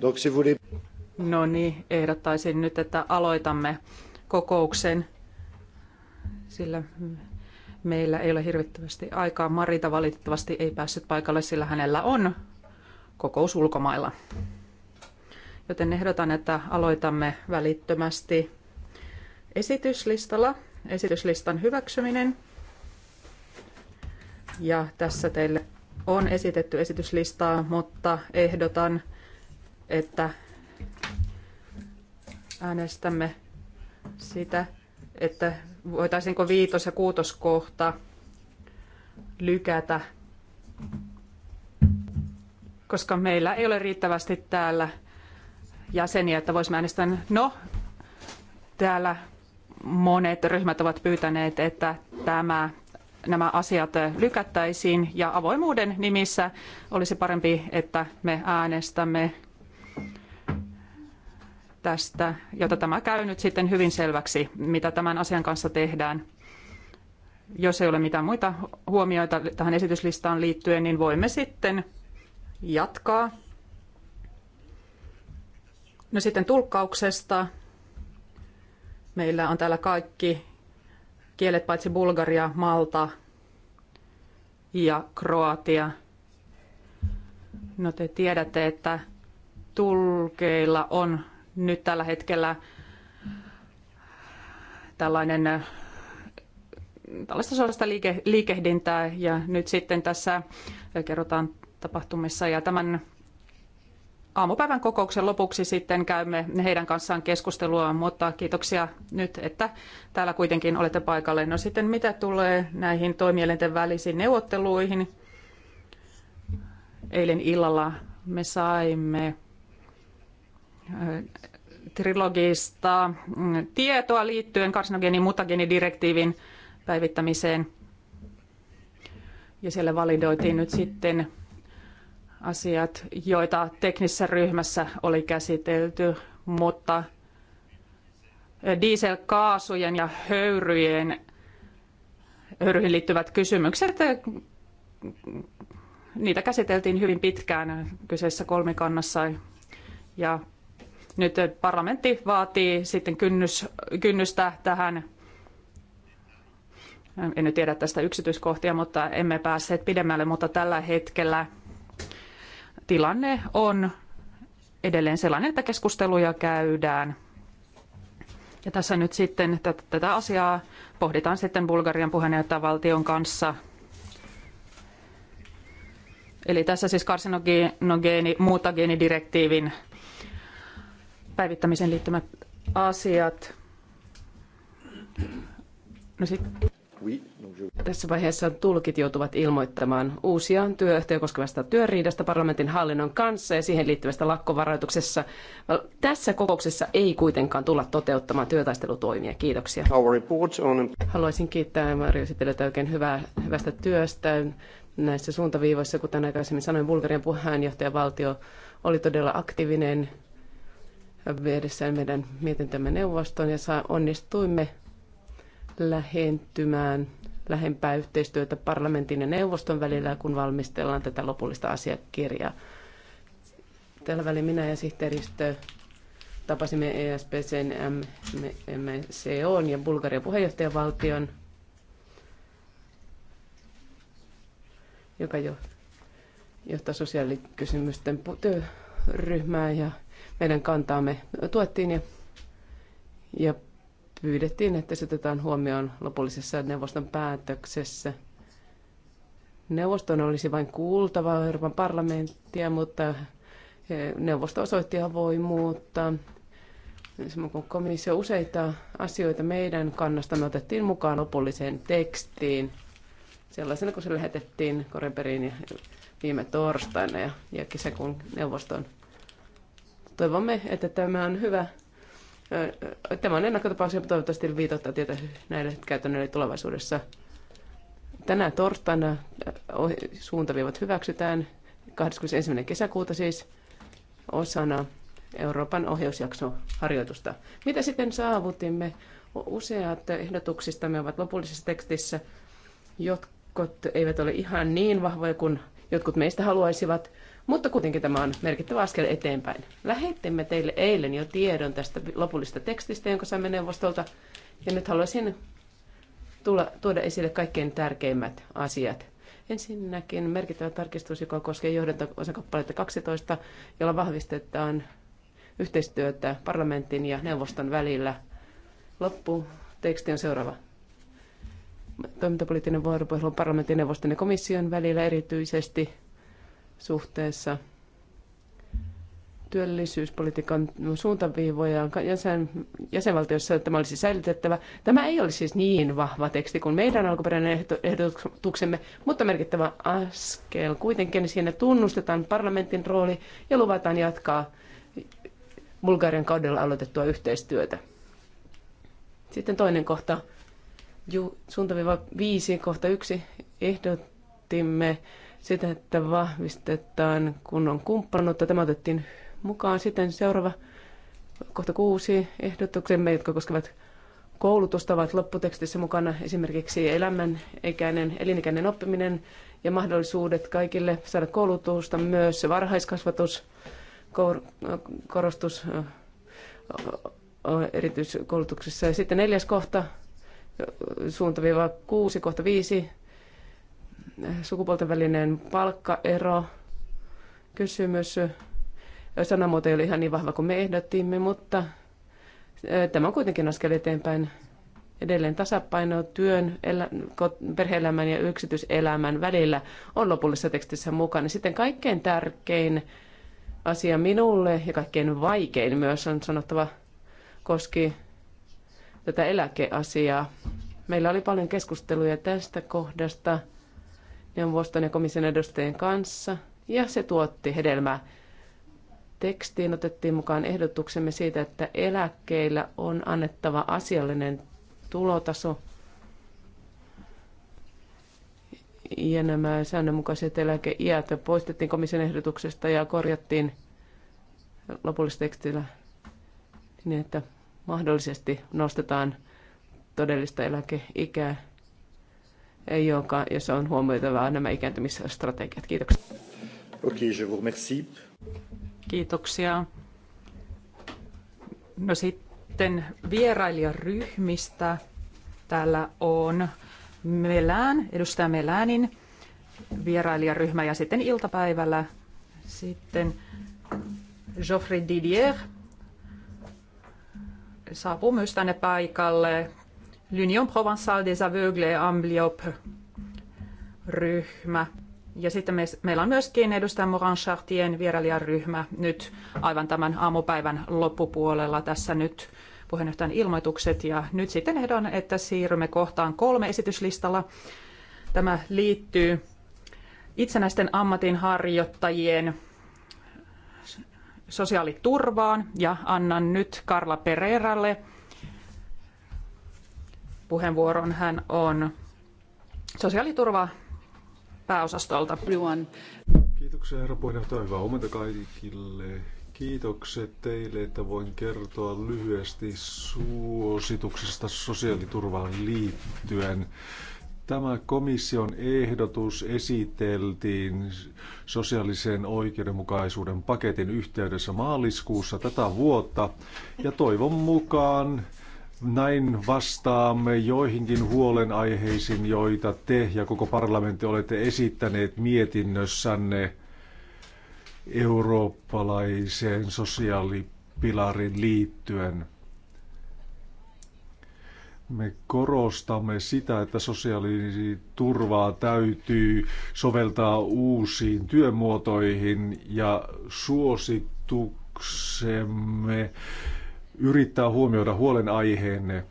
Donc, si No niin, ehdottaisin nyt, että aloitamme kokouksen, sillä meillä ei ole hirvittävästi aikaa. Marita valitettavasti ei päässyt paikalle, sillä hänellä on kokous ulkomailla. Joten ehdotan, että aloitamme välittömästi esityslistalla. Esityslistan hyväksyminen. Ja tässä teille on esitetty esityslistaa, mutta ehdotan, että äänestämme sitä, että voitaisiinko viitos- ja kuutoskohta lykätä, koska meillä ei ole riittävästi täällä jäseniä, että voisimme äänestää. No, täällä monet ryhmät ovat pyytäneet, että tämä nämä asiat lykättäisiin ja avoimuuden nimissä olisi parempi, että me äänestämme tästä, jotta tämä käy nyt sitten hyvin selväksi, mitä tämän asian kanssa tehdään. Jos ei ole mitään muita huomioita tähän esityslistaan liittyen, niin voimme sitten jatkaa. No sitten tulkkauksesta. Meillä on täällä kaikki kielet paitsi Bulgaria, Malta ja Kroatia. No te tiedätte, että tulkeilla on nyt tällä hetkellä tällainen äh, tällaista suorasta liike, liikehdintää ja nyt sitten tässä äh, kerrotaan tapahtumissa ja tämän aamupäivän kokouksen lopuksi sitten käymme heidän kanssaan keskustelua, mutta kiitoksia nyt, että täällä kuitenkin olette paikalle. No sitten mitä tulee näihin toimielinten välisiin neuvotteluihin? Eilen illalla me saimme äh, trilogista mm, tietoa liittyen karsinogeeni- mutageenidirektiivin päivittämiseen. Ja siellä validoitiin nyt sitten asiat, joita teknisessä ryhmässä oli käsitelty, mutta dieselkaasujen ja höyryjen höyryihin liittyvät kysymykset, niitä käsiteltiin hyvin pitkään kyseisessä kolmikannassa ja nyt parlamentti vaatii sitten kynnys, kynnystä tähän en nyt tiedä tästä yksityiskohtia, mutta emme päässeet pidemmälle, mutta tällä hetkellä tilanne on edelleen sellainen, että keskusteluja käydään. Ja tässä nyt sitten tätä asiaa pohditaan sitten Bulgarian puheenjohtajavaltion kanssa. Eli tässä siis karsinogeeni, muutageenidirektiivin päivittämiseen liittymät asiat. No sit... Tässä vaiheessa tulkit joutuvat ilmoittamaan uusia työehtoja koskevasta työriidasta parlamentin hallinnon kanssa ja siihen liittyvästä lakkovaroituksessa. Tässä kokouksessa ei kuitenkaan tulla toteuttamaan työtaistelutoimia. Kiitoksia. Haluaisin kiittää Mario Sitelötä oikein hyvää, hyvästä työstä näissä suuntaviivoissa. Kuten aikaisemmin sanoin, Bulgarian puheenjohtajavaltio oli todella aktiivinen viedessään meidän mietintämme neuvostoon ja onnistuimme lähentymään lähempää yhteistyötä parlamentin ja neuvoston välillä, kun valmistellaan tätä lopullista asiakirjaa. Tällä välin minä ja sihteeristö tapasimme ESPCn, MCOn ja Bulgarian puheenjohtajavaltion, joka jo johtaa sosiaalikysymysten työryhmää ja meidän kantaamme tuettiin ja, ja pyydettiin, että se otetaan huomioon lopullisessa neuvoston päätöksessä. Neuvoston olisi vain kuultava Euroopan parlamenttia, mutta eh, neuvosto osoitti avoimuutta. Kun komissio useita asioita meidän kannastamme otettiin mukaan lopulliseen tekstiin, sellaisena kun se lähetettiin Koreperiin viime torstaina ja, ja kesäkuun neuvoston. Toivomme, että tämä on hyvä Tämä on ennakkotapaus ja toivottavasti viitottaa tietä näille käytännöille tulevaisuudessa. Tänä torstaina suuntaviivat hyväksytään 21. kesäkuuta siis osana Euroopan ohjausjakson harjoitusta. Mitä sitten saavutimme? Useat me ovat lopullisessa tekstissä, jotkut eivät ole ihan niin vahvoja kuin jotkut meistä haluaisivat. Mutta kuitenkin tämä on merkittävä askel eteenpäin. Lähettimme teille eilen jo tiedon tästä lopullista tekstistä, jonka saimme neuvostolta. Ja nyt haluaisin tulla, tuoda esille kaikkein tärkeimmät asiat. Ensinnäkin merkittävä tarkistus, joka koskee johdanto-osakappaletta 12, jolla vahvistetaan yhteistyötä parlamentin ja neuvoston välillä. Loppu teksti on seuraava. Toimintapoliittinen vuoropuhelu parlamentin, neuvoston ja komission välillä erityisesti suhteessa työllisyyspolitiikan suuntaviivoja jäsen, että tämä olisi säilytettävä. Tämä ei ole siis niin vahva teksti kuin meidän alkuperäinen ehdotuksemme, mutta merkittävä askel. Kuitenkin siinä tunnustetaan parlamentin rooli ja luvataan jatkaa Bulgarian kaudella aloitettua yhteistyötä. Sitten toinen kohta, suuntaviiva 5, kohta 1, ehdotimme sitä, että vahvistetaan kunnon kumppanuutta. Tämä otettiin mukaan sitten seuraava kohta kuusi ehdotuksemme, jotka koskevat koulutusta, ovat lopputekstissä mukana esimerkiksi elämänikäinen, elinikäinen oppiminen ja mahdollisuudet kaikille saada koulutusta, myös varhaiskasvatus, kor- korostus erityiskoulutuksessa. Ja sitten neljäs kohta, suuntaviiva kuusi, kohta viisi, sukupuolten välinen palkkaero kysymys. Sanamuoto ei ole ihan niin vahva kuin me ehdottimme, mutta tämä on kuitenkin askel eteenpäin. Edelleen tasapaino työn, elä, perheelämän ja yksityiselämän välillä on lopullisessa tekstissä mukana. Sitten kaikkein tärkein asia minulle ja kaikkein vaikein myös on sanottava koski tätä eläkeasiaa. Meillä oli paljon keskusteluja tästä kohdasta – neuvoston ja komission edustajien kanssa ja se tuotti hedelmää. Tekstiin otettiin mukaan ehdotuksemme siitä, että eläkkeillä on annettava asiallinen tulotaso ja nämä säännönmukaiset eläkeiät poistettiin komission ehdotuksesta ja korjattiin lopullisessa tekstillä niin, että mahdollisesti nostetaan todellista eläkeikää joka, jossa on huomioitava nämä ikääntymisstrategiat. Kiitoksia. Okay, je vous remercie. Kiitoksia. No sitten vierailijaryhmistä täällä on Melään, edustaja Melänin vierailijaryhmä ja sitten iltapäivällä sitten Geoffrey Didier saapuu myös tänne paikalle L'Union Provençale des Aveugles Ambliop ryhmä. Ja sitten me, meillä on myöskin edustaja Moran Chartien vierailijaryhmä nyt aivan tämän aamupäivän loppupuolella. Tässä nyt puheenjohtajan ilmoitukset ja nyt sitten ehdon, että siirrymme kohtaan kolme esityslistalla. Tämä liittyy itsenäisten ammatinharjoittajien sosiaaliturvaan ja annan nyt Karla Pereeralle puheenvuoron. Hän on sosiaaliturva pääosastolta. Kiitoksia herra puheenjohtaja. Hyvää huomenta kaikille. Kiitokset teille, että voin kertoa lyhyesti suosituksista sosiaaliturvaan liittyen. Tämä komission ehdotus esiteltiin sosiaalisen oikeudenmukaisuuden paketin yhteydessä maaliskuussa tätä vuotta ja toivon mukaan näin vastaamme joihinkin huolenaiheisiin, joita te ja koko parlamentti olette esittäneet mietinnössänne eurooppalaiseen sosiaalipilarin liittyen. Me korostamme sitä, että sosiaaliturvaa täytyy soveltaa uusiin työmuotoihin ja suosituksemme yrittää huomioida huolenaiheenne.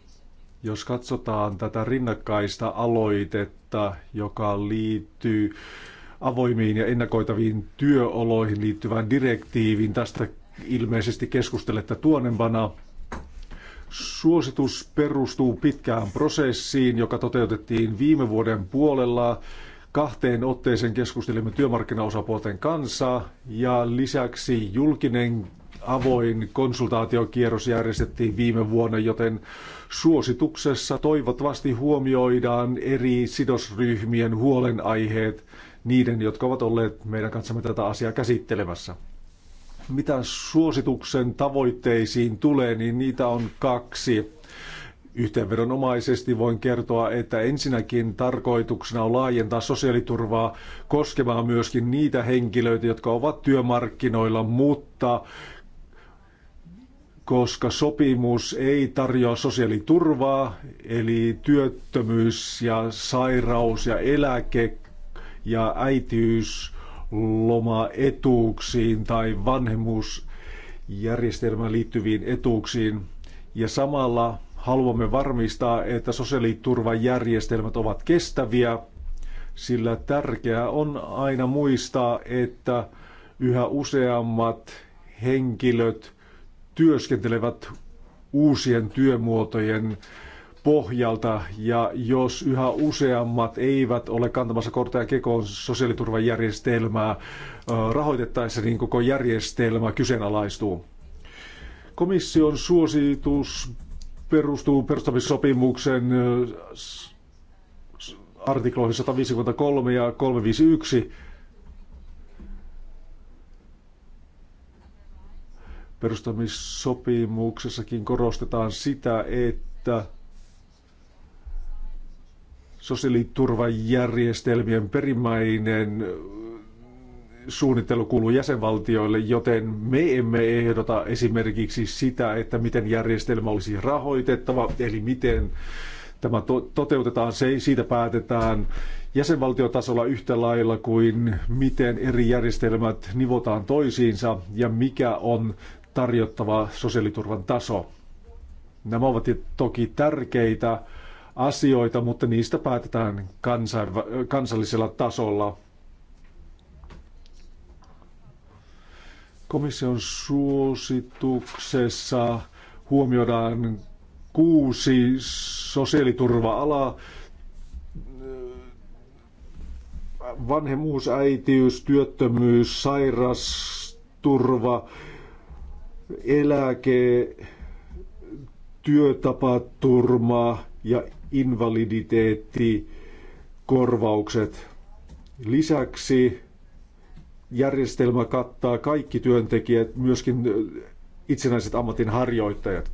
Jos katsotaan tätä rinnakkaista aloitetta, joka liittyy avoimiin ja ennakoitaviin työoloihin liittyvään direktiiviin, tästä ilmeisesti keskustelette tuonempana. Suositus perustuu pitkään prosessiin, joka toteutettiin viime vuoden puolella. Kahteen otteeseen keskustelimme työmarkkinaosapuolten kanssa ja lisäksi julkinen avoin konsultaatiokierros järjestettiin viime vuonna, joten suosituksessa toivottavasti huomioidaan eri sidosryhmien huolenaiheet, niiden, jotka ovat olleet meidän kanssamme tätä asiaa käsittelemässä. Mitä suosituksen tavoitteisiin tulee, niin niitä on kaksi. Yhteenvedonomaisesti voin kertoa, että ensinnäkin tarkoituksena on laajentaa sosiaaliturvaa koskemaan myöskin niitä henkilöitä, jotka ovat työmarkkinoilla, mutta koska sopimus ei tarjoa sosiaaliturvaa, eli työttömyys ja sairaus ja eläke ja loma etuuksiin tai vanhemmuusjärjestelmään liittyviin etuuksiin. Ja samalla haluamme varmistaa, että sosiaaliturvajärjestelmät ovat kestäviä, sillä tärkeää on aina muistaa, että yhä useammat henkilöt – työskentelevät uusien työmuotojen pohjalta ja jos yhä useammat eivät ole kantamassa korttia kekoon sosiaaliturvajärjestelmää rahoitettaessa, niin koko järjestelmä kyseenalaistuu. Komission suositus perustuu perustamissopimuksen artikloihin 153 ja 351 perustamissopimuksessakin korostetaan sitä, että sosiaaliturvajärjestelmien perimmäinen suunnittelu kuuluu jäsenvaltioille, joten me emme ehdota esimerkiksi sitä, että miten järjestelmä olisi rahoitettava, eli miten tämä to- toteutetaan, se, siitä päätetään jäsenvaltiotasolla yhtä lailla kuin miten eri järjestelmät nivotaan toisiinsa ja mikä on tarjottava sosiaaliturvan taso. Nämä ovat toki tärkeitä asioita, mutta niistä päätetään kansallisella tasolla. Komission suosituksessa huomioidaan kuusi sosiaaliturva-alaa, vanhemmuus, äitiys, työttömyys, sairasturva, eläke, työtapaturma ja invaliditeetti, korvaukset. Lisäksi järjestelmä kattaa kaikki työntekijät, myöskin itsenäiset ammatinharjoittajat.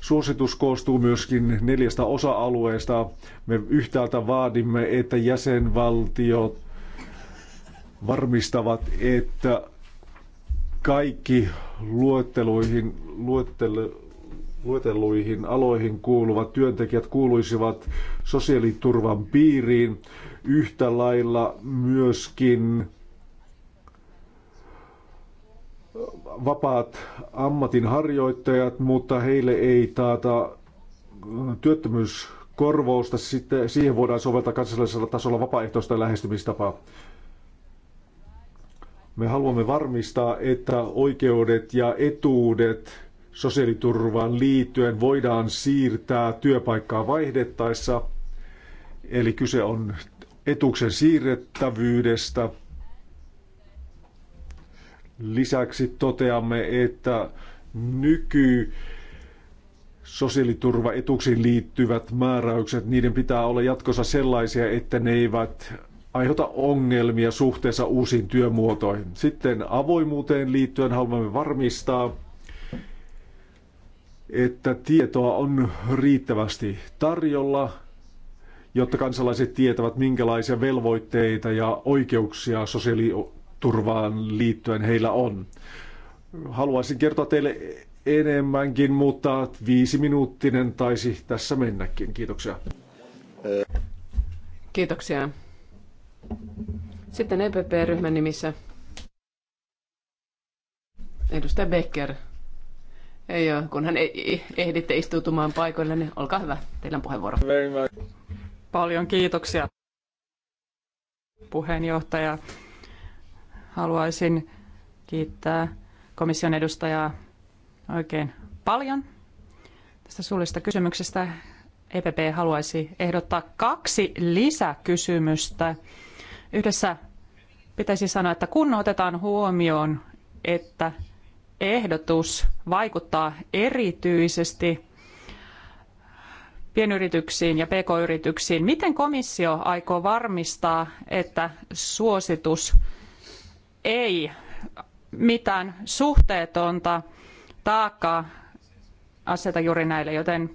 Suositus koostuu myöskin neljästä osa-alueesta. Me yhtäältä vaadimme, että jäsenvaltiot varmistavat, että kaikki luetteluihin, luettel, luetteluihin aloihin kuuluvat työntekijät kuuluisivat sosiaaliturvan piiriin. Yhtä lailla myöskin vapaat ammatinharjoittajat, mutta heille ei taata työttömyyskorvausta. Sitten siihen voidaan soveltaa kansallisella tasolla vapaaehtoista lähestymistapaa. Me haluamme varmistaa, että oikeudet ja etuudet sosiaaliturvaan liittyen voidaan siirtää työpaikkaa vaihdettaessa. Eli kyse on etuksen siirrettävyydestä. Lisäksi toteamme, että nyky sosiaaliturvaetuksiin liittyvät määräykset, niiden pitää olla jatkossa sellaisia, että ne eivät aiheuta ongelmia suhteessa uusiin työmuotoihin. Sitten avoimuuteen liittyen haluamme varmistaa, että tietoa on riittävästi tarjolla, jotta kansalaiset tietävät, minkälaisia velvoitteita ja oikeuksia sosiaaliturvaan liittyen heillä on. Haluaisin kertoa teille enemmänkin, mutta viisi minuuttinen taisi tässä mennäkin. Kiitoksia. Kiitoksia sitten EPP-ryhmän nimissä edustaja Becker. Ei ole, kunhan e- e- ehditte istutumaan paikoille, niin olkaa hyvä, teillä on puheenvuoro. Paljon kiitoksia puheenjohtaja. Haluaisin kiittää komission edustajaa oikein paljon tästä suullisesta kysymyksestä. EPP haluaisi ehdottaa kaksi lisäkysymystä Yhdessä pitäisi sanoa, että kun otetaan huomioon, että ehdotus vaikuttaa erityisesti pienyrityksiin ja pk-yrityksiin, miten komissio aikoo varmistaa, että suositus ei mitään suhteetonta taakkaa aseta juuri näille, joten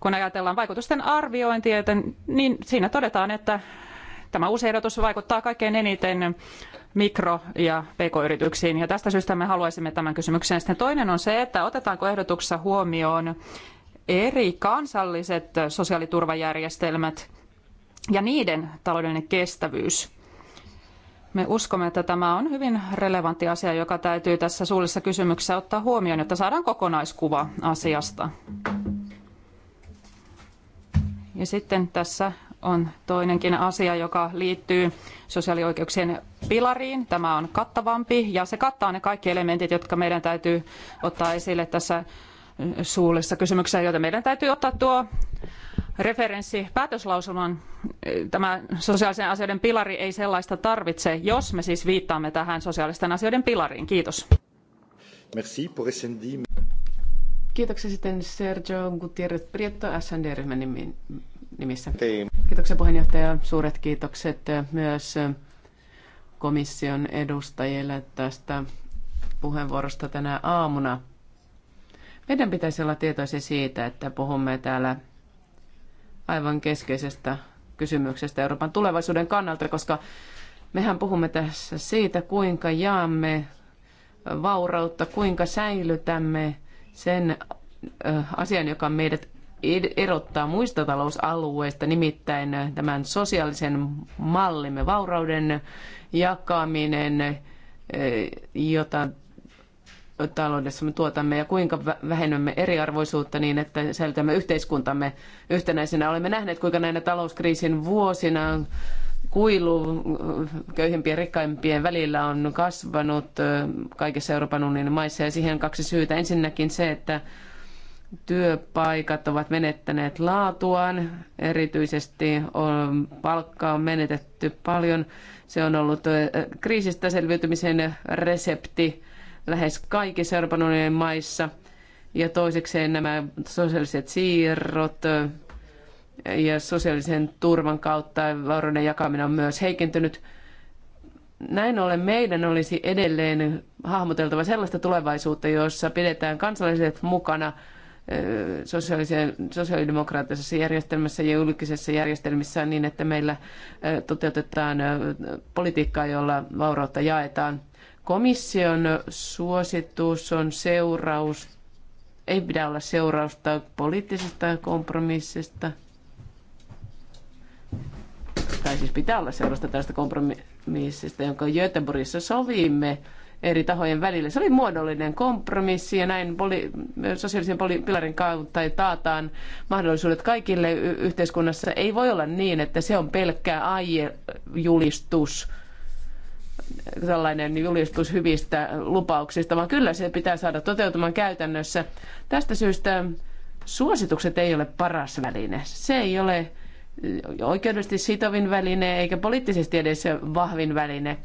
kun ajatellaan vaikutusten arviointia, niin siinä todetaan, että Tämä uusi ehdotus vaikuttaa kaikkein eniten mikro- ja pk-yrityksiin. Ja tästä syystä me haluaisimme tämän kysymyksen. Sitten toinen on se, että otetaanko ehdotuksessa huomioon eri kansalliset sosiaaliturvajärjestelmät ja niiden taloudellinen kestävyys. Me uskomme, että tämä on hyvin relevantti asia, joka täytyy tässä suullisessa kysymyksessä ottaa huomioon, jotta saadaan kokonaiskuva asiasta. Ja sitten tässä on toinenkin asia, joka liittyy sosiaalioikeuksien pilariin. Tämä on kattavampi ja se kattaa ne kaikki elementit, jotka meidän täytyy ottaa esille tässä suullisessa kysymyksessä, joten meidän täytyy ottaa tuo referenssi päätöslausuman. tämä sosiaalisen asioiden pilari ei sellaista tarvitse, jos me siis viittaamme tähän sosiaalisten asioiden pilariin. Kiitos. Merci pour Kiitoksia sitten Sergio Gutierrez Prieto SND-ryhmän nimissä. Niin. Kiitoksia puheenjohtaja. Suuret kiitokset myös komission edustajille tästä puheenvuorosta tänä aamuna. Meidän pitäisi olla tietoisia siitä, että puhumme täällä aivan keskeisestä kysymyksestä Euroopan tulevaisuuden kannalta, koska mehän puhumme tässä siitä, kuinka jaamme vaurautta, kuinka säilytämme sen asian, joka meidät erottaa muista talousalueista, nimittäin tämän sosiaalisen mallimme vaurauden jakaminen, eh, jota taloudessa me tuotamme ja kuinka vähennämme eriarvoisuutta niin, että säilytämme yhteiskuntamme yhtenäisenä. Olemme nähneet, kuinka näinä talouskriisin vuosina kuilu köyhimpien ja rikkaimpien välillä on kasvanut eh, kaikissa Euroopan unionin maissa ja siihen on kaksi syytä. Ensinnäkin se, että työpaikat ovat menettäneet laatuaan, erityisesti on, palkka on menetetty paljon. Se on ollut kriisistä selviytymisen resepti lähes kaikissa Euroopan unionin maissa. Ja toisekseen nämä sosiaaliset siirrot ja sosiaalisen turvan kautta varoiden jakaminen on myös heikentynyt. Näin ollen meidän olisi edelleen hahmoteltava sellaista tulevaisuutta, jossa pidetään kansalaiset mukana – sosiaalidemokraattisessa järjestelmässä ja julkisessa järjestelmissä niin, että meillä toteutetaan politiikkaa, jolla vaurautta jaetaan. Komission suositus on seuraus, ei pidä olla seurausta poliittisesta kompromissista, tai siis pitää olla seurausta tästä kompromissista, jonka Göteborgissa sovimme eri tahojen välillä. Se oli muodollinen kompromissi ja näin poli- sosiaalisen poli- pilarin kautta taataan mahdollisuudet kaikille y- yhteiskunnassa. Ei voi olla niin, että se on pelkkää aiejulistus tällainen julistus hyvistä lupauksista, vaan kyllä se pitää saada toteutumaan käytännössä. Tästä syystä suositukset ei ole paras väline. Se ei ole oikeudellisesti sitovin väline eikä poliittisesti edes vahvin väline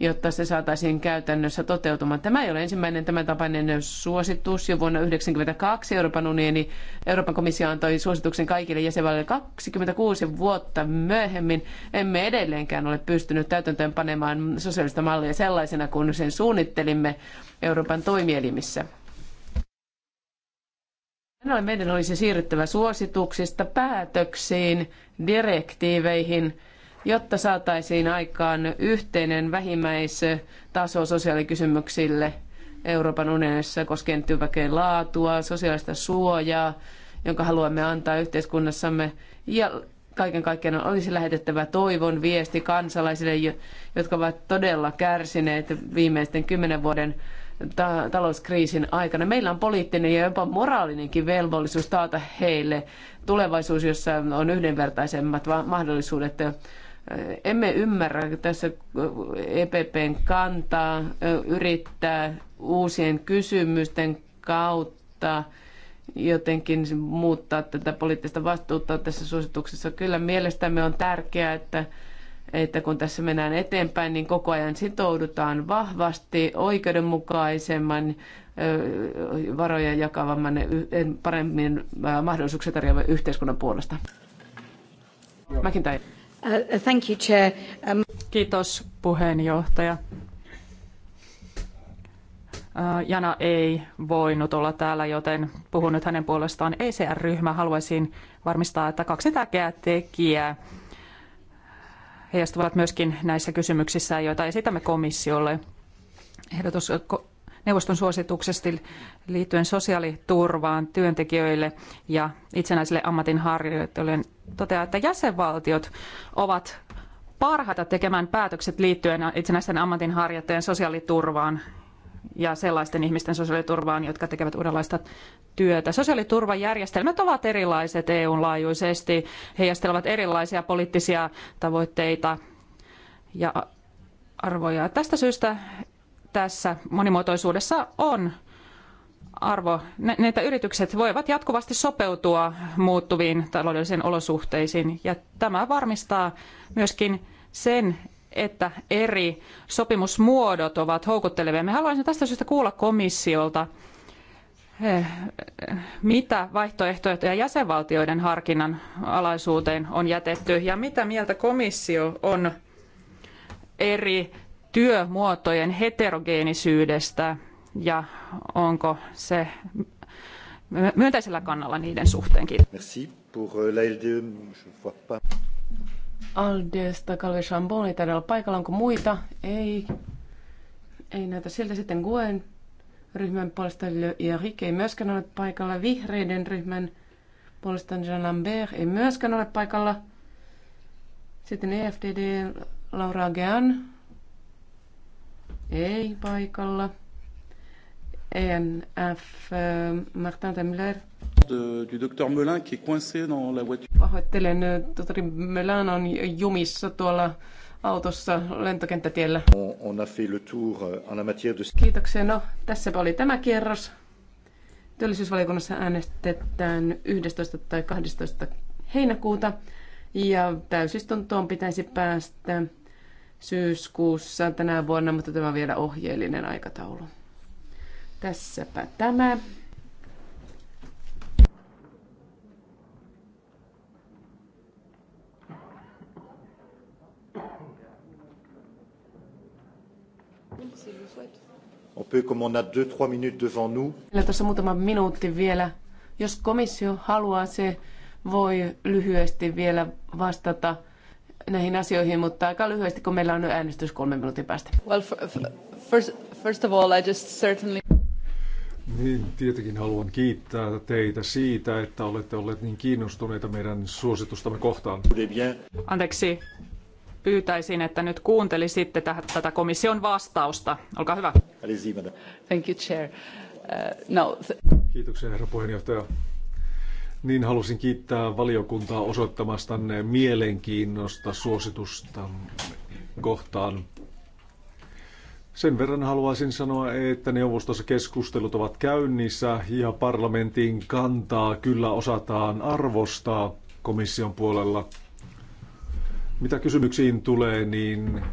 jotta se saataisiin käytännössä toteutumaan. Tämä ei ole ensimmäinen tämän tapainen suositus. Jo vuonna 1992 Euroopan unioni, Euroopan komissio antoi suosituksen kaikille jäsenvaltioille 26 vuotta myöhemmin. Emme edelleenkään ole pystynyt täytäntöön panemaan sosiaalista mallia sellaisena kuin sen suunnittelimme Euroopan toimielimissä. meidän olisi siirryttävä suosituksista päätöksiin, direktiiveihin – jotta saataisiin aikaan yhteinen vähimmäistaso sosiaalikysymyksille Euroopan unionissa koskien työväkeen laatua, sosiaalista suojaa, jonka haluamme antaa yhteiskunnassamme. Ja kaiken kaikkiaan olisi lähetettävä toivon viesti kansalaisille, jotka ovat todella kärsineet viimeisten kymmenen vuoden ta- talouskriisin aikana. Meillä on poliittinen ja jopa moraalinenkin velvollisuus taata heille tulevaisuus, jossa on yhdenvertaisemmat mahdollisuudet emme ymmärrä tässä EPPn kantaa yrittää uusien kysymysten kautta jotenkin muuttaa tätä poliittista vastuuta tässä suosituksessa. Kyllä mielestämme on tärkeää, että, että kun tässä mennään eteenpäin, niin koko ajan sitoudutaan vahvasti oikeudenmukaisemman varoja jakavamman paremmin mahdollisuuksia tarjoavan yhteiskunnan puolesta. Mäkin tain. Uh, uh, thank you, Chair. Um, Kiitos puheenjohtaja. Uh, Jana ei voinut olla täällä, joten puhun nyt hänen puolestaan. ECR-ryhmä haluaisin varmistaa, että kaksi tärkeää tekijää heijastuvat myöskin näissä kysymyksissä, joita esitämme komissiolle. Ehdotus neuvoston suosituksesti liittyen sosiaaliturvaan työntekijöille ja itsenäisille ammatinharjoittajille toteaa, että jäsenvaltiot ovat parhaita tekemään päätökset liittyen itsenäisten ammatinharjoittajien sosiaaliturvaan ja sellaisten ihmisten sosiaaliturvaan, jotka tekevät uudenlaista työtä. Sosiaaliturvajärjestelmät ovat erilaiset EUn laajuisesti, heijastelevat erilaisia poliittisia tavoitteita ja arvoja. Tästä syystä tässä monimuotoisuudessa on arvo. Näitä yritykset voivat jatkuvasti sopeutua muuttuviin taloudellisiin olosuhteisiin ja tämä varmistaa myöskin sen, että eri sopimusmuodot ovat houkuttelevia. Me haluaisimme tästä syystä kuulla komissiolta, eh, mitä vaihtoehtoja jäsenvaltioiden harkinnan alaisuuteen on jätetty ja mitä mieltä komissio on eri työmuotojen heterogeenisyydestä ja onko se myönteisellä kannalla niiden suhteenkin. Merci pour euh, la LDE. Aldeesta Kalvi Chambon täällä paikalla. Onko muita? Ei. Ei näytä siltä sitten Guen ryhmän puolesta ja Rik ei myöskään ole paikalla. Vihreiden ryhmän puolesta Jean Lambert ei myöskään ole paikalla. Sitten EFDD Laura Gern ei paikalla. ENF, äh, Martin Temmler. De, du docteur Melin qui est coincé dans la voiture. Pahoittelen, äh, tohtori Melin on jumissa tuolla autossa lentokenttätiellä. On, on a fait le tour euh, en la matière de... Kiitoksia. No, tässä oli tämä kierros. Työllisyysvaliokunnassa äänestetään 11. tai 12. heinäkuuta ja täysistuntoon pitäisi päästä syyskuussa tänä vuonna, mutta tämä on vielä ohjeellinen aikataulu. Tässäpä tämä. On peut, comme on a 2-3 minutes devant nous. Meillä tuossa muutama minuutti vielä. Jos komissio haluaa, se voi lyhyesti vielä vastata näihin asioihin, mutta aika lyhyesti, kun meillä on nyt äänestys kolmen minuutin päästä. Well, first, first of all, I just certainly... Niin, tietenkin haluan kiittää teitä siitä, että olette olleet niin kiinnostuneita meidän suositustamme kohtaan. Anteeksi, pyytäisin, että nyt kuuntelisitte tätä komission vastausta. Olkaa hyvä. Thank you, Chair. Uh, no. Kiitoksia, herra puheenjohtaja niin halusin kiittää valiokuntaa osoittamastanne mielenkiinnosta suositusta kohtaan. Sen verran haluaisin sanoa, että neuvostossa keskustelut ovat käynnissä ja parlamentin kantaa kyllä osataan arvostaa komission puolella. Mitä kysymyksiin tulee, niin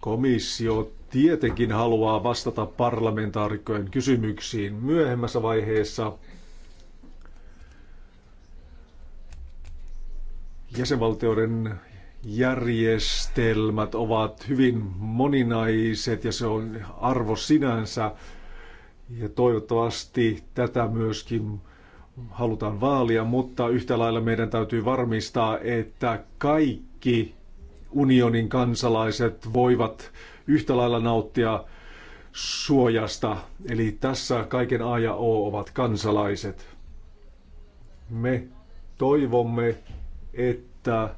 komissio tietenkin haluaa vastata parlamentaarikkojen kysymyksiin myöhemmässä vaiheessa – jäsenvaltioiden järjestelmät ovat hyvin moninaiset ja se on arvo sinänsä. Ja toivottavasti tätä myöskin halutaan vaalia, mutta yhtä lailla meidän täytyy varmistaa, että kaikki unionin kansalaiset voivat yhtä lailla nauttia suojasta. Eli tässä kaiken A ja O ovat kansalaiset. Me toivomme, että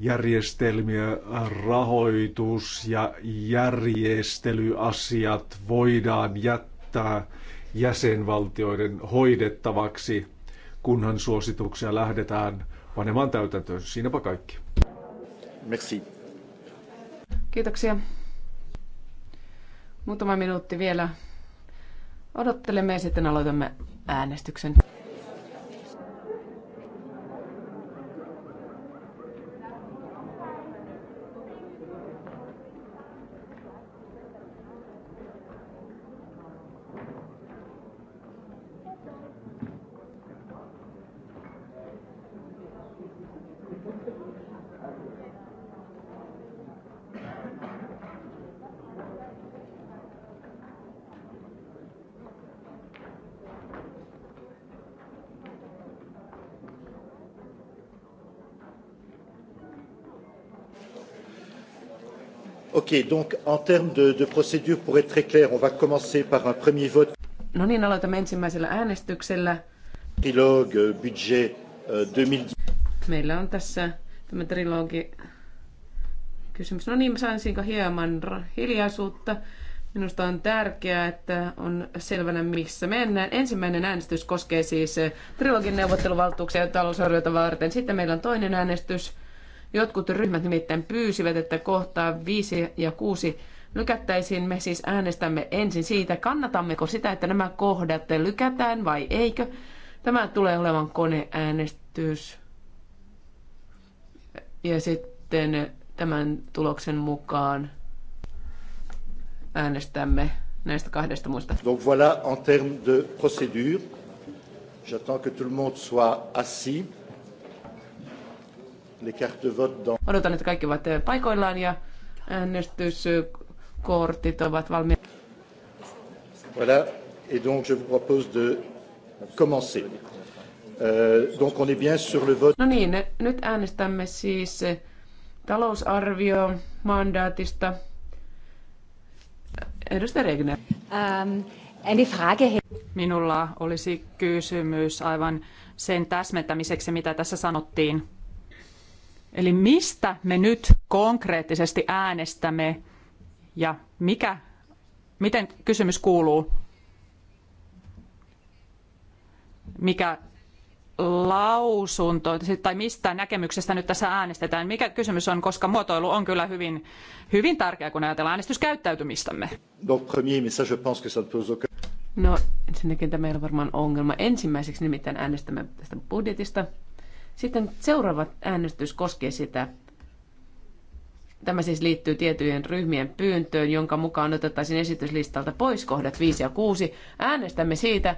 järjestelmiä, rahoitus ja järjestelyasiat voidaan jättää jäsenvaltioiden hoidettavaksi, kunhan suosituksia lähdetään panemaan täytäntöön. Siinäpä kaikki. Merci. Kiitoksia. Muutama minuutti vielä. Odottelemme ja sitten aloitamme äänestyksen. Ok, donc en termes de, de procédure, pour être très clair, on va commencer par un premier vote. No niin, aloitamme ensimmäisellä äänestyksellä. Euh, budget 2010. Euh, meillä on tässä tämä trilogi kysymys. No niin, saisinko hieman hiljaisuutta? Minusta on tärkeää, että on selvänä, missä mennään. Ensimmäinen äänestys koskee siis äh, trilogin neuvotteluvaltuuksia ja talousarviota varten. Sitten meillä on toinen äänestys Jotkut ryhmät nimittäin pyysivät, että kohtaa 5 ja 6 lykättäisiin. Me siis äänestämme ensin siitä, kannatammeko sitä, että nämä kohdat lykätään vai eikö. Tämä tulee olevan koneäänestys. Ja sitten tämän tuloksen mukaan äänestämme näistä kahdesta muista. Donc voilà en termes de procédure. J'attends que tout le monde soit assis. Odotan, että kaikki ovat eh, paikoillaan ja äänestyskortit ovat valmiina. Voilà, et donc je vous propose de commencer. Euh, donc on est bien sur le vote. No niin, nyt äänestämme siis eh, talousarvio mandaatista. Edustaja Regner. Um, ähm, eli Frage. Minulla olisi kysymys aivan sen täsmentämiseksi, mitä tässä sanottiin Eli mistä me nyt konkreettisesti äänestämme ja mikä, miten kysymys kuuluu, mikä lausunto tai mistä näkemyksestä nyt tässä äänestetään, mikä kysymys on, koska muotoilu on kyllä hyvin, hyvin tärkeä, kun ajatellaan äänestyskäyttäytymistämme. No ensinnäkin tämä ei ole varmaan ongelma. Ensimmäiseksi nimittäin äänestämme tästä budjetista sitten seuraava äänestys koskee sitä. Tämä siis liittyy tiettyjen ryhmien pyyntöön, jonka mukaan otettaisiin esityslistalta pois kohdat 5 ja 6. Äänestämme siitä,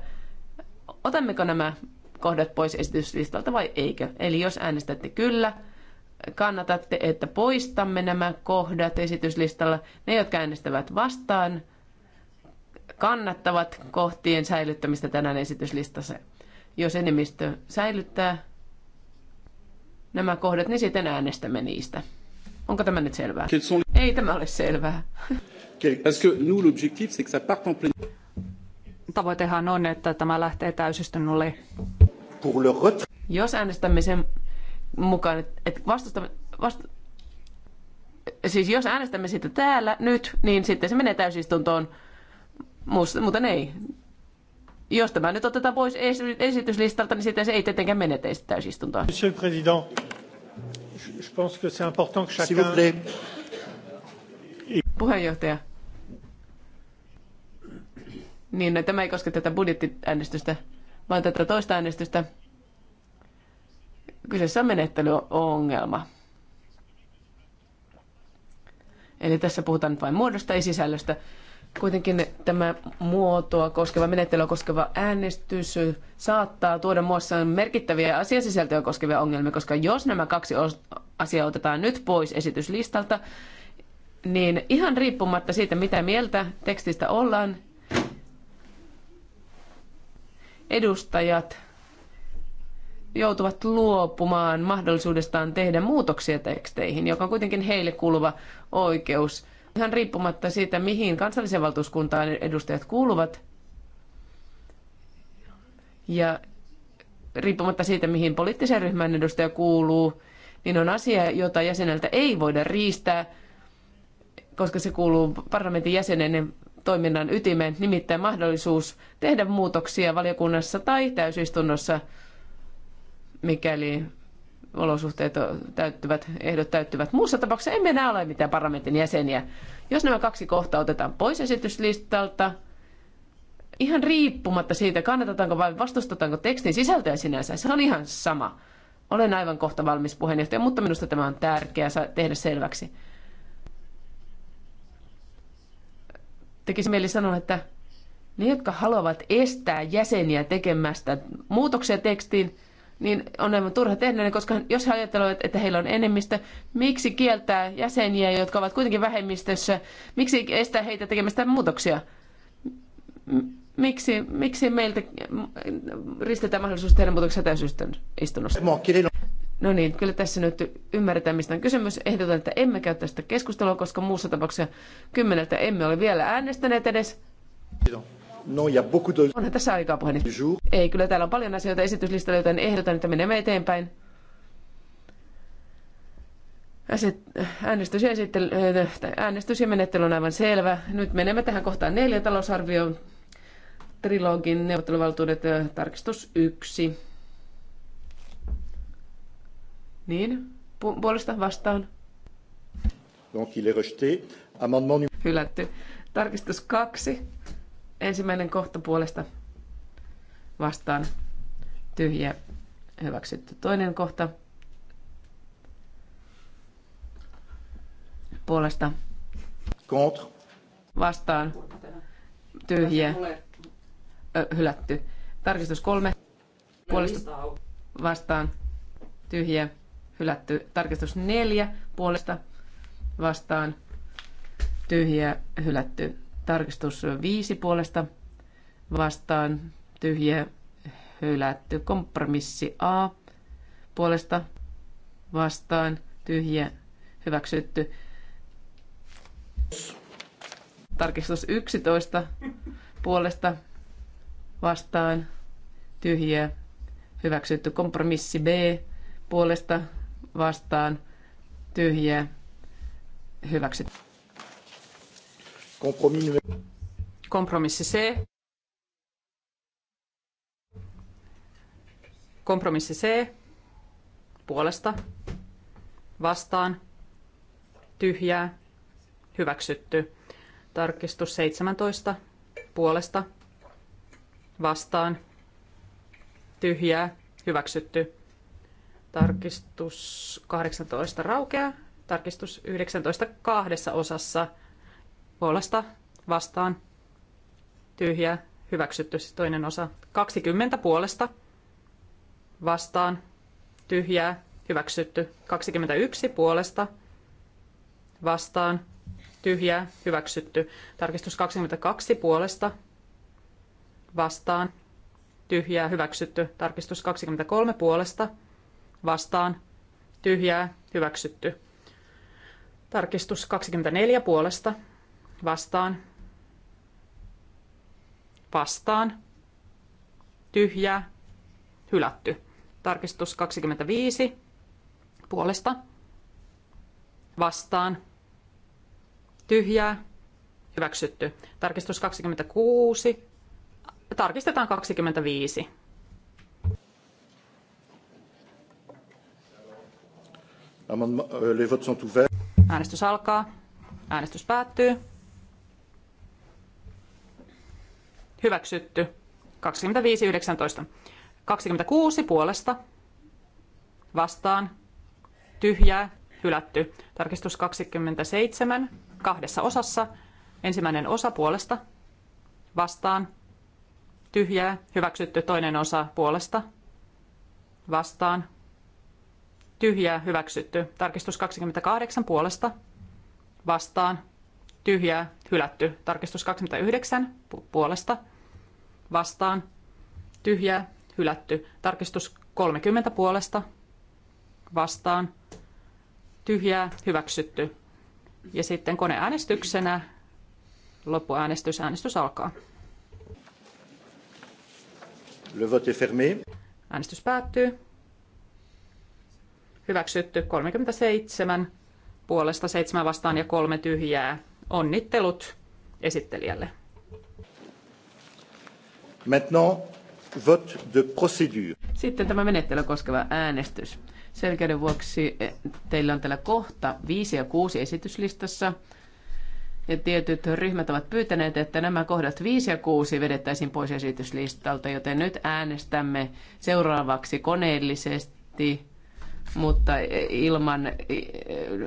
otammeko nämä kohdat pois esityslistalta vai eikö. Eli jos äänestätte kyllä, kannatatte, että poistamme nämä kohdat esityslistalla. Ne, jotka äänestävät vastaan, kannattavat kohtien säilyttämistä tänään esityslistassa. Jos enemmistö säilyttää nämä kohdat, niin sitten äänestämme niistä. Onko tämä nyt selvää? Ei tämä ole selvää. Tavoitehan on, että tämä lähtee täysistunnolle. Jos äänestämme sen mukaan, että vastustamme, vastu, siis jos äänestämme sitä täällä nyt, niin sitten se menee täysistuntoon, mutta ei. Jos tämä nyt otetaan pois esityslistalta, niin sitten se ei tietenkään mene teistä täysistuntoa. Monsieur le Président, je pense que c'est important que chacun... Puheenjohtaja. Niin, tämä ei koske tätä budjettiäänestystä, vaan tätä toista äänestystä. Kyseessä on menettelyongelma. Eli tässä puhutaan nyt vain muodosta, ja sisällöstä. Kuitenkin tämä muotoa koskeva, menettelyä koskeva äänestys saattaa tuoda muassa merkittäviä asiasisältöjä koskevia ongelmia, koska jos nämä kaksi asiaa otetaan nyt pois esityslistalta, niin ihan riippumatta siitä, mitä mieltä tekstistä ollaan, edustajat joutuvat luopumaan mahdollisuudestaan tehdä muutoksia teksteihin, joka on kuitenkin heille kuuluva oikeus – Ihan riippumatta siitä, mihin kansallisen valtuuskuntaan edustajat kuuluvat ja riippumatta siitä, mihin poliittisen ryhmän edustaja kuuluu, niin on asia, jota jäseneltä ei voida riistää, koska se kuuluu parlamentin jäsenen toiminnan ytimeen, nimittäin mahdollisuus tehdä muutoksia valiokunnassa tai täysistunnossa, mikäli olosuhteet täyttyvät, ehdot täyttyvät. Muussa tapauksessa emme enää ole mitään parlamentin jäseniä. Jos nämä kaksi kohtaa otetaan pois esityslistalta, ihan riippumatta siitä, kannatetaanko vai vastustetaanko tekstin sisältöä sinänsä, se on ihan sama. Olen aivan kohta valmis puheenjohtaja, mutta minusta tämä on tärkeää tehdä selväksi. Tekisi mieli sanoa, että ne, jotka haluavat estää jäseniä tekemästä muutoksia tekstiin, niin on aivan turha tehdä, koska jos he ajattelevat, että heillä on enemmistö, miksi kieltää jäseniä, jotka ovat kuitenkin vähemmistössä, miksi estää heitä tekemästä muutoksia? Miksi, miksi meiltä ristetään mahdollisuus tehdä muutoksia täysistunnossa? No niin, kyllä tässä nyt ymmärretään, mistä on kysymys. Ehdotan, että emme käy tästä keskustelua, koska muussa tapauksessa kymmeneltä emme ole vielä äänestäneet edes. Kiitos. No, ja beaucoup de... Onhan tässä aikaa puheenjohtaja. Ei, kyllä täällä on paljon asioita esityslistalla, joten ehdotan, että menemme eteenpäin. Äänestys ja, esittely, äh, äänestys ja menettely on aivan selvä. Nyt menemme tähän kohtaan neljä talousarvio trilogin neuvotteluvaltuudet äh, tarkistus yksi. Niin, pu- puolesta vastaan. Donc il est rejeté. Amendement... Hylätty. Tarkistus kaksi Ensimmäinen kohta puolesta vastaan tyhjä hyväksytty. Toinen kohta puolesta Contre. vastaan tyhjä ö, hylätty. Tarkistus kolme puolesta vastaan tyhjä hylätty. Tarkistus neljä puolesta vastaan tyhjä hylätty Tarkistus viisi puolesta vastaan tyhjä hylätty. Kompromissi A puolesta vastaan tyhjä hyväksytty. Tarkistus 11 puolesta vastaan tyhjä hyväksytty. Kompromissi B puolesta vastaan tyhjä hyväksytty. Kompromissi C. Kompromissi C. Puolesta. Vastaan. Tyhjää. Hyväksytty. Tarkistus 17. Puolesta. Vastaan. Tyhjää. Hyväksytty. Tarkistus 18 raukeaa. Tarkistus 19 kahdessa osassa – puolesta vastaan tyhjää hyväksytty siis toinen osa. 20 puolesta vastaan tyhjää hyväksytty. 21 puolesta vastaan tyhjää hyväksytty. Tarkistus 22 puolesta vastaan tyhjää hyväksytty. Tarkistus 23 puolesta vastaan tyhjää hyväksytty. Tarkistus 24 puolesta vastaan, vastaan, tyhjää, hylätty. Tarkistus 25, puolesta, vastaan, tyhjää, hyväksytty. Tarkistus 26, tarkistetaan 25. Euh, Äänestys alkaa. Äänestys päättyy. Hyväksytty. 25-19. 26 puolesta. Vastaan. Tyhjää. Hylätty. Tarkistus 27. Kahdessa osassa. Ensimmäinen osa puolesta. Vastaan. Tyhjää. Hyväksytty. Toinen osa puolesta. Vastaan. Tyhjää. Hyväksytty. Tarkistus 28 puolesta. Vastaan tyhjää, hylätty. Tarkistus 29 puolesta vastaan, tyhjää, hylätty. Tarkistus 30 puolesta vastaan, tyhjää, hyväksytty. Ja sitten koneäänestyksenä loppuäänestys, äänestys alkaa. Le vote est fermé. Äänestys päättyy. Hyväksytty 37 puolesta, 7 vastaan ja 3 tyhjää. Onnittelut esittelijälle. Maintenant, vote de procédure. Sitten tämä menettely koskeva äänestys. Selkeyden vuoksi eh, teillä on täällä kohta 5 ja 6 esityslistassa. Ja tietyt ryhmät ovat pyytäneet, että nämä kohdat 5 ja 6 vedettäisiin pois esityslistalta, joten nyt äänestämme seuraavaksi koneellisesti, mutta eh, ilman eh,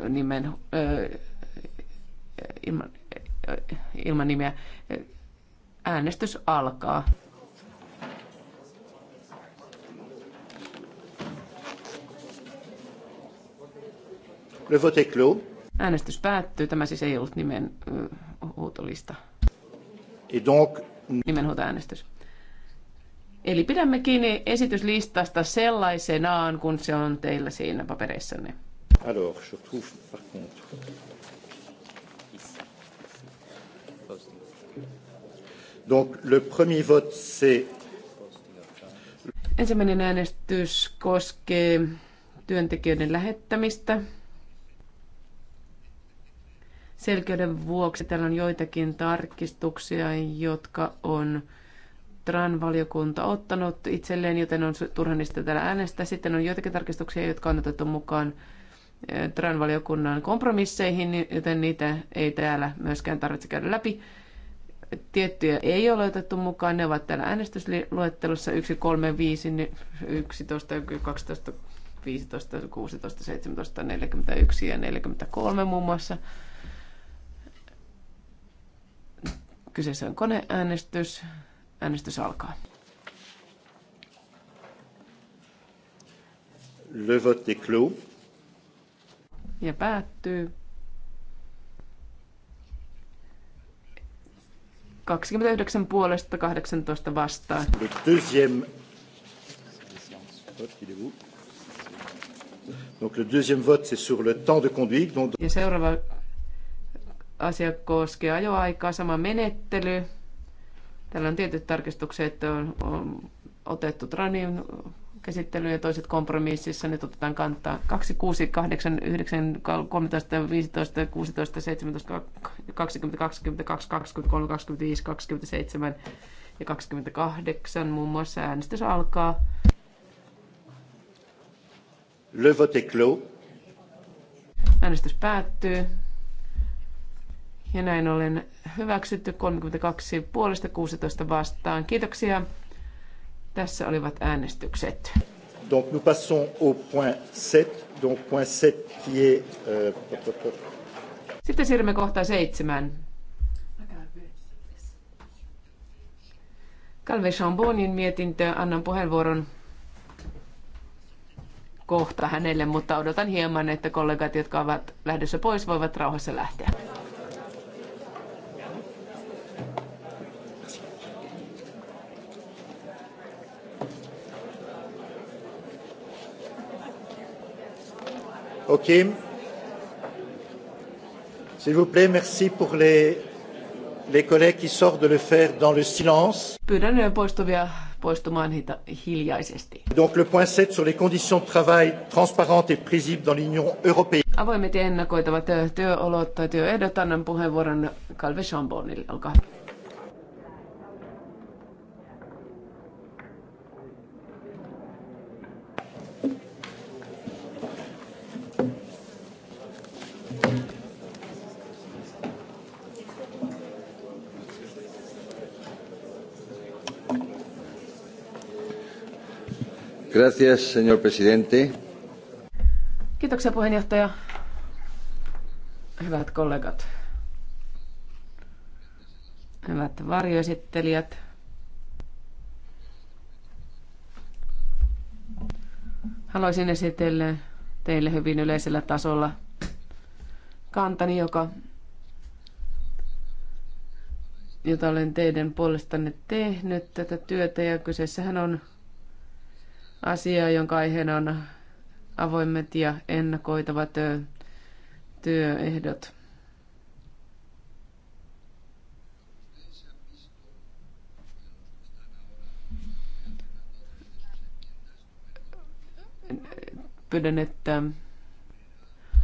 nimen ilman, ilman nimeä. Äänestys alkaa. Le vote est clos. Äänestys päättyy. Tämä siis ei ollut nimen huutolista. Et donc... äänestys. Eli pidämme kiinni esityslistasta sellaisenaan, kun se on teillä siinä papereissanne. Alors, je trouve par contre... Donc, le premier vote, c'est... Ensimmäinen äänestys koskee työntekijöiden lähettämistä. Selkeyden vuoksi täällä on joitakin tarkistuksia, jotka on TRAN-valiokunta ottanut itselleen, joten on turha niistä täällä äänestää. Sitten on joitakin tarkistuksia, jotka on otettu mukaan eh, TRAN-valiokunnan kompromisseihin, joten niitä ei täällä myöskään tarvitse käydä läpi. Tiettyjä ei ole otettu mukaan, ne ovat täällä äänestysluettelossa 1, 3, 5, 11, 12, 15, 16, 17, 41 ja 43 muun muassa. Kyseessä on koneäänestys. Äänestys alkaa. Le vote est clos. Ja päättyy. 29 puolesta 18 vastaan. Le deuxième. Donc le deuxième vote, c'est sur le temps de conduite. Donc... Ja seuraava asia koskee ajoaikaa, sama menettely. Täällä on tietyt tarkistukset, on, on otettu Tranin käsittelyyn ja toiset kompromississa. Nyt otetaan kantaa 2, 6, 8, 9, 13, 15, 16, 17, 20, 20, 23, 25, 27 ja 28 muun muassa äänestys alkaa. Le vote est clos. Äänestys päättyy. Ja näin olen hyväksytty 32 puolesta 16 vastaan. Kiitoksia. Tässä olivat äänestykset. Donc nous passons au point 7, donc point 7 qui est... Euh... Sitten siirrymme kohta seitsemän. Calve Chambonin mietintö. Annan puheenvuoron kohta hänelle, mutta odotan hieman, että kollegat, jotka ovat lähdössä pois, voivat rauhassa lähteä. OK. S'il vous plaît, merci pour les, les collègues qui sortent de le faire dans le silence. Pyydän poistuvia poistumaan hita, hiljaisesti. Donc le point 7 sur les conditions de travail transparentes et prisibles dans l'Union européenne. Avoimet ja ennakoitavat työolot tai työehdot. Annan puheenvuoron Kalve Chambonille. Olkaa hyvä. Gracias, señor presidente. Kiitoksia puheenjohtaja. Hyvät kollegat. Hyvät varjoesittelijät. Haluaisin esitellä teille hyvin yleisellä tasolla kantani, joka, jota olen teidän puolestanne tehnyt tätä työtä. Ja kyseessähän on asia, jonka aiheena on avoimet ja ennakoitavat työehdot. Pyydän, että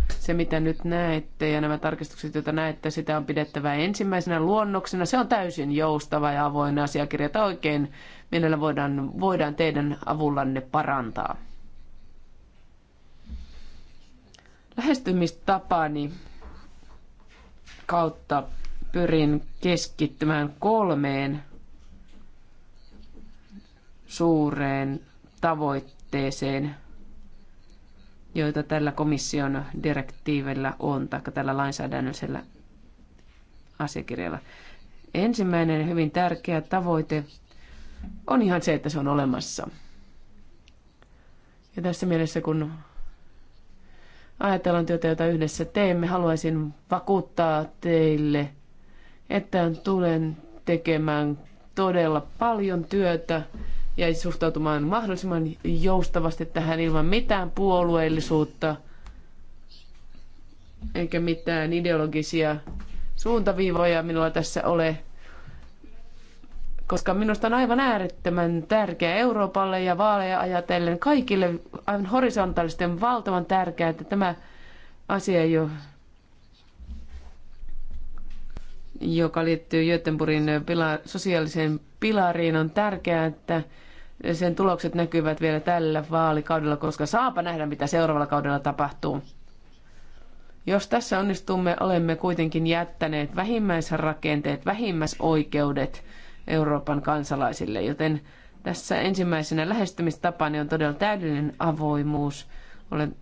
se mitä nyt näette ja nämä tarkistukset, joita näette, sitä on pidettävä ensimmäisenä luonnoksena. Se on täysin joustava ja avoin asiakirja, tai oikein mielellä voidaan, voidaan teidän avullanne parantaa. Lähestymistapani kautta pyrin keskittymään kolmeen suureen tavoitteeseen, joita tällä komission direktiivellä on, tai tällä lainsäädännöllisellä asiakirjalla. Ensimmäinen hyvin tärkeä tavoite on ihan se, että se on olemassa. Ja tässä mielessä, kun ajatellaan työtä, jota yhdessä teemme, haluaisin vakuuttaa teille, että tulen tekemään todella paljon työtä ja suhtautumaan mahdollisimman joustavasti tähän ilman mitään puolueellisuutta eikä mitään ideologisia suuntaviivoja minulla tässä ole koska minusta on aivan äärettömän tärkeää Euroopalle ja vaaleja ajatellen kaikille aivan horisontaalisesti on valtavan tärkeää, että tämä asia ei ole joka liittyy Göteborgin pila- sosiaaliseen pilariin, on tärkeää, että sen tulokset näkyvät vielä tällä vaalikaudella, koska saapa nähdä, mitä seuraavalla kaudella tapahtuu. Jos tässä onnistumme, olemme kuitenkin jättäneet vähimmäisrakenteet, vähimmäisoikeudet – Euroopan kansalaisille. Joten tässä ensimmäisenä lähestymistapani on todella täydellinen avoimuus. Olen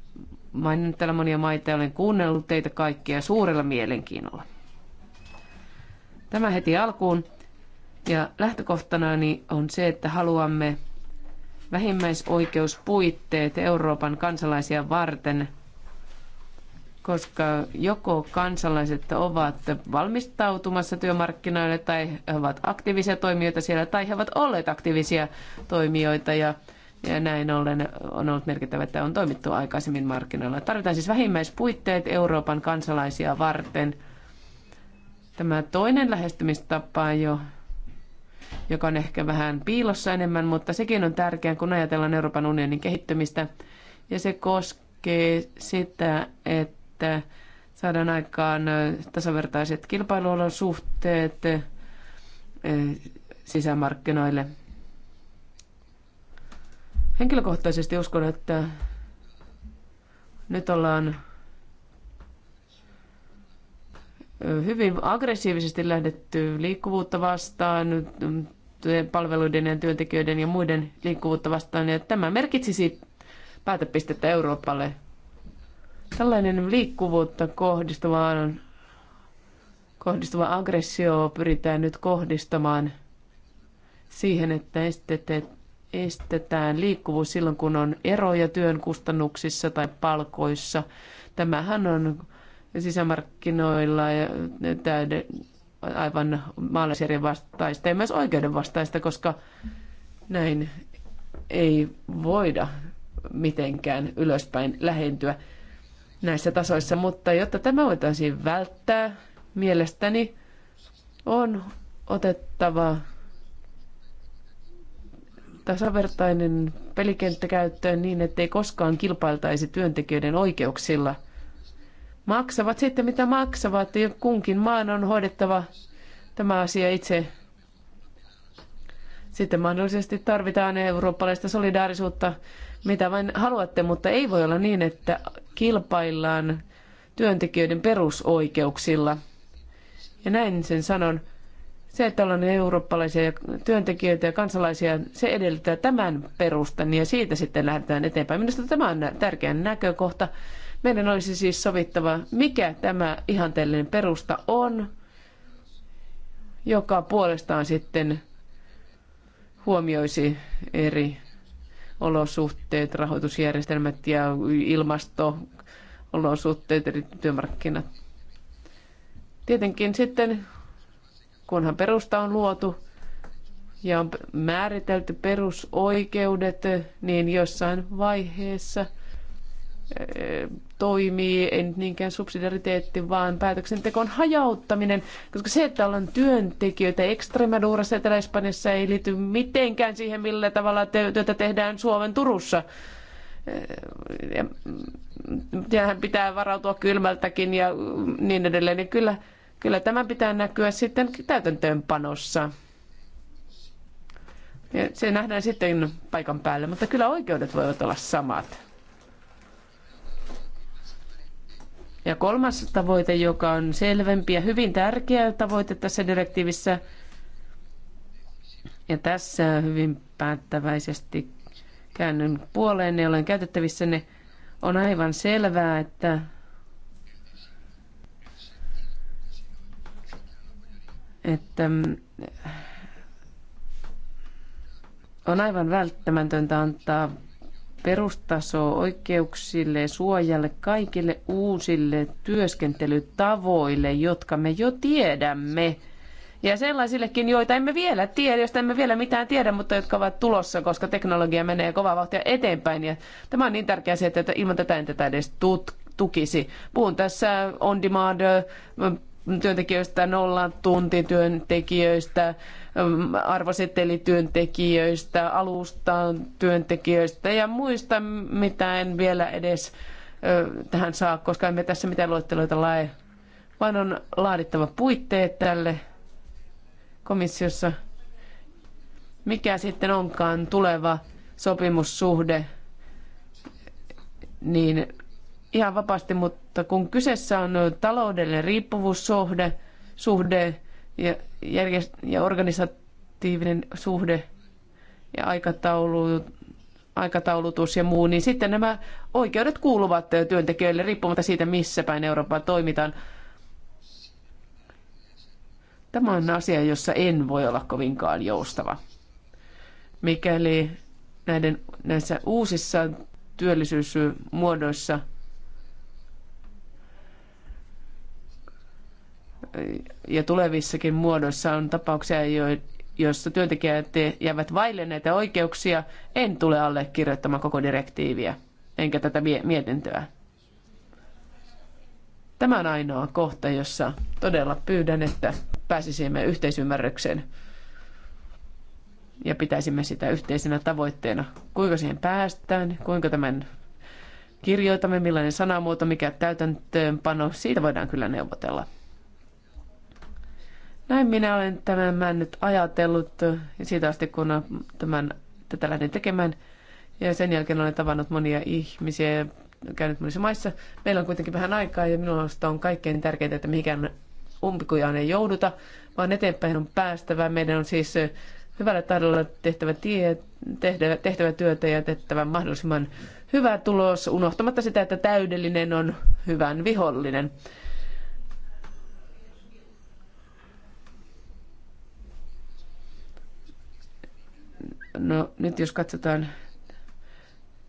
maininnut täällä monia maita ja olen kuunnellut teitä kaikkia suurella mielenkiinnolla. Tämä heti alkuun. Ja lähtökohtana on se, että haluamme vähimmäisoikeuspuitteet Euroopan kansalaisia varten – koska joko kansalaiset ovat valmistautumassa työmarkkinoille tai he ovat aktiivisia toimijoita siellä tai he ovat olleet aktiivisia toimijoita ja, ja näin ollen on ollut merkittävä, että on toimittu aikaisemmin markkinoilla. Tarvitaan siis vähimmäispuitteet Euroopan kansalaisia varten. Tämä toinen lähestymistapa jo joka on ehkä vähän piilossa enemmän, mutta sekin on tärkeää, kun ajatellaan Euroopan unionin kehittymistä. Ja se koskee sitä, että että saadaan aikaan tasavertaiset kilpailuolosuhteet sisämarkkinoille. Henkilökohtaisesti uskon, että nyt ollaan hyvin aggressiivisesti lähdetty liikkuvuutta vastaan, palveluiden ja työntekijöiden ja muiden liikkuvuutta vastaan. Ja tämä merkitsisi päätepistettä Euroopalle Tällainen liikkuvuutta kohdistuvaan, kohdistuva aggressio pyritään nyt kohdistamaan siihen, että estetään liikkuvuus silloin, kun on eroja työn kustannuksissa tai palkoissa. Tämähän on sisämarkkinoilla ja täyden, aivan maalaisjärjen vastaista ja myös oikeuden vastaista, koska näin ei voida mitenkään ylöspäin lähentyä näissä tasoissa, mutta jotta tämä voitaisiin välttää, mielestäni on otettava tasavertainen pelikenttä käyttöön niin, ettei koskaan kilpailtaisi työntekijöiden oikeuksilla. Maksavat sitten mitä maksavat ja kunkin maan on hoidettava tämä asia itse sitten mahdollisesti tarvitaan eurooppalaista solidaarisuutta, mitä vain haluatte, mutta ei voi olla niin, että kilpaillaan työntekijöiden perusoikeuksilla. Ja näin sen sanon. Se, että ollaan eurooppalaisia työntekijöitä ja kansalaisia, se edellyttää tämän perustan ja siitä sitten lähdetään eteenpäin. Minusta tämä on tärkeä näkökohta. Meidän olisi siis sovittava, mikä tämä ihanteellinen perusta on, joka puolestaan sitten huomioisi eri olosuhteet, rahoitusjärjestelmät ja ilmasto-olosuhteet, eri työmarkkinat. Tietenkin sitten, kunhan perusta on luotu ja on määritelty perusoikeudet, niin jossain vaiheessa toimii, ei niinkään subsidiariteetti, vaan päätöksentekon hajauttaminen, koska se, että ollaan työntekijöitä Extremadurassa Etelä-Espanjassa ei liity mitenkään siihen, millä tavalla työtä tehdään Suomen Turussa. Ja, tähän pitää varautua kylmältäkin ja niin edelleen. Ja kyllä, kyllä tämän pitää näkyä sitten täytäntöönpanossa. Ja se nähdään sitten paikan päälle, mutta kyllä oikeudet voivat olla samat. Ja kolmas tavoite, joka on selvempi ja hyvin tärkeä tavoite tässä direktiivissä, ja tässä hyvin päättäväisesti käännyn puoleen, ne olen käytettävissä, ne niin on aivan selvää, että että mm, on aivan välttämätöntä antaa perustaso oikeuksille, suojalle, kaikille uusille työskentelytavoille, jotka me jo tiedämme. Ja sellaisillekin, joita emme vielä tiedä, joista emme vielä mitään tiedä, mutta jotka ovat tulossa, koska teknologia menee kovaa vauhtia eteenpäin. Ja tämä on niin tärkeä asia, että ilman tätä en tätä edes tut- tukisi. Puhun tässä on demand työntekijöistä, nollan tuntityöntekijöistä, arvosetelityöntekijöistä, alustan työntekijöistä ja muista, mitä en vielä edes tähän saa, koska emme tässä mitään luetteloita lae, vaan on laadittava puitteet tälle komissiossa. Mikä sitten onkaan tuleva sopimussuhde, niin ihan vapaasti, mutta kun kyseessä on taloudellinen riippuvuussuhde, suhde, ja, järjest- ja organisatiivinen suhde ja aikataulu, aikataulutus ja muu, niin sitten nämä oikeudet kuuluvat työntekijöille riippumatta siitä, missä päin Eurooppaa toimitaan. Tämä on asia, jossa en voi olla kovinkaan joustava. Mikäli näiden, näissä uusissa työllisyysmuodoissa – ja tulevissakin muodoissa on tapauksia, joissa työntekijät jäävät vaille näitä oikeuksia. En tule allekirjoittamaan koko direktiiviä, enkä tätä mietintöä. Tämä on ainoa kohta, jossa todella pyydän, että pääsisimme yhteisymmärrykseen ja pitäisimme sitä yhteisenä tavoitteena. Kuinka siihen päästään, kuinka tämän kirjoitamme, millainen sanamuoto, mikä täytäntöönpano, siitä voidaan kyllä neuvotella. Näin minä olen tämän nyt ajatellut siitä asti, kun tämän, tätä lähdin tekemään. Ja sen jälkeen olen tavannut monia ihmisiä ja käynyt monissa maissa. Meillä on kuitenkin vähän aikaa ja minulla on kaikkein tärkeintä, että mihinkään umpikujaan ei jouduta, vaan eteenpäin on päästävä. Meidän on siis hyvällä tahdolla tehtävä, tie, tehtävä, tehtävä työtä ja tehtävä mahdollisimman hyvä tulos, unohtamatta sitä, että täydellinen on hyvän vihollinen. No nyt jos katsotaan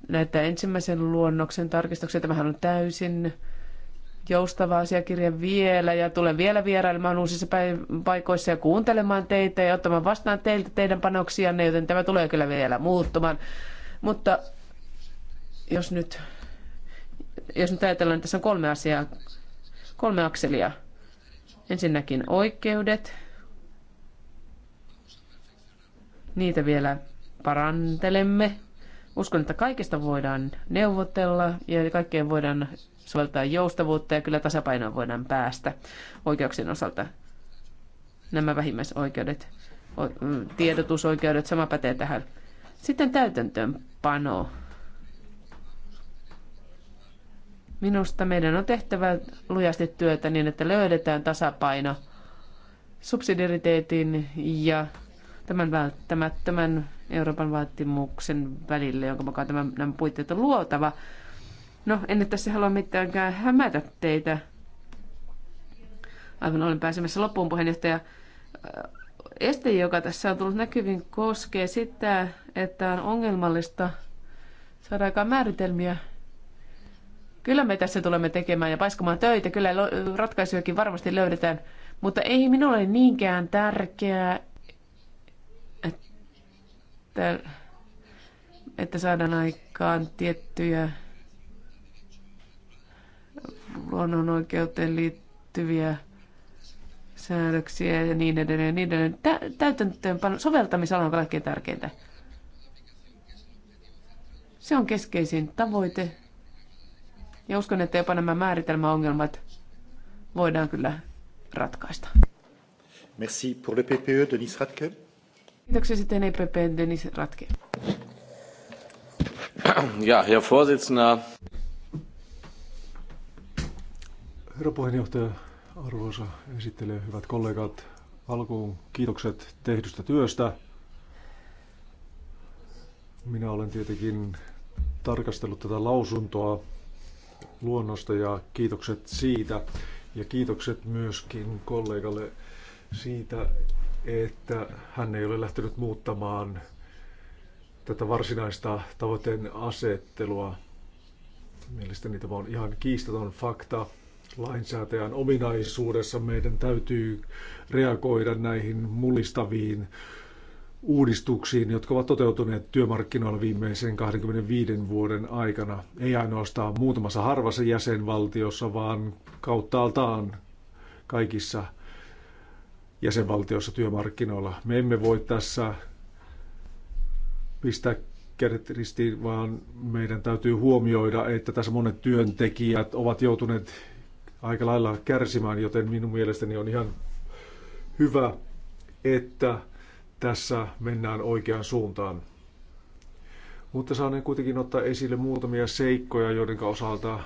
näitä ensimmäisen luonnoksen tarkistuksia, tämähän on täysin joustava asiakirja vielä ja tulen vielä vierailemaan uusissa paikoissa ja kuuntelemaan teitä ja ottamaan vastaan teiltä teidän panoksianne, joten tämä tulee kyllä vielä muuttumaan. Mutta jos nyt, jos nyt ajatellaan, että tässä on kolme asiaa, kolme akselia. Ensinnäkin oikeudet. Niitä vielä parantelemme. Uskon, että kaikista voidaan neuvotella ja kaikkeen voidaan soveltaa joustavuutta ja kyllä tasapainoon voidaan päästä oikeuksien osalta. Nämä vähimmäisoikeudet, mm, tiedotusoikeudet, sama pätee tähän. Sitten täytäntöönpano. Minusta meidän on tehtävä lujasti työtä niin, että löydetään tasapaino subsidiariteetin ja tämän välttämättömän Euroopan vaatimuksen välille, jonka mukaan tämän, nämä puitteet on luotava. No, en nyt tässä halua mitäänkään hämätä teitä. Aivan olen pääsemässä loppuun puheenjohtaja. Este, joka tässä on tullut näkyviin, koskee sitä, että on ongelmallista saada aikaan määritelmiä. Kyllä me tässä tulemme tekemään ja paiskamaan töitä, kyllä ratkaisujakin varmasti löydetään, mutta ei minulle niinkään tärkeää, että, että saadaan aikaan tiettyjä oikeuteen liittyviä säädöksiä ja niin edelleen. niin edelleen. Tä, täytäntöönpano, soveltamisala on kaikkein tärkeintä. Se on keskeisin tavoite. Ja uskon, että jopa nämä määritelmäongelmat voidaan kyllä ratkaista. Merci pour le PPE, Denis Radke. Kiitoksia sitten EPP Dennis Ratke. Ja, Herr Vorsitzender. Herra puheenjohtaja, arvoisa esittelijä, hyvät kollegat, alkuun kiitokset tehdystä työstä. Minä olen tietenkin tarkastellut tätä lausuntoa luonnosta ja kiitokset siitä. Ja kiitokset myöskin kollegalle siitä, että hän ei ole lähtenyt muuttamaan tätä varsinaista tavoitteen asettelua. Mielestäni tämä on ihan kiistaton fakta. Lainsäätäjän ominaisuudessa meidän täytyy reagoida näihin mullistaviin uudistuksiin, jotka ovat toteutuneet työmarkkinoilla viimeisen 25 vuoden aikana. Ei ainoastaan muutamassa harvassa jäsenvaltiossa, vaan kauttaaltaan kaikissa jäsenvaltioissa työmarkkinoilla. Me emme voi tässä pistää kädet ristiin, vaan meidän täytyy huomioida, että tässä monet työntekijät ovat joutuneet aika lailla kärsimään, joten minun mielestäni on ihan hyvä, että tässä mennään oikeaan suuntaan. Mutta saan kuitenkin ottaa esille muutamia seikkoja, joiden osalta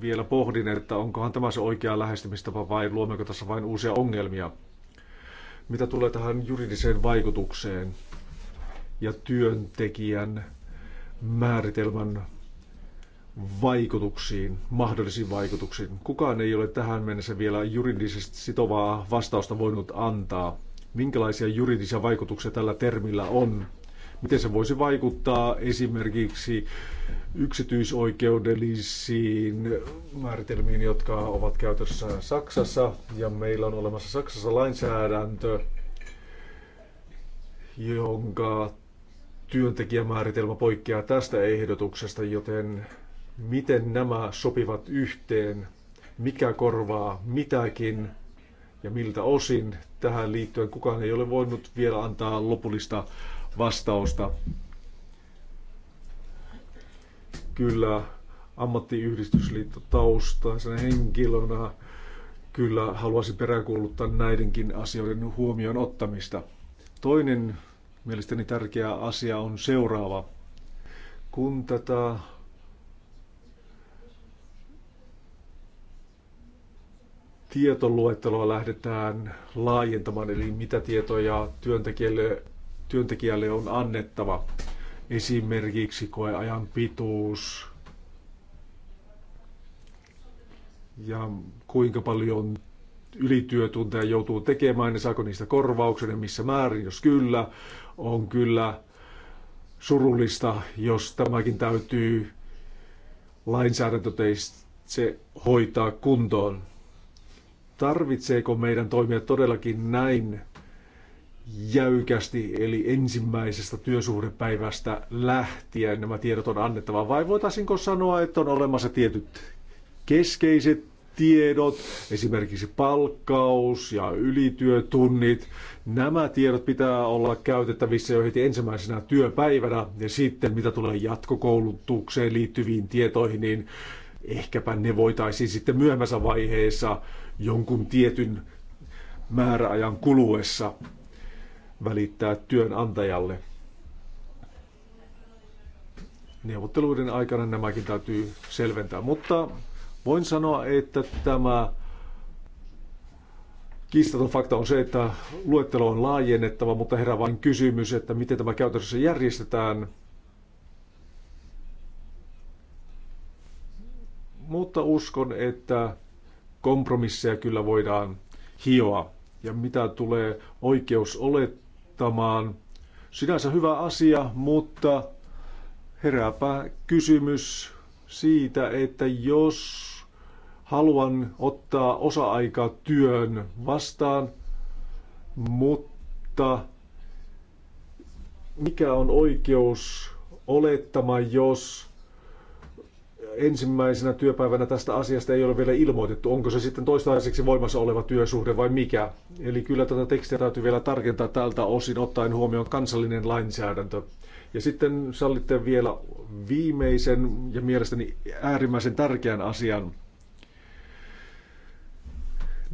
vielä pohdin, että onkohan tämä se oikea lähestymistapa vai luommeko tässä vain uusia ongelmia. Mitä tulee tähän juridiseen vaikutukseen ja työntekijän määritelmän vaikutuksiin, mahdollisiin vaikutuksiin. Kukaan ei ole tähän mennessä vielä juridisesti sitovaa vastausta voinut antaa. Minkälaisia juridisia vaikutuksia tällä termillä on miten se voisi vaikuttaa esimerkiksi yksityisoikeudellisiin määritelmiin, jotka ovat käytössä Saksassa. Ja meillä on olemassa Saksassa lainsäädäntö, jonka työntekijämääritelmä poikkeaa tästä ehdotuksesta, joten miten nämä sopivat yhteen, mikä korvaa mitäkin ja miltä osin tähän liittyen. Kukaan ei ole voinut vielä antaa lopullista vastausta. Kyllä ammattiyhdistysliitto taustaisena henkilönä kyllä haluaisin peräänkuuluttaa näidenkin asioiden huomioon ottamista. Toinen mielestäni tärkeä asia on seuraava. Kun tätä tietoluetteloa lähdetään laajentamaan, eli mitä tietoja työntekijälle työntekijälle on annettava. Esimerkiksi koeajan pituus ja kuinka paljon ylityötunteja joutuu tekemään ja saako niistä korvauksen ja missä määrin, jos kyllä, on kyllä surullista, jos tämäkin täytyy lainsäädäntöteitse hoitaa kuntoon. Tarvitseeko meidän toimia todellakin näin jäykästi, eli ensimmäisestä työsuhdepäivästä lähtien nämä tiedot on annettava, vai voitaisiinko sanoa, että on olemassa tietyt keskeiset tiedot, esimerkiksi palkkaus ja ylityötunnit. Nämä tiedot pitää olla käytettävissä jo heti ensimmäisenä työpäivänä ja sitten mitä tulee jatkokoulutukseen liittyviin tietoihin, niin ehkäpä ne voitaisiin sitten myöhemmässä vaiheessa jonkun tietyn määräajan kuluessa välittää työnantajalle. Neuvotteluiden aikana nämäkin täytyy selventää, mutta voin sanoa, että tämä Kiistaton fakta on se, että luettelo on laajennettava, mutta herää vain kysymys, että miten tämä käytännössä järjestetään. Mutta uskon, että kompromisseja kyllä voidaan hioa. Ja mitä tulee oikeus olet ottamaan. Sinänsä hyvä asia, mutta herääpä kysymys siitä, että jos haluan ottaa osa aikaa työn vastaan, mutta mikä on oikeus olettama, jos ensimmäisenä työpäivänä tästä asiasta ei ole vielä ilmoitettu. Onko se sitten toistaiseksi voimassa oleva työsuhde vai mikä? Eli kyllä tätä tekstiä täytyy vielä tarkentaa tältä osin ottaen huomioon kansallinen lainsäädäntö. Ja sitten sallitte vielä viimeisen ja mielestäni äärimmäisen tärkeän asian.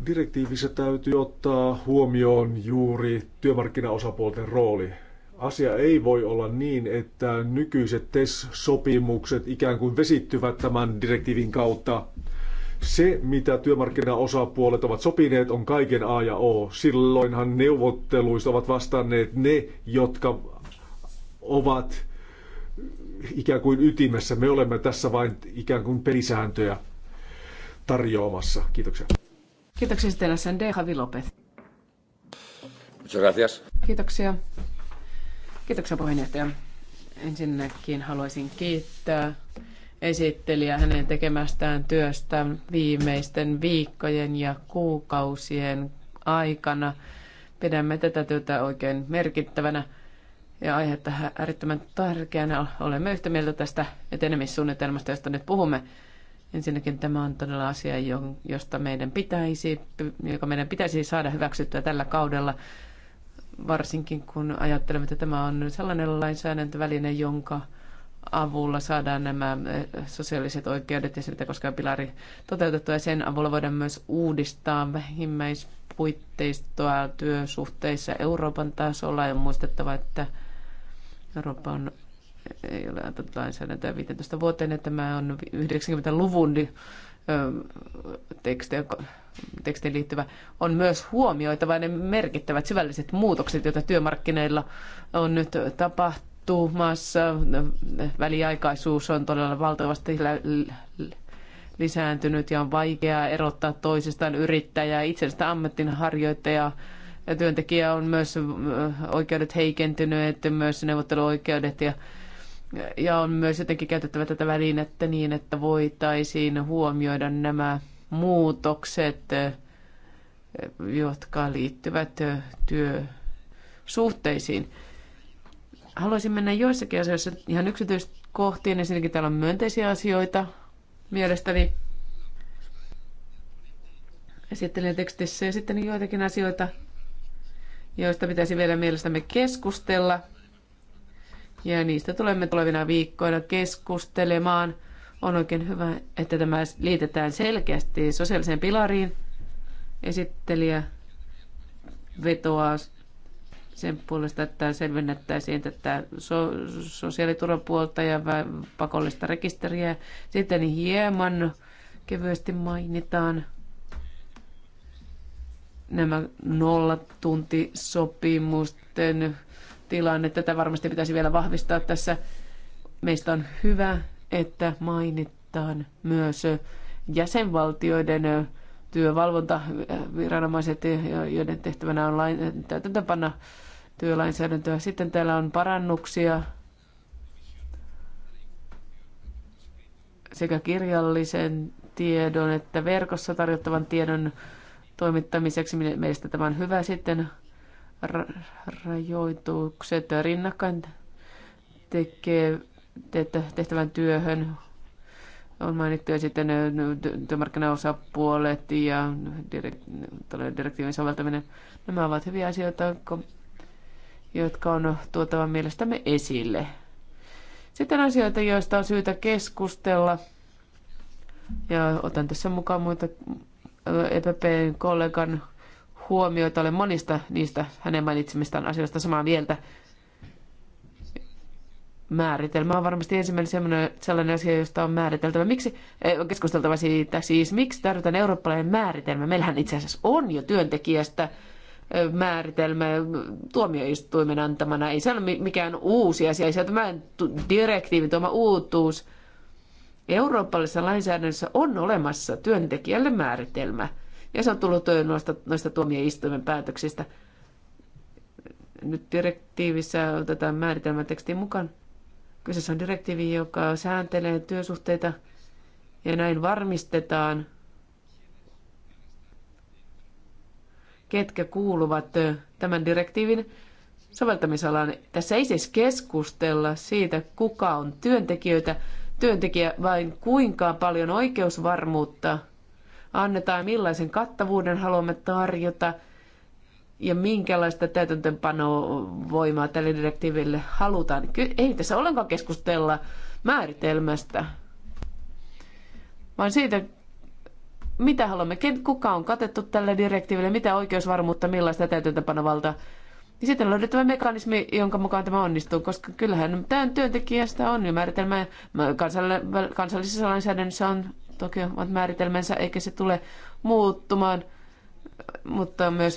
Direktiivissä täytyy ottaa huomioon juuri työmarkkinaosapuolten rooli asia ei voi olla niin, että nykyiset TES-sopimukset ikään kuin vesittyvät tämän direktiivin kautta. Se, mitä työmarkkinaosapuolet ovat sopineet, on kaiken A ja O. Silloinhan neuvotteluista ovat vastanneet ne, jotka ovat ikään kuin ytimessä. Me olemme tässä vain ikään kuin pelisääntöjä tarjoamassa. Kiitoksia. Kiitoksia sitten SND Javi Lopez. Muchas gracias. Kiitoksia Kiitoksia puheenjohtaja. Ensinnäkin haluaisin kiittää esittelijä hänen tekemästään työstä viimeisten viikkojen ja kuukausien aikana. Pidämme tätä työtä oikein merkittävänä ja aihetta äärettömän tärkeänä. Olemme yhtä mieltä tästä etenemissuunnitelmasta, josta nyt puhumme. Ensinnäkin tämä on todella asia, josta meidän pitäisi, joka meidän pitäisi saada hyväksyttyä tällä kaudella varsinkin kun ajattelemme, että tämä on sellainen lainsäädäntöväline, jonka avulla saadaan nämä eh, sosiaaliset oikeudet ja sitä koskeva pilari toteutettua. Ja sen avulla voidaan myös uudistaa vähimmäispuitteistoa työsuhteissa Euroopan tasolla. Ja muistettava, että on, ei ole antanut lainsäädäntöä 15 vuoteen, että tämä on 90-luvun tekstejä, tekstiin liittyvä, on myös huomioitava ne merkittävät syvälliset muutokset, joita työmarkkinoilla on nyt tapahtumassa. Väliaikaisuus on todella valtavasti lisääntynyt ja on vaikeaa erottaa toisistaan yrittäjää, itsestä ammattinharjoittajaa. Työntekijä on myös oikeudet heikentyneet, myös neuvotteluoikeudet ja ja on myös jotenkin käytettävä tätä välinettä niin, että voitaisiin huomioida nämä muutokset, jotka liittyvät työsuhteisiin. Haluaisin mennä joissakin asioissa ihan yksityiskohtiin. Ensinnäkin täällä on myönteisiä asioita mielestäni esittelen tekstissä ja sitten joitakin asioita, joista pitäisi vielä mielestämme keskustella – ja niistä tulemme tulevina viikkoina keskustelemaan. On oikein hyvä, että tämä liitetään selkeästi sosiaaliseen pilariin. Esittelijä vetoaa sen puolesta, että selvennettäisiin tätä so- sosiaaliturvapuolta ja pakollista rekisteriä. Sitten hieman kevyesti mainitaan nämä nollatuntisopimusten tilanne. Tätä varmasti pitäisi vielä vahvistaa tässä. Meistä on hyvä, että mainitaan myös jäsenvaltioiden työvalvontaviranomaiset, joiden tehtävänä on lain, täytäntöpanna työlainsäädäntöä. Sitten täällä on parannuksia sekä kirjallisen tiedon että verkossa tarjottavan tiedon toimittamiseksi. Meistä tämä on hyvä sitten rajoitukset rinnakkain tekee tehtävän työhön. On mainittu ja sitten no, työmarkkinaosapuolet ja direktiivin soveltaminen. Nämä ovat hyviä asioita, jotka on tuotava mielestämme esille. Sitten asioita, joista on syytä keskustella. Ja otan tässä mukaan muita epp kollegan huomioita. Olen monista niistä hänen mainitsemistaan asioista samaa mieltä. Määritelmä on varmasti ensimmäinen sellainen asia, josta on määriteltävä. Miksi, eh, on keskusteltava siitä siis, miksi tarvitaan eurooppalainen määritelmä? Meillähän itse asiassa on jo työntekijästä eh, määritelmä tuomioistuimen antamana. Ei se ole mikään uusi asia, ei se tämä direktiivi, tuoma uutuus. Eurooppalaisessa lainsäädännössä on olemassa työntekijälle määritelmä – ja se on tullut noista, noista tuomioistuimen päätöksistä. Nyt direktiivissä otetaan määritelmätekstin mukaan. Kyseessä on direktiivi, joka sääntelee työsuhteita ja näin varmistetaan, ketkä kuuluvat tämän direktiivin soveltamisalaan. Tässä ei siis keskustella siitä, kuka on työntekijöitä, työntekijä, vain kuinka paljon oikeusvarmuutta – annetaan, millaisen kattavuuden haluamme tarjota ja minkälaista täytäntöönpanovoimaa tälle direktiiville halutaan. Ei tässä ollenkaan keskustella määritelmästä, vaan siitä, mitä haluamme, kuka on katettu tälle direktiiville, mitä oikeusvarmuutta, millaista täytäntöönpanovalta. Ja sitten löydettävä mekanismi, jonka mukaan tämä onnistuu, koska kyllähän tämän työntekijästä on jo määritelmä. Kansallisessa lainsäädännössä on toki ovat määritelmänsä, eikä se tule muuttumaan. Mutta myös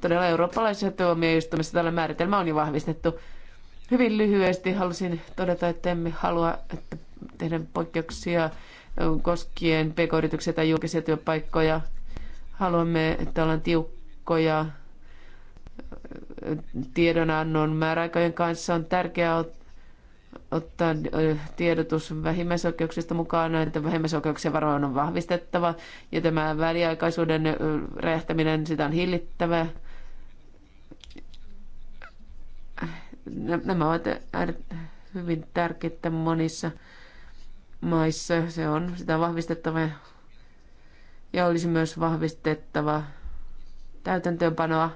todella eurooppalaisessa tuomioistuimessa tällä määritelmä on jo vahvistettu. Hyvin lyhyesti halusin todeta, että emme halua että tehdä poikkeuksia koskien pk-yrityksiä tai julkisia työpaikkoja. Haluamme, että ollaan tiukkoja tiedonannon määräaikojen kanssa. On tärkeää ottaa tiedotus vähimmäisoikeuksista mukaan, että vähimmäisoikeuksien varoin on vahvistettava ja tämä väliaikaisuuden räjähtäminen, sitä on hillittävä. Nämä ovat hyvin tärkeitä monissa maissa. Se on sitä on vahvistettava ja olisi myös vahvistettava täytäntöönpanoa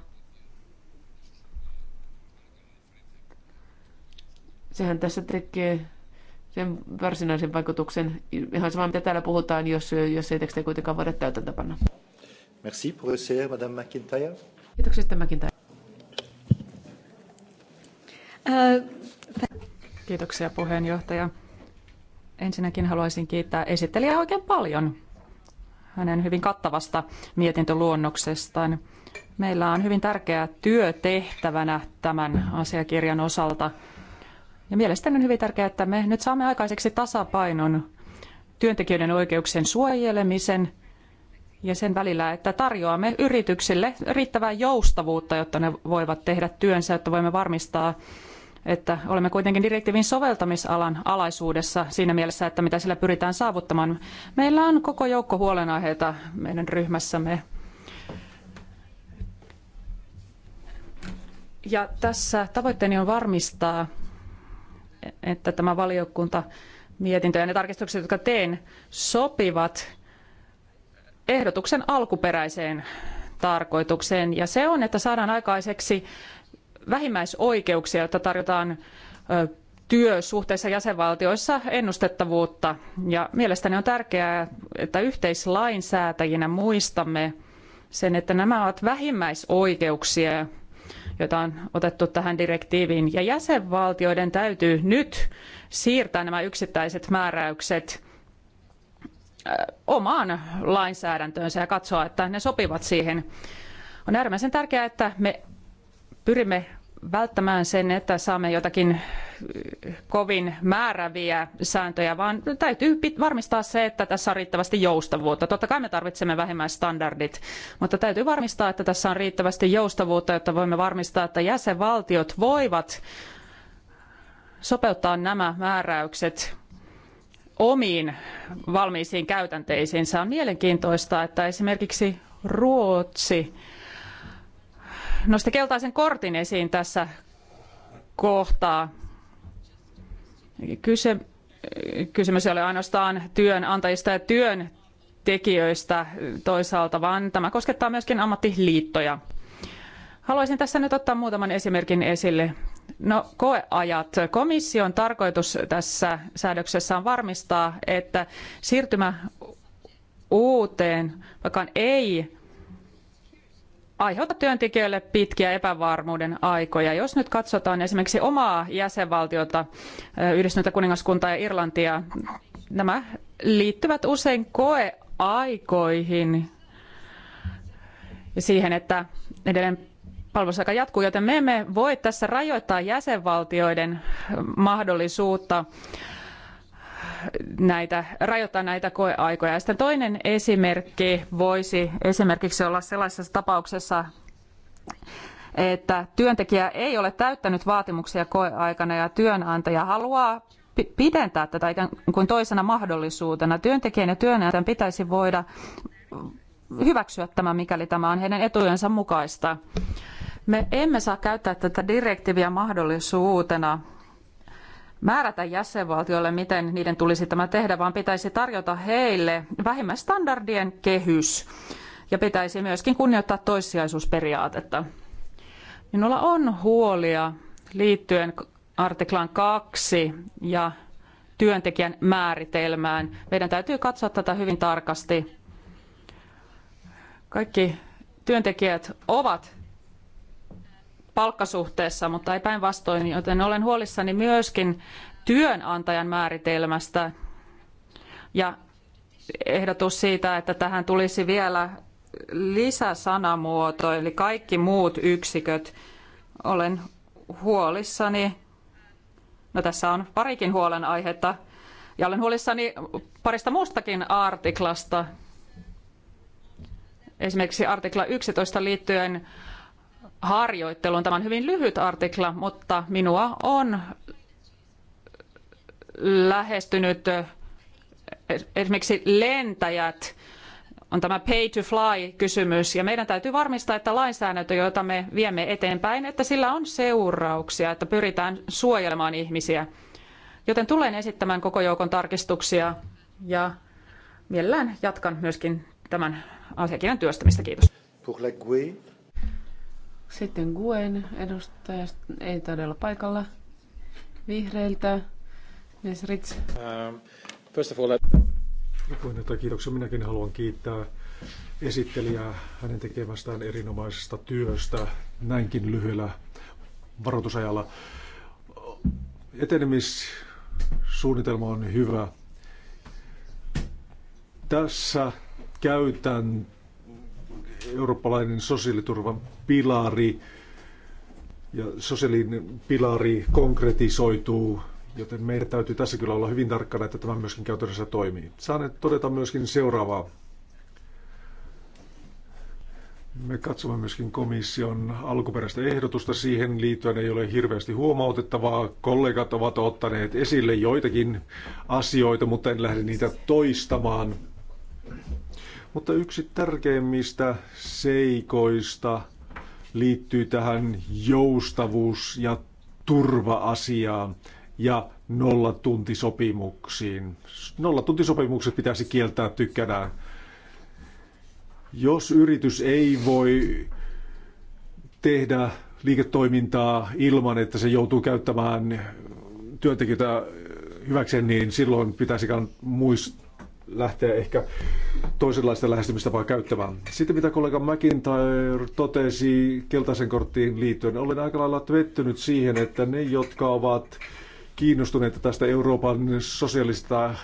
sehän tässä tekee sen varsinaisen vaikutuksen. Ihan sama, mitä täällä puhutaan, jos, jos ei tekstiä kuitenkaan voida täytäntöpanna. Merci pour essayer, Madame McIntyre. Kiitoksia, McIntyre. Äh, kiitoksia puheenjohtaja. Ensinnäkin haluaisin kiittää esittelijää oikein paljon hänen hyvin kattavasta mietintöluonnoksestaan. Meillä on hyvin tärkeä työ tehtävänä tämän asiakirjan osalta – ja mielestäni on hyvin tärkeää, että me nyt saamme aikaiseksi tasapainon työntekijöiden oikeuksien suojelemisen ja sen välillä, että tarjoamme yrityksille riittävää joustavuutta, jotta ne voivat tehdä työnsä, että voimme varmistaa, että olemme kuitenkin direktiivin soveltamisalan alaisuudessa siinä mielessä, että mitä sillä pyritään saavuttamaan. Meillä on koko joukko huolenaiheita meidän ryhmässämme. Ja tässä tavoitteeni on varmistaa, että tämä valiokunta mietintö ja ne tarkistukset, jotka teen, sopivat ehdotuksen alkuperäiseen tarkoitukseen. Ja se on, että saadaan aikaiseksi vähimmäisoikeuksia, joita tarjotaan työsuhteissa jäsenvaltioissa ennustettavuutta. Ja mielestäni on tärkeää, että yhteislainsäätäjinä muistamme sen, että nämä ovat vähimmäisoikeuksia, jota on otettu tähän direktiiviin. Ja jäsenvaltioiden täytyy nyt siirtää nämä yksittäiset määräykset äh, omaan lainsäädäntöönsä ja katsoa, että ne sopivat siihen. On äärimmäisen tärkeää, että me pyrimme välttämään sen, että saamme jotakin kovin määräviä sääntöjä, vaan täytyy varmistaa se, että tässä on riittävästi joustavuutta. Totta kai me tarvitsemme vähemmän mutta täytyy varmistaa, että tässä on riittävästi joustavuutta, jotta voimme varmistaa, että jäsenvaltiot voivat sopeuttaa nämä määräykset omiin valmiisiin käytänteisiinsä. On mielenkiintoista, että esimerkiksi Ruotsi nosti keltaisen kortin esiin tässä kohtaa. Kyse, kysymys ei ole ainoastaan työnantajista ja työntekijöistä toisaalta, vaan tämä koskettaa myöskin ammattiliittoja. Haluaisin tässä nyt ottaa muutaman esimerkin esille. No, koeajat. Komission tarkoitus tässä säädöksessä on varmistaa, että siirtymä uuteen, vaikka ei aiheuta työntekijöille pitkiä epävarmuuden aikoja. Jos nyt katsotaan esimerkiksi omaa jäsenvaltiota, Yhdistynyttä kuningaskuntaa ja Irlantia, nämä liittyvät usein koeaikoihin ja siihen, että edelleen palvelusaika jatkuu, joten me emme voi tässä rajoittaa jäsenvaltioiden mahdollisuutta näitä, rajoittaa näitä koeaikoja. sitten toinen esimerkki voisi esimerkiksi olla sellaisessa tapauksessa, että työntekijä ei ole täyttänyt vaatimuksia koeaikana ja työnantaja haluaa pidentää tätä ikään kuin toisena mahdollisuutena. Työntekijän ja työnantajan pitäisi voida hyväksyä tämä, mikäli tämä on heidän etujensa mukaista. Me emme saa käyttää tätä direktiiviä mahdollisuutena määrätä jäsenvaltioille, miten niiden tulisi tämä tehdä, vaan pitäisi tarjota heille vähimmäisstandardien kehys ja pitäisi myöskin kunnioittaa toissijaisuusperiaatetta. Minulla on huolia liittyen artiklaan 2 ja työntekijän määritelmään. Meidän täytyy katsoa tätä hyvin tarkasti. Kaikki työntekijät ovat palkkasuhteessa, mutta ei päinvastoin, joten olen huolissani myöskin työnantajan määritelmästä ja ehdotus siitä, että tähän tulisi vielä lisäsanamuoto, eli kaikki muut yksiköt. Olen huolissani, no tässä on parikin huolenaihetta, ja olen huolissani parista muustakin artiklasta, esimerkiksi artikla 11 liittyen harjoitteluun. Tämä on hyvin lyhyt artikla, mutta minua on lähestynyt esimerkiksi lentäjät, on tämä pay to fly kysymys ja meidän täytyy varmistaa, että lainsäädäntö, jota me viemme eteenpäin, että sillä on seurauksia, että pyritään suojelemaan ihmisiä. Joten tulen esittämään koko joukon tarkistuksia ja mielellään jatkan myöskin tämän asiakirjan työstämistä. Kiitos. Pour la sitten Guen edustaja ei todella paikalla. Vihreiltä. Mies Rits. Uh, ähm, first of all, that... Kiitoksia. Minäkin haluan kiittää esittelijää hänen tekemästään erinomaisesta työstä näinkin lyhyellä varoitusajalla. Etenemissuunnitelma on hyvä. Tässä käytän eurooppalainen sosiaaliturvan pilari ja sosiaalinen pilari konkretisoituu, joten meidän täytyy tässä kyllä olla hyvin tarkkana, että tämä myöskin käytännössä toimii. Saan todeta myöskin seuraavaa. Me katsomme myöskin komission alkuperäistä ehdotusta. Siihen liittyen ei ole hirveästi huomautettavaa. Kollegat ovat ottaneet esille joitakin asioita, mutta en lähde niitä toistamaan. Mutta yksi tärkeimmistä seikoista liittyy tähän joustavuus- ja turva-asiaan ja nollatuntisopimuksiin. Nollatuntisopimukset pitäisi kieltää tykkänään. Jos yritys ei voi tehdä liiketoimintaa ilman, että se joutuu käyttämään työntekijöitä hyväkseen, niin silloin pitäisi muistaa lähteä ehkä toisenlaista lähestymistapaa käyttämään. Sitten mitä kollega McIntyre totesi keltaisen korttiin liittyen, olen aika lailla pettynyt siihen, että ne, jotka ovat kiinnostuneita tästä Euroopan sosiaalista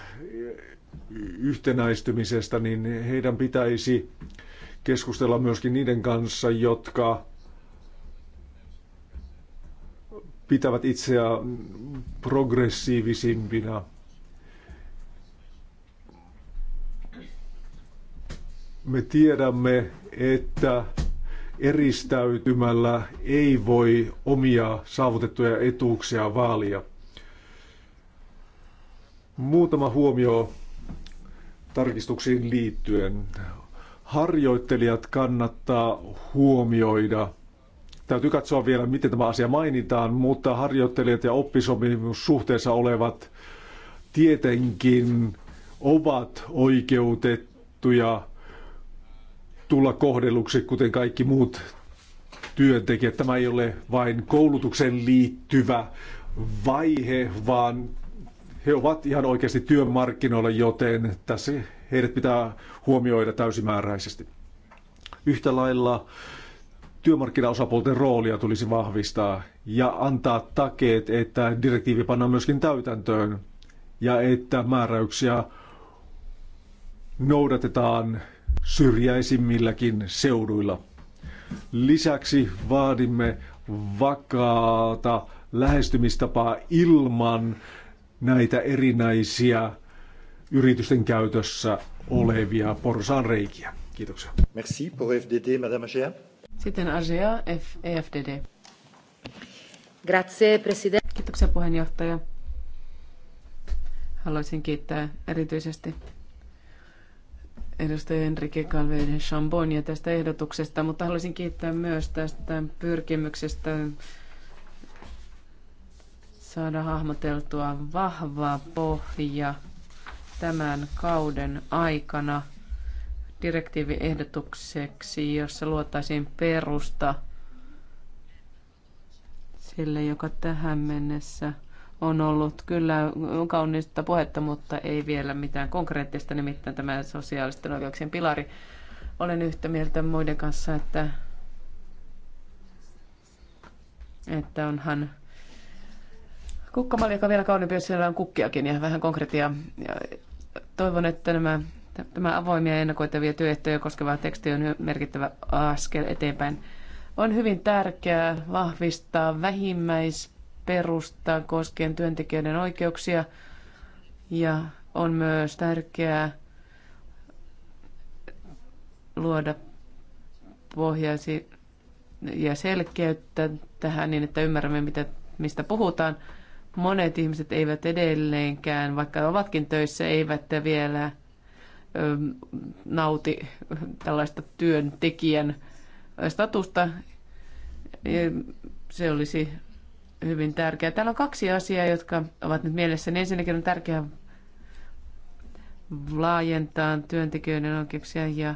yhtenäistymisestä, niin heidän pitäisi keskustella myöskin niiden kanssa, jotka pitävät itseä progressiivisimpina – Me tiedämme, että eristäytymällä ei voi omia saavutettuja etuuksia vaalia. Muutama huomio tarkistuksiin liittyen. Harjoittelijat kannattaa huomioida. Täytyy katsoa vielä, miten tämä asia mainitaan, mutta harjoittelijat ja oppisopimus suhteessa olevat tietenkin ovat oikeutettuja tulla kohdelluksi, kuten kaikki muut työntekijät. Tämä ei ole vain koulutukseen liittyvä vaihe, vaan he ovat ihan oikeasti työmarkkinoilla, joten tässä heidät pitää huomioida täysimääräisesti. Yhtä lailla työmarkkinaosapuolten roolia tulisi vahvistaa ja antaa takeet, että direktiivi pannaan myöskin täytäntöön ja että määräyksiä noudatetaan syrjäisimmilläkin seuduilla. Lisäksi vaadimme vakaata lähestymistapaa ilman näitä erinäisiä yritysten käytössä olevia porsaanreikiä. Kiitoksia. Merci pour FDD, Madame Agea. Sitten Agea, EFDD. Grazie, President. Kiitoksia puheenjohtaja. Haluaisin kiittää erityisesti edustaja Enrique Calveden Chambonia tästä ehdotuksesta, mutta haluaisin kiittää myös tästä pyrkimyksestä saada hahmoteltua vahva pohja tämän kauden aikana direktiiviehdotukseksi, jossa luotaisiin perusta sille, joka tähän mennessä – on ollut kyllä kaunista puhetta, mutta ei vielä mitään konkreettista, nimittäin tämä sosiaalisten oikeuksien pilari. Olen yhtä mieltä muiden kanssa, että, että onhan kukkamalli, joka vielä kauniimpi, jos siellä on kukkiakin ja vähän konkreettia. Toivon, että nämä, tämä avoimia ja ennakoitavia työehtoja koskeva teksti on merkittävä askel eteenpäin. On hyvin tärkeää vahvistaa vähimmäis perustaa koskien työntekijöiden oikeuksia ja on myös tärkeää luoda pohjaisi ja selkeyttä tähän niin, että ymmärrämme, mitä, mistä puhutaan. Monet ihmiset eivät edelleenkään, vaikka ovatkin töissä, eivät vielä nauti tällaista työntekijän statusta. Se olisi hyvin tärkeä. Täällä on kaksi asiaa, jotka ovat nyt mielessä. Ensinnäkin on tärkeää laajentaa työntekijöiden oikeuksia ja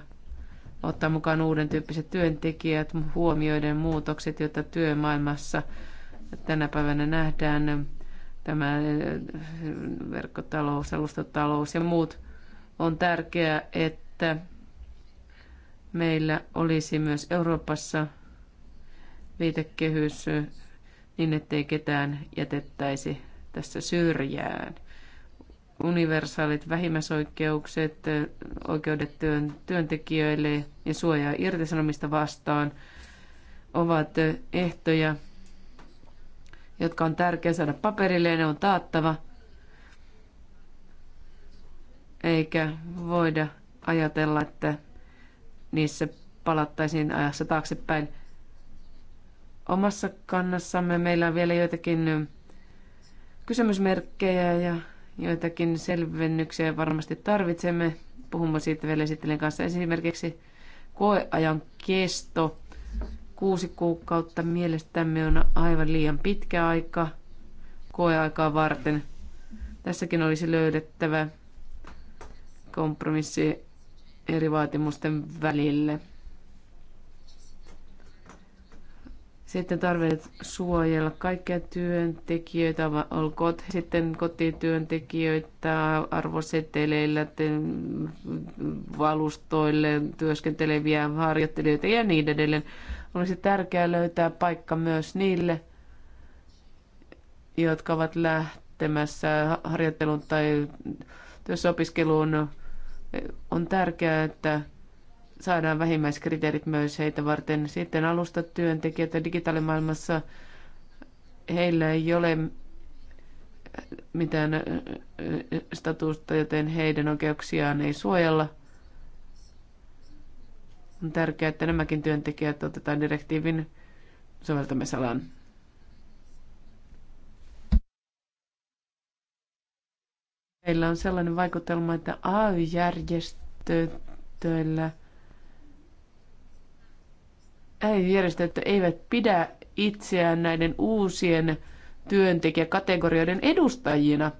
ottaa mukaan uuden tyyppiset työntekijät, huomioiden muutokset, joita työmaailmassa tänä päivänä nähdään. Tämä eh, verkkotalous, alustatalous ja muut on tärkeää, että meillä olisi myös Euroopassa viitekehys niin ettei ketään jätettäisi tässä syrjään. Universaalit vähimmäisoikeukset, oikeudet työn, työntekijöille ja suojaa irtisanomista vastaan ovat ehtoja, jotka on tärkeää saada paperille ja ne on taattava. Eikä voida ajatella, että niissä palattaisiin ajassa taaksepäin. Omassa kannassamme meillä on vielä joitakin kysymysmerkkejä ja joitakin selvennyksiä varmasti tarvitsemme. Puhumme siitä vielä esittelen kanssa. Esimerkiksi koeajan kesto. Kuusi kuukautta mielestämme on aivan liian pitkä aika koeaikaa varten. Tässäkin olisi löydettävä kompromissi eri vaatimusten välille. Sitten tarve suojella kaikkia työntekijöitä, olkoot sitten kotityöntekijöitä, arvoseteleillä, valustoille työskenteleviä harjoittelijoita ja niin edelleen. Olisi tärkeää löytää paikka myös niille, jotka ovat lähtemässä harjoittelun tai opiskeluun. On tärkeää, että saadaan vähimmäiskriteerit myös heitä varten. Sitten alustatyöntekijät digitaalimaailmassa, heillä ei ole mitään statusta, joten heidän oikeuksiaan ei suojella. On tärkeää, että nämäkin työntekijät otetaan direktiivin soveltamisalaan. Meillä on sellainen vaikutelma, että AY-järjestöillä – järjestöt eivät pidä itseään näiden uusien työntekijäkategorioiden edustajina.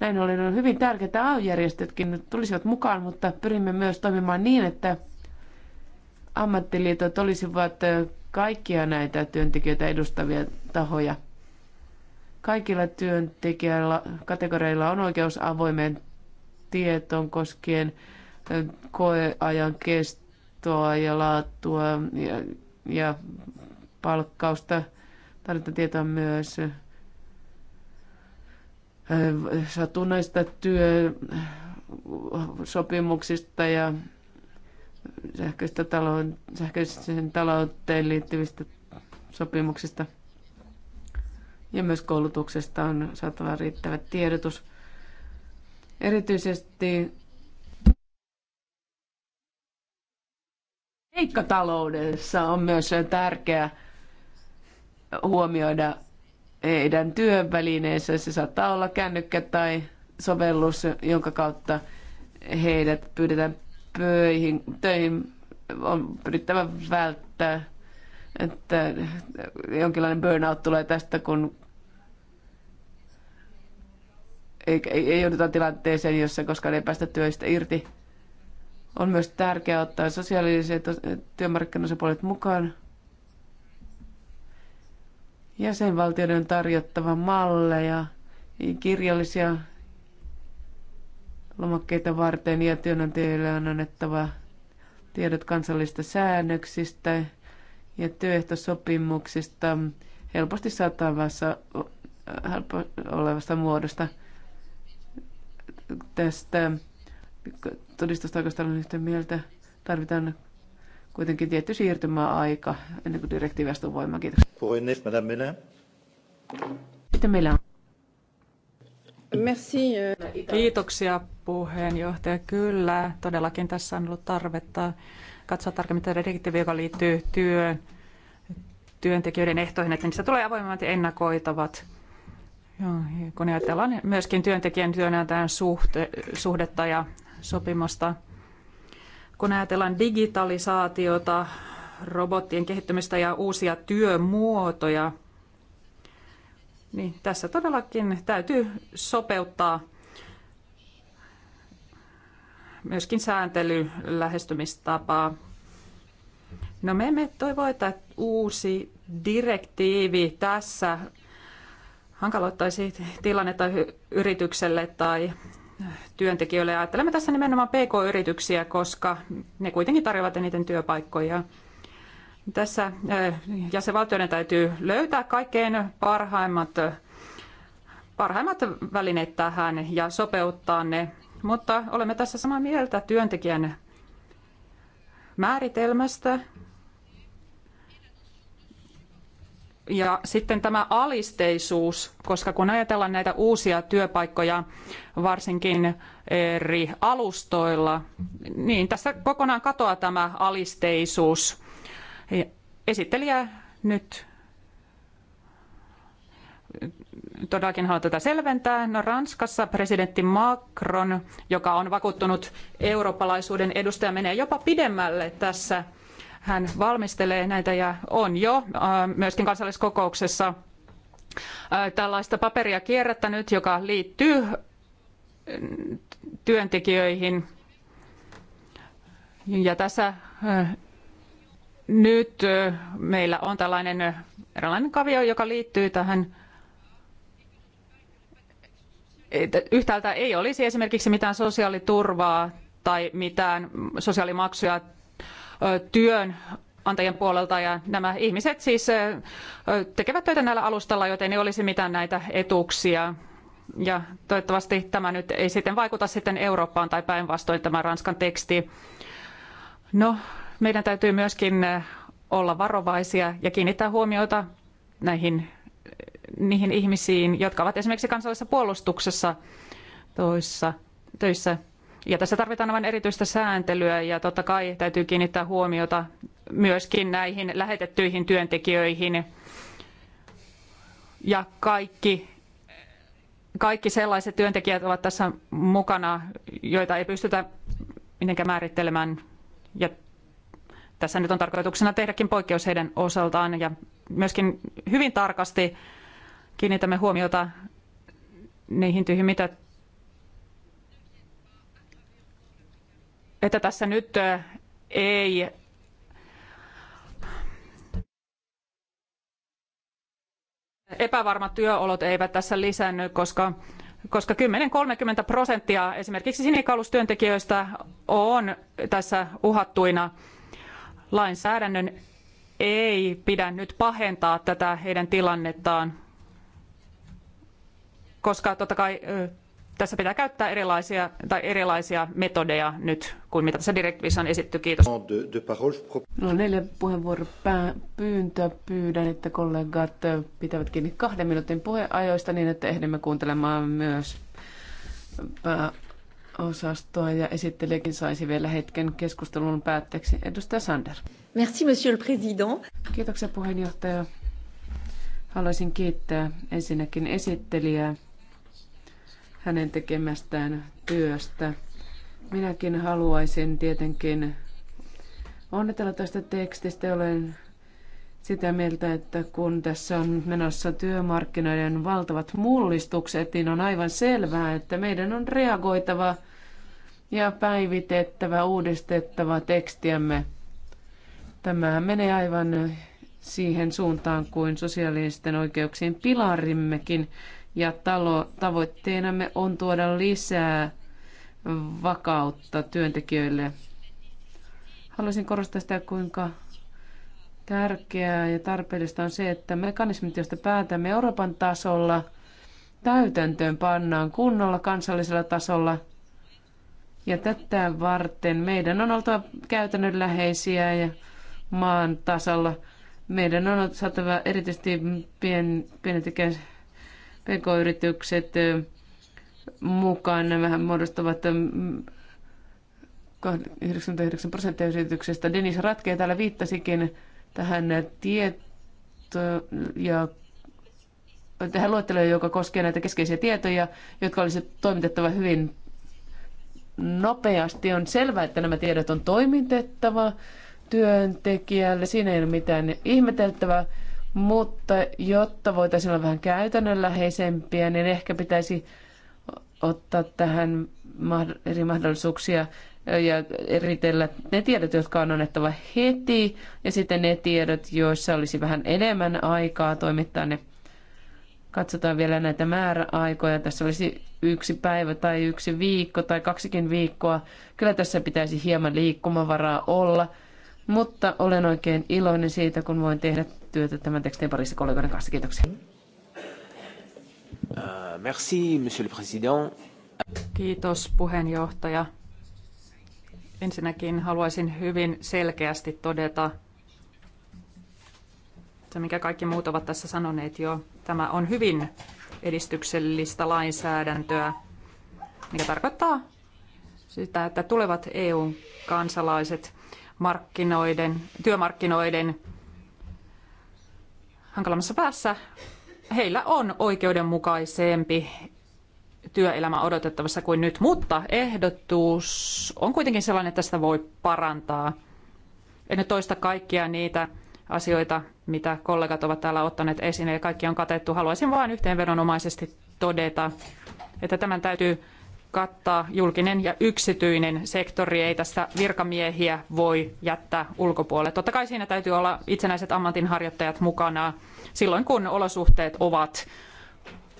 Näin ollen on hyvin tärkeää, että AY-järjestötkin tulisivat mukaan, mutta pyrimme myös toimimaan niin, että ammattiliitot olisivat kaikkia näitä työntekijöitä edustavia tahoja. Kaikilla työntekijöillä kategorioilla on oikeus avoimeen tietoon koskien koeajan kestoa ja laatua ja ja palkkausta. Tarvitaan tietoa myös satunnaista työsopimuksista ja sähköistä talouden, sähköisen talouteen liittyvistä sopimuksista. Ja myös koulutuksesta on saatava riittävä tiedotus. Erityisesti Seikkataloudessa on myös tärkeää huomioida heidän työvälineensä. Se saattaa olla kännykkä tai sovellus, jonka kautta heidät pyydetään pöihin, töihin. On pyrittävä välttää, että jonkinlainen burnout tulee tästä, kun ei, ei, ei jouduta tilanteeseen, jossa koskaan ei päästä työstä irti. On myös tärkeää ottaa sosiaaliset työmarkkinosapuolet mukaan. Jäsenvaltioiden on tarjottava malleja, kirjallisia lomakkeita varten ja työnantajille on annettava tiedot kansallista säännöksistä ja työehtosopimuksista helposti saatavassa helppo olevasta muodosta. Tästä todistustaakasta olen yhtä mieltä. Tarvitaan kuitenkin tietty siirtymäaika ennen kuin direktiivi astuu voimaan. Kiitoksia. Puhemies, madame Mena. Sitten meillä on. Merci. Äh. Kiitoksia puheenjohtaja. Kyllä, todellakin tässä on ollut tarvetta katsoa tarkemmin tätä direktiiviä, joka liittyy työn, työntekijöiden ehtoihin, että niistä tulee avoimemmat ja ennakoitavat. Joo, kun ajatellaan myöskin työntekijän työnantajan suhte, suhdetta ja sopimusta. Kun ajatellaan digitalisaatiota, robottien kehittymistä ja uusia työmuotoja, niin tässä todellakin täytyy sopeuttaa myöskin sääntelylähestymistapaa. No me emme toivoa, että uusi direktiivi tässä hankaloittaisi tilannetta yritykselle tai työntekijöille. Ajattelemme tässä nimenomaan PK-yrityksiä, koska ne kuitenkin tarjoavat eniten työpaikkoja. Tässä eh, jäsenvaltioiden täytyy löytää kaikkein parhaimmat, parhaimmat välineet tähän ja sopeuttaa ne. Mutta olemme tässä samaa mieltä työntekijän määritelmästä Ja sitten tämä alisteisuus, koska kun ajatellaan näitä uusia työpaikkoja varsinkin eri alustoilla, niin tässä kokonaan katoaa tämä alisteisuus. Esittelijä nyt todellakin haluaa tätä selventää. No, Ranskassa presidentti Macron, joka on vakuuttunut eurooppalaisuuden edustaja, menee jopa pidemmälle tässä – hän valmistelee näitä ja on jo äh, myöskin kansalliskokouksessa äh, tällaista paperia kierrättänyt, joka liittyy äh, työntekijöihin. Ja tässä nyt meillä on tällainen eräänlainen kavio, joka liittyy tähän yhtäältä ei olisi esimerkiksi mitään sosiaaliturvaa tai mitään sosiaalimaksuja työn antajien puolelta ja nämä ihmiset siis tekevät töitä näillä alustalla, joten ei olisi mitään näitä etuuksia. Ja toivottavasti tämä nyt ei sitten vaikuta sitten Eurooppaan tai päinvastoin tämä Ranskan teksti. No, meidän täytyy myöskin olla varovaisia ja kiinnittää huomiota näihin niihin ihmisiin, jotka ovat esimerkiksi kansallisessa puolustuksessa toissa, töissä ja tässä tarvitaan aivan erityistä sääntelyä ja totta kai täytyy kiinnittää huomiota myöskin näihin lähetettyihin työntekijöihin ja kaikki, kaikki sellaiset työntekijät ovat tässä mukana, joita ei pystytä mitenkään määrittelemään. Ja tässä nyt on tarkoituksena tehdäkin poikkeus heidän osaltaan ja myöskin hyvin tarkasti kiinnitämme huomiota niihin tyihin, mitä että tässä nyt ei epävarmat työolot eivät tässä lisännyt, koska koska 10-30 prosenttia esimerkiksi sinikalustyöntekijöistä on tässä uhattuina. Lainsäädännön ei pidä nyt pahentaa tätä heidän tilannettaan, koska totta kai tässä pitää käyttää erilaisia, tai erilaisia metodeja nyt kuin mitä tässä direktiivissä on esitetty. Kiitos. No, neljä pyyntöä Pyydän, että kollegat pitävät kiinni kahden minuutin puheajoista niin, että ehdimme kuuntelemaan myös pääosastoa ja esittelijäkin saisi vielä hetken keskustelun päätteeksi. Edustaja Sander. Merci, monsieur le président. Kiitoksia puheenjohtaja. Haluaisin kiittää ensinnäkin esittelijää hänen tekemästään työstä. Minäkin haluaisin tietenkin onnitella tästä tekstistä. Olen sitä mieltä, että kun tässä on menossa työmarkkinoiden valtavat mullistukset, niin on aivan selvää, että meidän on reagoitava ja päivitettävä, uudistettava tekstiämme. Tämä menee aivan siihen suuntaan kuin sosiaalisten oikeuksien pilarimmekin ja talo, tavoitteenamme on tuoda lisää vakautta työntekijöille. Haluaisin korostaa sitä, kuinka tärkeää ja tarpeellista on se, että mekanismit, joista päätämme Euroopan tasolla, täytäntöön pannaan kunnolla kansallisella tasolla. Ja tätä varten meidän on oltava käytännönläheisiä ja maan tasalla. Meidän on saatava erityisesti pien, pienet PK-yritykset mukaan. Vähän muodostavat 99 prosenttia yrityksestä. Dennis Ratkee täällä viittasikin tähän tieto- ja tähän luetteloon, joka koskee näitä keskeisiä tietoja, jotka olisi toimitettava hyvin nopeasti. On selvää, että nämä tiedot on toimitettava työntekijälle. Siinä ei ole mitään ihmeteltävää mutta jotta voitaisiin olla vähän käytännönläheisempiä, niin ehkä pitäisi ottaa tähän eri mahdollisuuksia ja eritellä ne tiedot, jotka on annettava heti, ja sitten ne tiedot, joissa olisi vähän enemmän aikaa toimittaa ne. Katsotaan vielä näitä määräaikoja. Tässä olisi yksi päivä tai yksi viikko tai kaksikin viikkoa. Kyllä tässä pitäisi hieman liikkumavaraa olla, mutta olen oikein iloinen siitä, kun voin tehdä työtä tämän tekstin parissa kollegoiden kanssa. Kiitoksia. Äh, merci, monsieur le président. Kiitos puheenjohtaja. Ensinnäkin haluaisin hyvin selkeästi todeta, se mikä kaikki muut ovat tässä sanoneet jo, tämä on hyvin edistyksellistä lainsäädäntöä, mikä tarkoittaa sitä, että tulevat EU-kansalaiset markkinoiden, työmarkkinoiden hankalammassa päässä, heillä on oikeudenmukaisempi työelämä odotettavassa kuin nyt, mutta ehdotus on kuitenkin sellainen, että sitä voi parantaa. En nyt toista kaikkia niitä asioita, mitä kollegat ovat täällä ottaneet esiin, ja kaikki on katettu. Haluaisin vain yhteenvedonomaisesti todeta, että tämän täytyy kattaa julkinen ja yksityinen sektori. Ei tässä virkamiehiä voi jättää ulkopuolelle. Totta kai siinä täytyy olla itsenäiset ammatinharjoittajat mukana silloin, kun olosuhteet ovat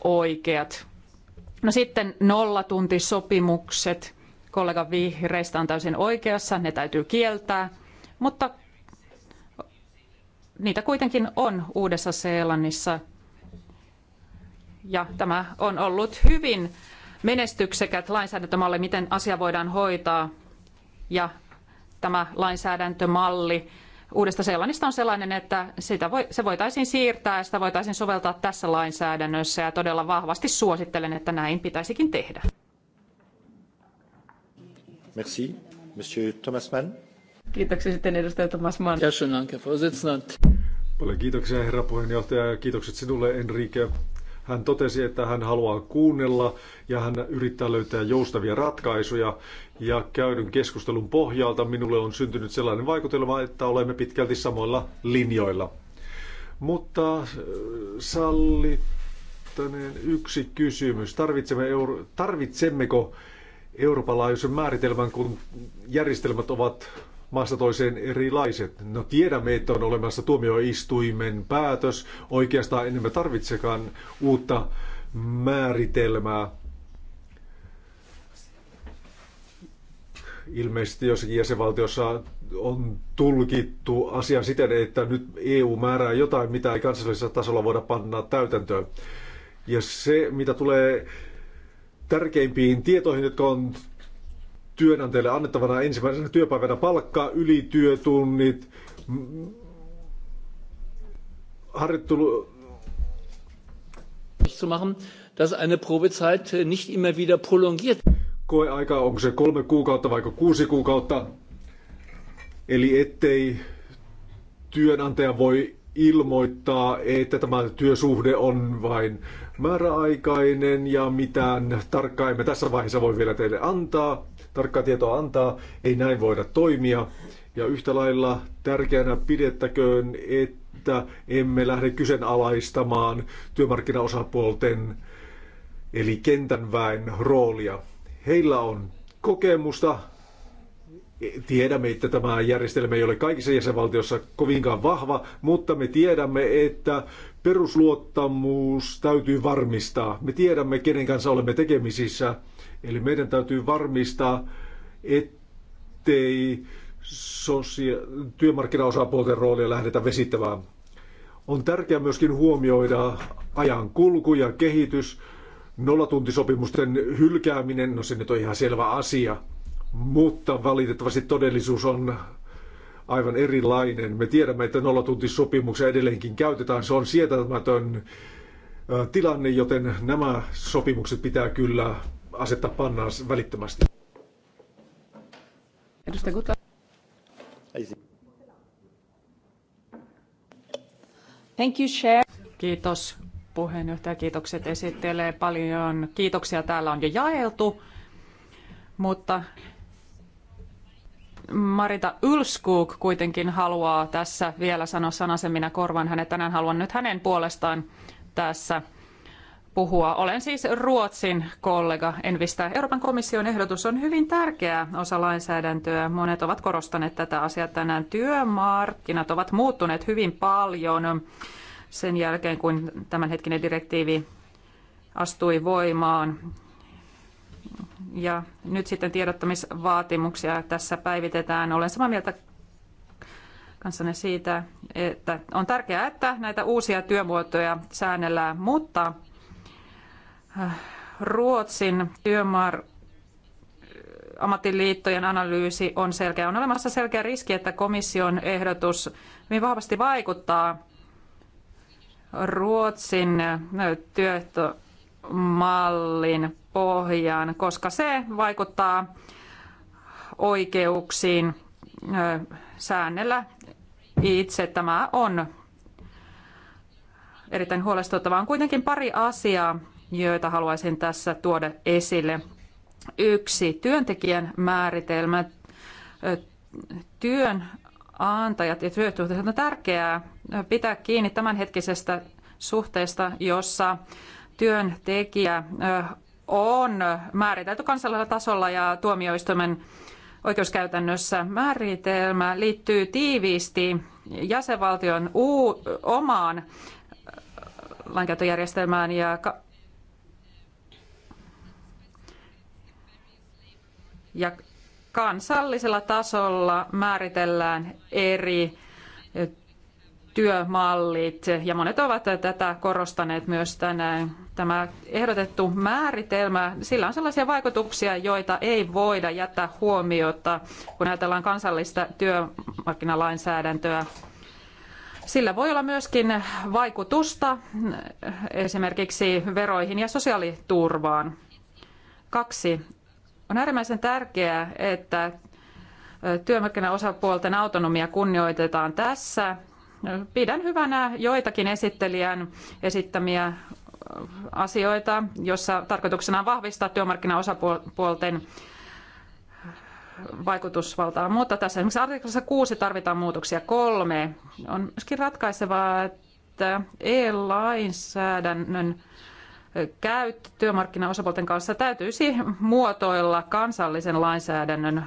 oikeat. No sitten nollatuntisopimukset. Kollega vihreistä on täysin oikeassa, ne täytyy kieltää, mutta niitä kuitenkin on Uudessa Seelannissa. Ja tämä on ollut hyvin menestyksekät lainsäädäntömalli, miten asia voidaan hoitaa. Ja tämä lainsäädäntömalli uudesta Seelannista on sellainen, että sitä voi, se voitaisiin siirtää ja sitä voitaisiin soveltaa tässä lainsäädännössä ja todella vahvasti suosittelen, että näin pitäisikin tehdä. Merci. Monsieur Thomas Mann. Kiitoksia sitten edustaja Thomas Mann. Ja schönen Dank, Paljon kiitoksia herra puheenjohtaja ja kiitokset sinulle Enrique hän totesi, että hän haluaa kuunnella ja hän yrittää löytää joustavia ratkaisuja. Ja käydyn keskustelun pohjalta minulle on syntynyt sellainen vaikutelma, että olemme pitkälti samoilla linjoilla. Mutta äh, sallittaneen yksi kysymys. Tarvitsemme euro- tarvitsemmeko euroopan laajuisen määritelmän, kun järjestelmät ovat maasta toiseen erilaiset. No tiedämme, että on olemassa tuomioistuimen päätös. Oikeastaan enemmän tarvitsekaan uutta määritelmää. Ilmeisesti jossakin jäsenvaltiossa on tulkittu asia siten, että nyt EU määrää jotain, mitä ei kansallisella tasolla voida panna täytäntöön. Ja se, mitä tulee tärkeimpiin tietoihin, jotka on työnantajalle annettavana ensimmäisenä työpäivänä palkkaa, ylityötunnit, harjoittelu... ...zu machen, dass eine Probezeit nicht immer wieder prolongiert. Koeaika, onko se kolme kuukautta vai kuusi kuukautta? Eli ettei työnantaja voi ilmoittaa, että tämä työsuhde on vain määräaikainen ja mitään tarkkaa emme tässä vaiheessa voi vielä teille antaa tarkkaa tietoa antaa. Ei näin voida toimia. Ja yhtä lailla tärkeänä pidettäköön, että emme lähde kyseenalaistamaan työmarkkinaosapuolten eli kentän väen roolia. Heillä on kokemusta. Tiedämme, että tämä järjestelmä ei ole kaikissa jäsenvaltioissa kovinkaan vahva, mutta me tiedämme, että perusluottamus täytyy varmistaa. Me tiedämme, kenen kanssa olemme tekemisissä Eli meidän täytyy varmistaa, ettei sosia- työmarkkinaosapuolten roolia lähdetä vesittämään. On tärkeää myöskin huomioida ajan kulku ja kehitys, nollatuntisopimusten hylkääminen, no se nyt on ihan selvä asia, mutta valitettavasti todellisuus on aivan erilainen. Me tiedämme, että nollatuntisopimuksia edelleenkin käytetään. Se on sietämätön tilanne, joten nämä sopimukset pitää kyllä asettaa pannaan välittömästi. Edustaja Gutla. Thank you, Chair. Kiitos puheenjohtaja, kiitokset esittelee paljon. Kiitoksia täällä on jo jaeltu, mutta Marita Ylskuk kuitenkin haluaa tässä vielä sanoa sanasen, minä korvan hänet tänään, haluan nyt hänen puolestaan tässä puhua. Olen siis Ruotsin kollega Envistä. Euroopan komission ehdotus on hyvin tärkeä osa lainsäädäntöä. Monet ovat korostaneet tätä asiaa tänään. Työmarkkinat ovat muuttuneet hyvin paljon sen jälkeen, kun tämänhetkinen direktiivi astui voimaan. Ja nyt sitten tiedottamisvaatimuksia tässä päivitetään. Olen samaa mieltä kanssanne siitä, että on tärkeää, että näitä uusia työmuotoja säännellään, mutta Ruotsin työmaar ammattiliittojen analyysi on selkeä. On olemassa selkeä riski, että komission ehdotus hyvin vahvasti vaikuttaa Ruotsin työehtomallin pohjaan, koska se vaikuttaa oikeuksiin säännellä itse. Tämä on erittäin huolestuttavaa. On kuitenkin pari asiaa, joita haluaisin tässä tuoda esille. Yksi, työntekijän määritelmä. Työnantajat ja työsuhteet on tärkeää pitää kiinni tämänhetkisestä suhteesta, jossa työntekijä on määritelty kansallisella tasolla ja tuomioistuimen oikeuskäytännössä määritelmä liittyy tiiviisti jäsenvaltion omaan lainkäyttöjärjestelmään ja ja kansallisella tasolla määritellään eri työmallit ja monet ovat tätä korostaneet myös tänään. Tämä ehdotettu määritelmä, sillä on sellaisia vaikutuksia, joita ei voida jättää huomiota, kun ajatellaan kansallista työmarkkinalainsäädäntöä. Sillä voi olla myöskin vaikutusta esimerkiksi veroihin ja sosiaaliturvaan. Kaksi on äärimmäisen tärkeää, että työmarkkinaosapuolten autonomia kunnioitetaan tässä. Pidän hyvänä joitakin esittelijän esittämiä asioita, jossa tarkoituksena on vahvistaa työmarkkinaosapuolten vaikutusvaltaa, mutta tässä esimerkiksi artiklassa 6 tarvitaan muutoksia kolme. On myöskin ratkaisevaa, että e-lainsäädännön käyttö työmarkkinaosapuolten kanssa täytyisi muotoilla kansallisen lainsäädännön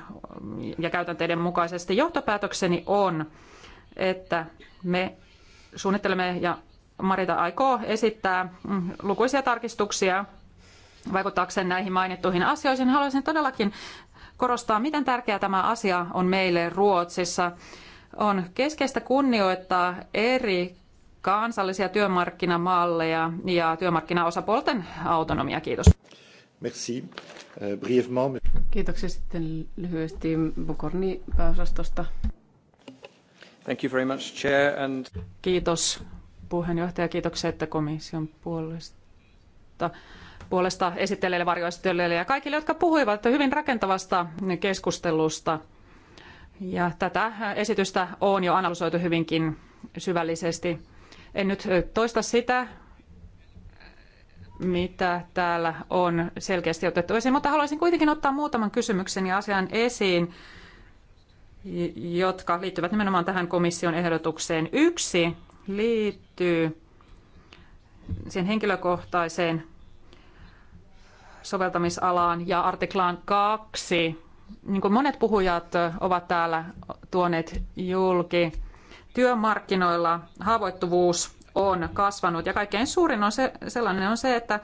ja käytänteiden mukaisesti. Johtopäätökseni on, että me suunnittelemme ja Marita aikoo esittää lukuisia tarkistuksia vaikuttaakseen näihin mainittuihin asioihin. Haluaisin todellakin korostaa, miten tärkeä tämä asia on meille Ruotsissa. On keskeistä kunnioittaa eri kansallisia työmarkkinamalleja ja työmarkkinaosapuolten autonomia. Kiitos. Merci. Euh, kiitoksia sitten lyhyesti Bukorni pääosastosta. Thank you very much, Chair. And... Kiitos puheenjohtaja, kiitoksia, että komission puolesta puolesta esittelijälle, varjoesittelijälle ja kaikille, jotka puhuivat hyvin rakentavasta keskustelusta. Ja tätä esitystä on jo analysoitu hyvinkin syvällisesti. En nyt toista sitä, mitä täällä on selkeästi otettu esiin, mutta haluaisin kuitenkin ottaa muutaman kysymyksen ja asian esiin, jotka liittyvät nimenomaan tähän komission ehdotukseen. Yksi liittyy siihen henkilökohtaiseen soveltamisalaan ja artiklaan kaksi. Niin kuin monet puhujat ovat täällä tuoneet julki, työmarkkinoilla haavoittuvuus on kasvanut. Ja kaikkein suurin on se, sellainen on se, että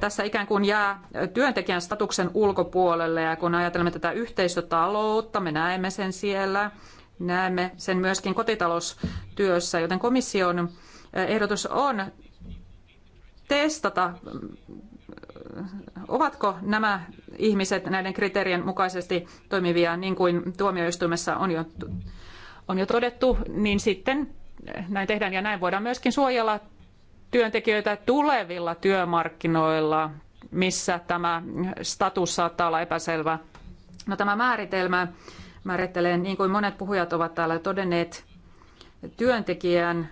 tässä ikään kuin jää työntekijän statuksen ulkopuolelle. Ja kun ajatelemme tätä yhteisötaloutta, me näemme sen siellä, näemme sen myöskin kotitaloustyössä, joten komission ehdotus on testata, ovatko nämä ihmiset näiden kriteerien mukaisesti toimivia, niin kuin tuomioistuimessa on jo on jo todettu, niin sitten näin tehdään ja näin voidaan myöskin suojella työntekijöitä tulevilla työmarkkinoilla, missä tämä status saattaa olla epäselvä. No, tämä määritelmä määrittelee, niin kuin monet puhujat ovat täällä todenneet, työntekijän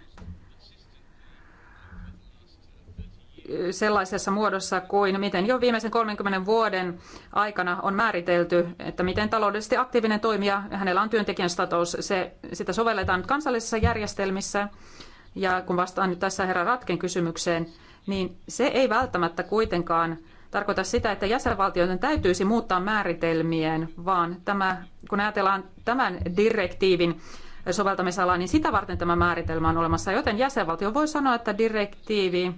sellaisessa muodossa kuin miten jo viimeisen 30 vuoden aikana on määritelty, että miten taloudellisesti aktiivinen toimija, hänellä on työntekijän status, se, sitä sovelletaan kansallisissa järjestelmissä. Ja kun vastaan nyt tässä herra Ratken kysymykseen, niin se ei välttämättä kuitenkaan tarkoita sitä, että jäsenvaltioiden täytyisi muuttaa määritelmien, vaan tämä, kun ajatellaan tämän direktiivin soveltamisalaa, niin sitä varten tämä määritelmä on olemassa, joten jäsenvaltio voi sanoa, että direktiivi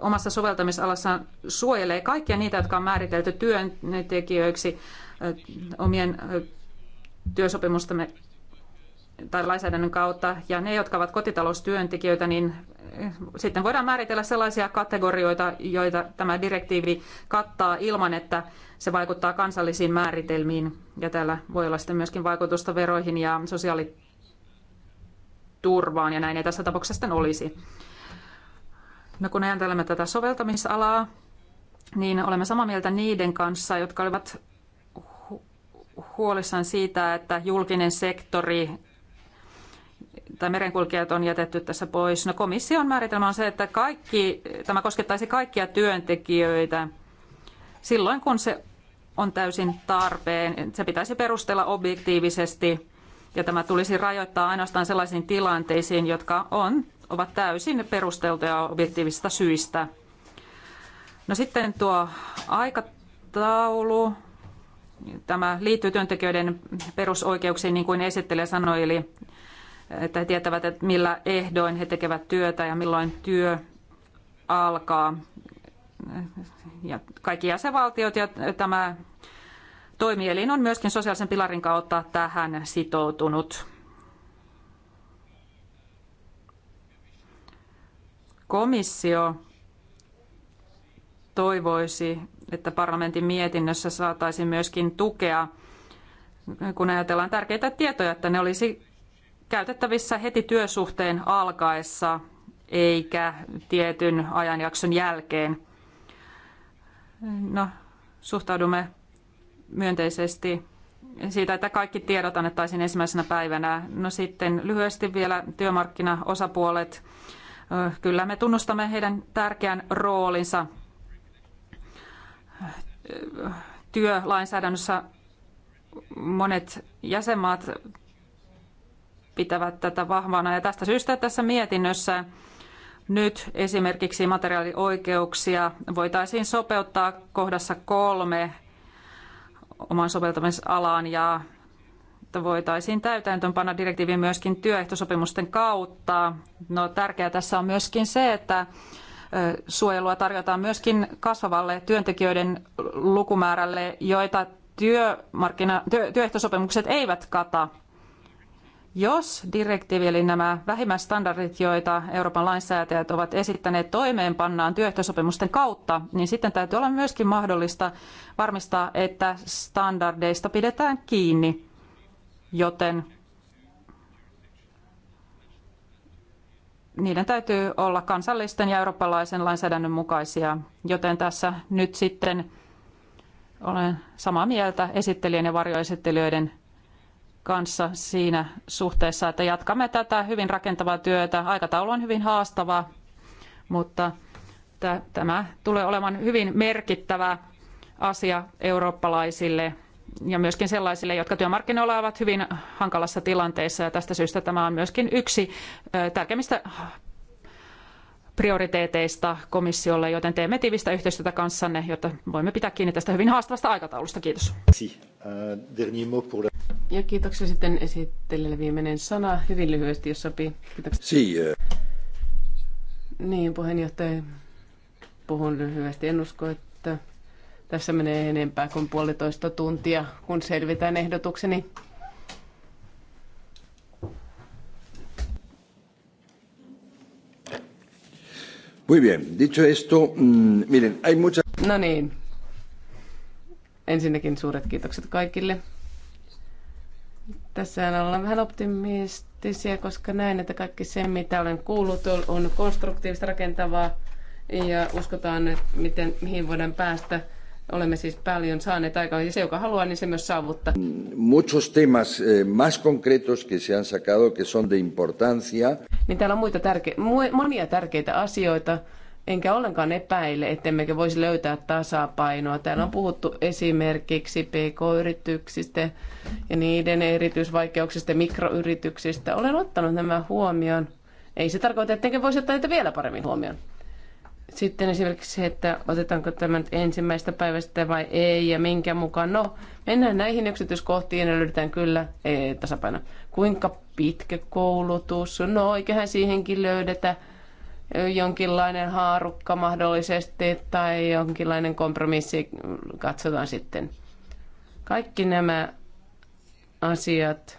omassa soveltamisalassaan suojelee kaikkia niitä, jotka on määritelty työntekijöiksi omien työsopimustamme tai lainsäädännön kautta, ja ne, jotka ovat kotitaloustyöntekijöitä, niin sitten voidaan määritellä sellaisia kategorioita, joita tämä direktiivi kattaa ilman, että se vaikuttaa kansallisiin määritelmiin. Ja täällä voi olla sitten myöskin vaikutusta veroihin ja sosiaaliturvaan, ja näin ei tässä tapauksessa sitten olisi. No kun ajattelemme tätä soveltamisalaa, niin olemme samaa mieltä niiden kanssa, jotka olivat huolissaan siitä, että julkinen sektori tai merenkulkijat on jätetty tässä pois. No komission määritelmä on se, että kaikki, tämä koskettaisi kaikkia työntekijöitä silloin, kun se on täysin tarpeen. Se pitäisi perustella objektiivisesti ja tämä tulisi rajoittaa ainoastaan sellaisiin tilanteisiin, jotka on ovat täysin perusteltuja objektiivisista syistä. No sitten tuo aikataulu, tämä liittyy työntekijöiden perusoikeuksiin, niin kuin esittelijä sanoi, eli että he tietävät, että millä ehdoin he tekevät työtä ja milloin työ alkaa. Ja kaikki jäsenvaltiot ja tämä toimielin on myöskin sosiaalisen pilarin kautta tähän sitoutunut. Komissio toivoisi, että parlamentin mietinnössä saataisiin myöskin tukea, kun ajatellaan tärkeitä tietoja, että ne olisi käytettävissä heti työsuhteen alkaessa eikä tietyn ajanjakson jälkeen. No, suhtaudumme myönteisesti siitä, että kaikki tiedot annettaisiin ensimmäisenä päivänä. No sitten lyhyesti vielä työmarkkinaosapuolet. osapuolet Kyllä me tunnustamme heidän tärkeän roolinsa työlainsäädännössä. Monet jäsenmaat pitävät tätä vahvana ja tästä syystä tässä mietinnössä nyt esimerkiksi materiaalioikeuksia voitaisiin sopeuttaa kohdassa kolme oman soveltamisalaan ja että voitaisiin täytäntöönpanna direktiivi myöskin työehtosopimusten kautta. No, tärkeää tässä on myöskin se, että suojelua tarjotaan myöskin kasvavalle työntekijöiden lukumäärälle, joita työmarkkina, työ, työehtosopimukset eivät kata. Jos direktiivi eli nämä vähimmäisstandardit, joita Euroopan lainsäätäjät ovat esittäneet, toimeenpannaan työehtosopimusten kautta, niin sitten täytyy olla myöskin mahdollista varmistaa, että standardeista pidetään kiinni joten niiden täytyy olla kansallisten ja eurooppalaisen lainsäädännön mukaisia, joten tässä nyt sitten olen samaa mieltä esittelijän ja varjoesittelijöiden kanssa siinä suhteessa, että jatkamme tätä hyvin rakentavaa työtä. Aikataulu on hyvin haastava, mutta tämä tulee olemaan hyvin merkittävä asia eurooppalaisille ja myöskin sellaisille, jotka työmarkkinoilla ovat hyvin hankalassa tilanteessa. Ja tästä syystä tämä on myöskin yksi tärkeimmistä prioriteeteista komissiolle, joten teemme tiivistä yhteistyötä kanssanne, jotta voimme pitää kiinni tästä hyvin haastavasta aikataulusta. Kiitos. Ja kiitoksia sitten esittelijälle viimeinen sana, hyvin lyhyesti, jos sopii. Kiitoksia. Si, Niin, puheenjohtaja, puhun lyhyesti. En usko, että tässä menee enempää kuin puolitoista tuntia, kun selvitän ehdotukseni. Muy bien, dicho esto, mm, miren, hay mucha... No niin. Ensinnäkin suuret kiitokset kaikille. Tässä ollaan vähän optimistisia, koska näen, että kaikki se, mitä olen kuullut, on konstruktiivista rakentavaa ja uskotaan, että miten, mihin voidaan päästä Olemme siis paljon saaneet aikaan, ja se, joka haluaa, niin se myös saavuttaa. Muchos temas eh, más concretos que se han sacado que son de importancia. Niin täällä on muita tärke- monia tärkeitä asioita, enkä ollenkaan epäile, ettemmekö voisi löytää tasapainoa. Täällä on puhuttu esimerkiksi pk-yrityksistä ja niiden erityisvaikeuksista, mikroyrityksistä. Olen ottanut nämä huomioon. Ei se tarkoita, ettenkö voisi ottaa niitä vielä paremmin huomioon. Sitten esimerkiksi se, että otetaanko tämä nyt ensimmäistä päivästä vai ei ja minkä mukaan. No, mennään näihin yksityiskohtiin ja löydetään kyllä ee, tasapaino. Kuinka pitkä koulutus? No, eiköhän siihenkin löydetä e, jonkinlainen haarukka mahdollisesti tai jonkinlainen kompromissi katsotaan sitten. Kaikki nämä asiat e,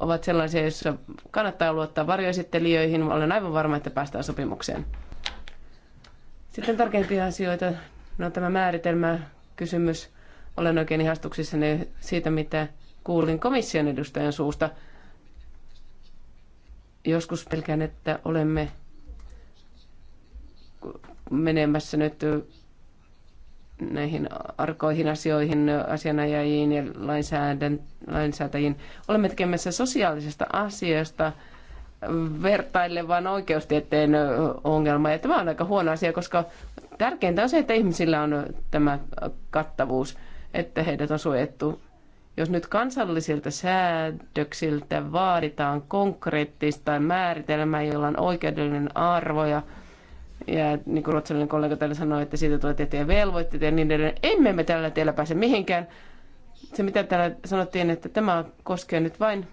ovat sellaisia, joissa kannattaa luottaa varjoesittelijöihin. Olen aivan varma, että päästään sopimukseen. Sitten tarkempia asioita. No tämä määritelmä kysymys. Olen oikein ihastuksissani siitä, mitä kuulin komission edustajan suusta. Joskus pelkään, että olemme menemässä nyt näihin arkoihin asioihin, asianajajiin ja lainsäätäjiin. Olemme tekemässä sosiaalisesta asiasta – vertailevan oikeustieteen ongelma. Ja tämä on aika huono asia, koska tärkeintä on se, että ihmisillä on tämä kattavuus, että heidät on suojattu. Jos nyt kansallisilta säädöksiltä vaaditaan konkreettista määritelmää, jolla on oikeudellinen arvo ja, ja niin kuin ruotsalainen kollega täällä sanoi, että siitä tulee tiettyjä velvoitteita ja niin edelleen, emme me tällä tiellä pääse mihinkään. Se mitä täällä sanottiin, että tämä koskee nyt vain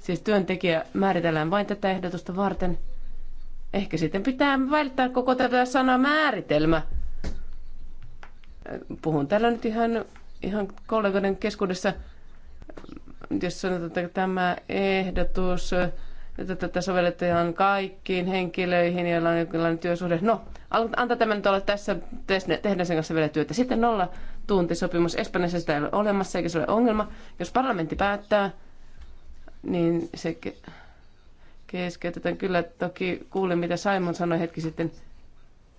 Siis työntekijä määritellään vain tätä ehdotusta varten. Ehkä sitten pitää välttää koko tätä sanaa määritelmä. Puhun täällä nyt ihan, ihan kollegoiden keskuudessa, jos sanotaan, että tämä ehdotus että tätä sovelletaan kaikkiin henkilöihin, joilla on jonkinlainen työsuhde. No, anta tämän nyt olla tässä, tehdään sen kanssa vielä työtä. Sitten nolla tuntisopimus. Espanjassa sitä ei ole olemassa, eikä se ole ongelma. Jos parlamentti päättää, niin se keskeytetään. Kyllä toki kuulin, mitä Simon sanoi hetki sitten.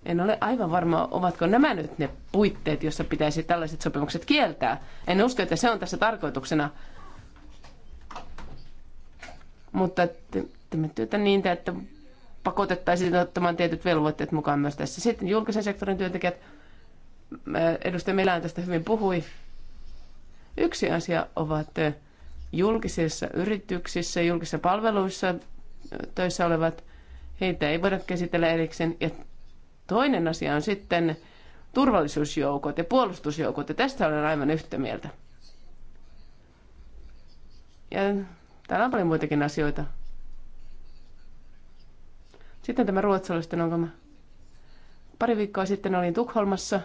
En ole aivan varma, ovatko nämä nyt ne puitteet, joissa pitäisi tällaiset sopimukset kieltää. En usko, että se on tässä tarkoituksena. Mutta teemme työtä niin, että pakotettaisiin ottamaan tietyt velvoitteet mukaan myös tässä. Sitten julkisen sektorin työntekijät, edustaja Melään tästä hyvin puhui. Yksi asia ovat julkisissa yrityksissä, julkisissa palveluissa töissä olevat, heitä ei voida käsitellä erikseen. Ja toinen asia on sitten turvallisuusjoukot ja puolustusjoukot, ja tästä olen aivan yhtä mieltä. Ja täällä on paljon muitakin asioita. Sitten tämä ruotsalaisten mä? Pari viikkoa sitten olin Tukholmassa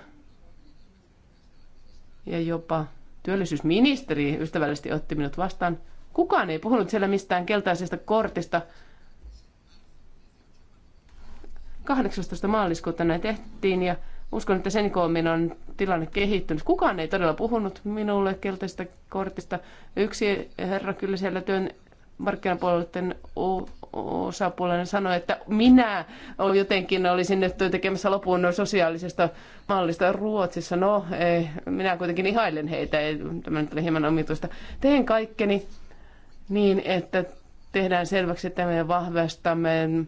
ja jopa työllisyysministeri ystävällisesti otti minut vastaan. Kukaan ei puhunut siellä mistään keltaisesta kortista. 18. maaliskuuta näin tehtiin ja uskon, että sen koomin on tilanne kehittynyt. Kukaan ei todella puhunut minulle keltaisesta kortista. Yksi herra kyllä siellä työn markkinapuolueiden osapuolena sanoi, että minä jotenkin olisin nyt tekemässä noin sosiaalisesta mallista Ruotsissa. No, ei, eh, minä kuitenkin ihailen heitä, ei, eh, tämä nyt oli hieman omituista. Teen kaikkeni niin, että tehdään selväksi, että me vahvastamme eh,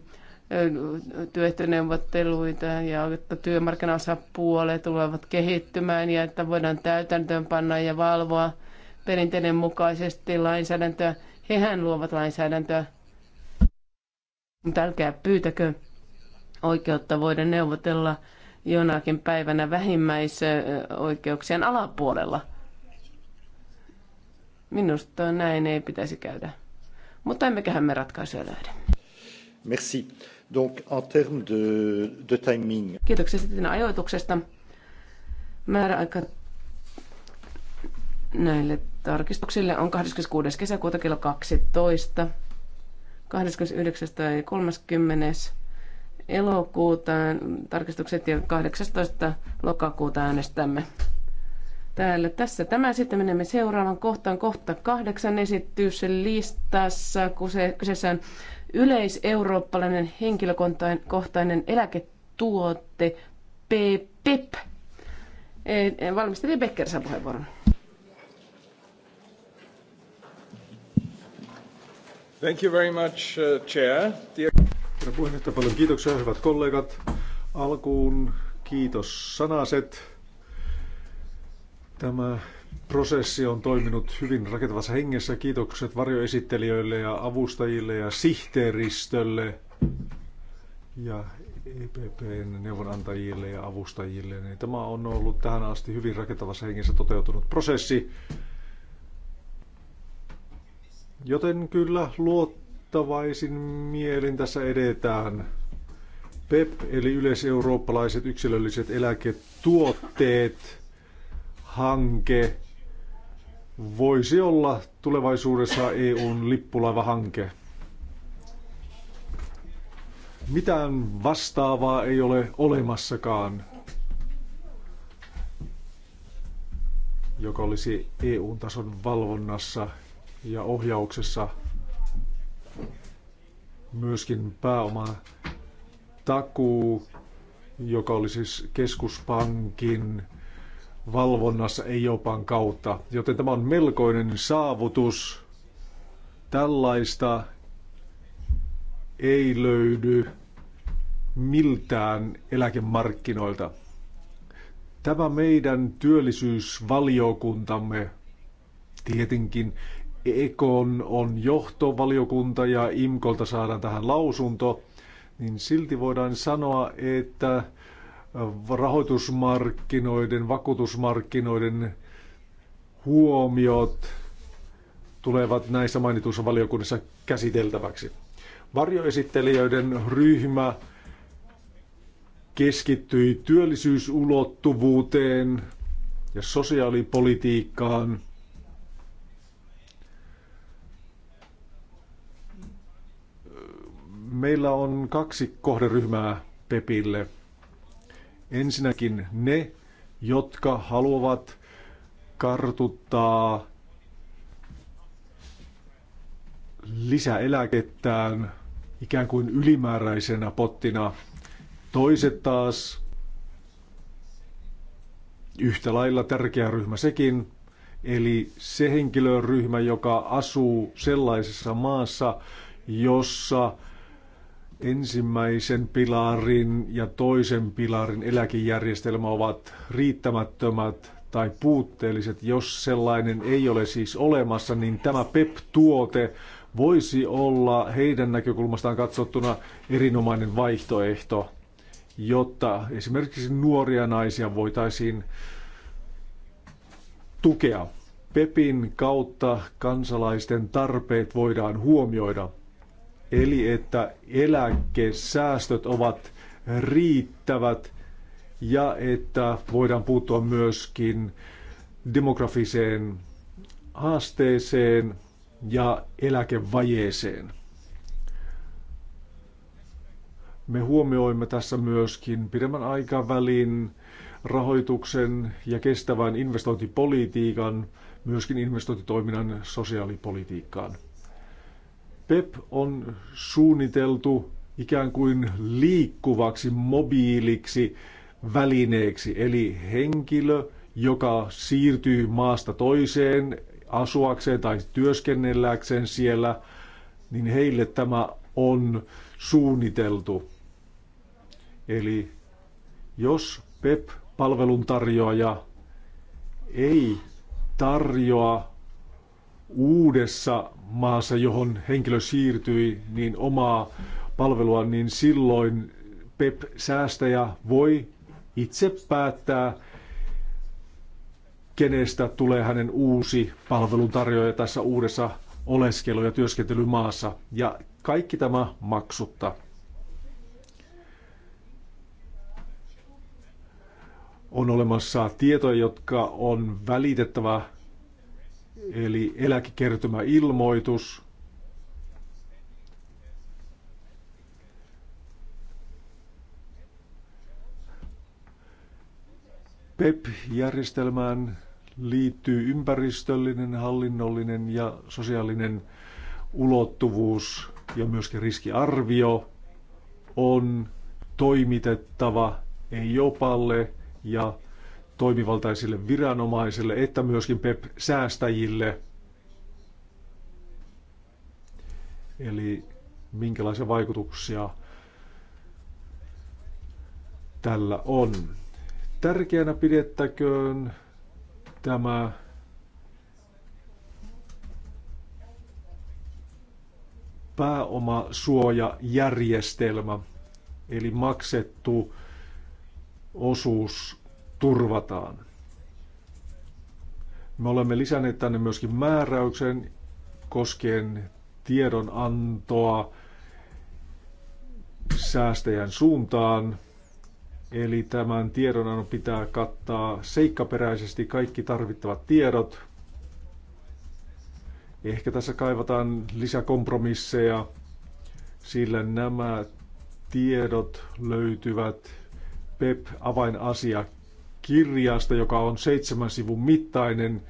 työehtoneuvotteluita ja että työmarkkinaosapuolet tulevat kehittymään ja että voidaan täytäntöönpanna ja valvoa perinteiden mukaisesti lainsäädäntöä. Hehän luovat lainsäädäntöä mutta älkää pyytäkö oikeutta voida neuvotella jonakin päivänä vähimmäisoikeuksien alapuolella. Minusta näin ei pitäisi käydä. Mutta emmeköhän me ratkaisuja löydä. Merci. Donc, en termes de, de timing. Kiitoksia sitten ajoituksesta. Määräaika näille tarkistuksille on 26. kesäkuuta kello 12. 29. tai 30. elokuuta tarkistukset ja 18. lokakuuta äänestämme täällä. Tässä tämä. Sitten menemme seuraavan kohtaan. Kohta kahdeksan esittyys listassa, kun se, kyseessä on yleiseurooppalainen henkilökohtainen eläketuote, PEP. Eh, eh, Valmisteli Becker saa puheenvuoron. Thank you very much, uh, Chair. Herra puheenjohtaja, paljon kiitoksia, hyvät kollegat. Alkuun kiitos sanaset. Tämä prosessi on toiminut hyvin rakentavassa hengessä. Kiitokset varjoesittelijöille ja avustajille ja sihteeristölle ja EPPn neuvonantajille ja avustajille. Tämä on ollut tähän asti hyvin rakentavassa hengessä toteutunut prosessi. Joten kyllä luottavaisin mielin tässä edetään. PEP eli yleiseurooppalaiset yksilölliset eläketuotteet hanke voisi olla tulevaisuudessa EUn lippulaivahanke. Mitään vastaavaa ei ole olemassakaan, joka olisi EUn tason valvonnassa ja ohjauksessa myöskin pääoma takuu, joka oli siis keskuspankin valvonnassa ei kautta. Joten tämä on melkoinen saavutus. Tällaista ei löydy miltään eläkemarkkinoilta. Tämä meidän työllisyysvaliokuntamme tietenkin Ekon on johtovaliokunta ja IMKolta saadaan tähän lausunto, niin silti voidaan sanoa, että rahoitusmarkkinoiden, vakuutusmarkkinoiden huomiot tulevat näissä mainituissa valiokunnissa käsiteltäväksi. Varjoesittelijöiden ryhmä keskittyi työllisyysulottuvuuteen ja sosiaalipolitiikkaan – Meillä on kaksi kohderyhmää PEPille. Ensinnäkin ne, jotka haluavat kartuttaa lisäeläkettään ikään kuin ylimääräisenä pottina. Toiset taas yhtä lailla tärkeä ryhmä sekin, eli se henkilöryhmä, joka asuu sellaisessa maassa, jossa ensimmäisen pilarin ja toisen pilarin eläkejärjestelmä ovat riittämättömät tai puutteelliset. Jos sellainen ei ole siis olemassa, niin tämä PEP-tuote voisi olla heidän näkökulmastaan katsottuna erinomainen vaihtoehto, jotta esimerkiksi nuoria naisia voitaisiin tukea. PEPin kautta kansalaisten tarpeet voidaan huomioida – Eli että eläkesäästöt ovat riittävät ja että voidaan puuttua myöskin demografiseen haasteeseen ja eläkevajeeseen. Me huomioimme tässä myöskin pidemmän aikavälin rahoituksen ja kestävän investointipolitiikan, myöskin investointitoiminnan sosiaalipolitiikkaan. PEP on suunniteltu ikään kuin liikkuvaksi mobiiliksi välineeksi, eli henkilö, joka siirtyy maasta toiseen asuakseen tai työskennelläkseen siellä, niin heille tämä on suunniteltu. Eli jos PEP-palveluntarjoaja ei tarjoa uudessa maassa, johon henkilö siirtyi, niin omaa palvelua, niin silloin PEP-säästäjä voi itse päättää, kenestä tulee hänen uusi palveluntarjoaja tässä uudessa oleskelu- ja työskentelymaassa. Ja kaikki tämä maksutta. On olemassa tietoja, jotka on välitettävä eli eläkekertymäilmoitus. PEP-järjestelmään liittyy ympäristöllinen, hallinnollinen ja sosiaalinen ulottuvuus ja myöskin riskiarvio on toimitettava jopalle e ja toimivaltaisille viranomaisille että myöskin PEP-säästäjille. Eli minkälaisia vaikutuksia tällä on. Tärkeänä pidettäköön tämä pääomasuojajärjestelmä, eli maksettu osuus turvataan. Me olemme lisänneet tänne myöskin määräyksen koskien tiedonantoa säästäjän suuntaan. Eli tämän tiedonannon pitää kattaa seikkaperäisesti kaikki tarvittavat tiedot. Ehkä tässä kaivataan lisäkompromisseja, sillä nämä tiedot löytyvät PEP-avainasiakirjasta kirjasta, joka on seitsemän sivun mittainen,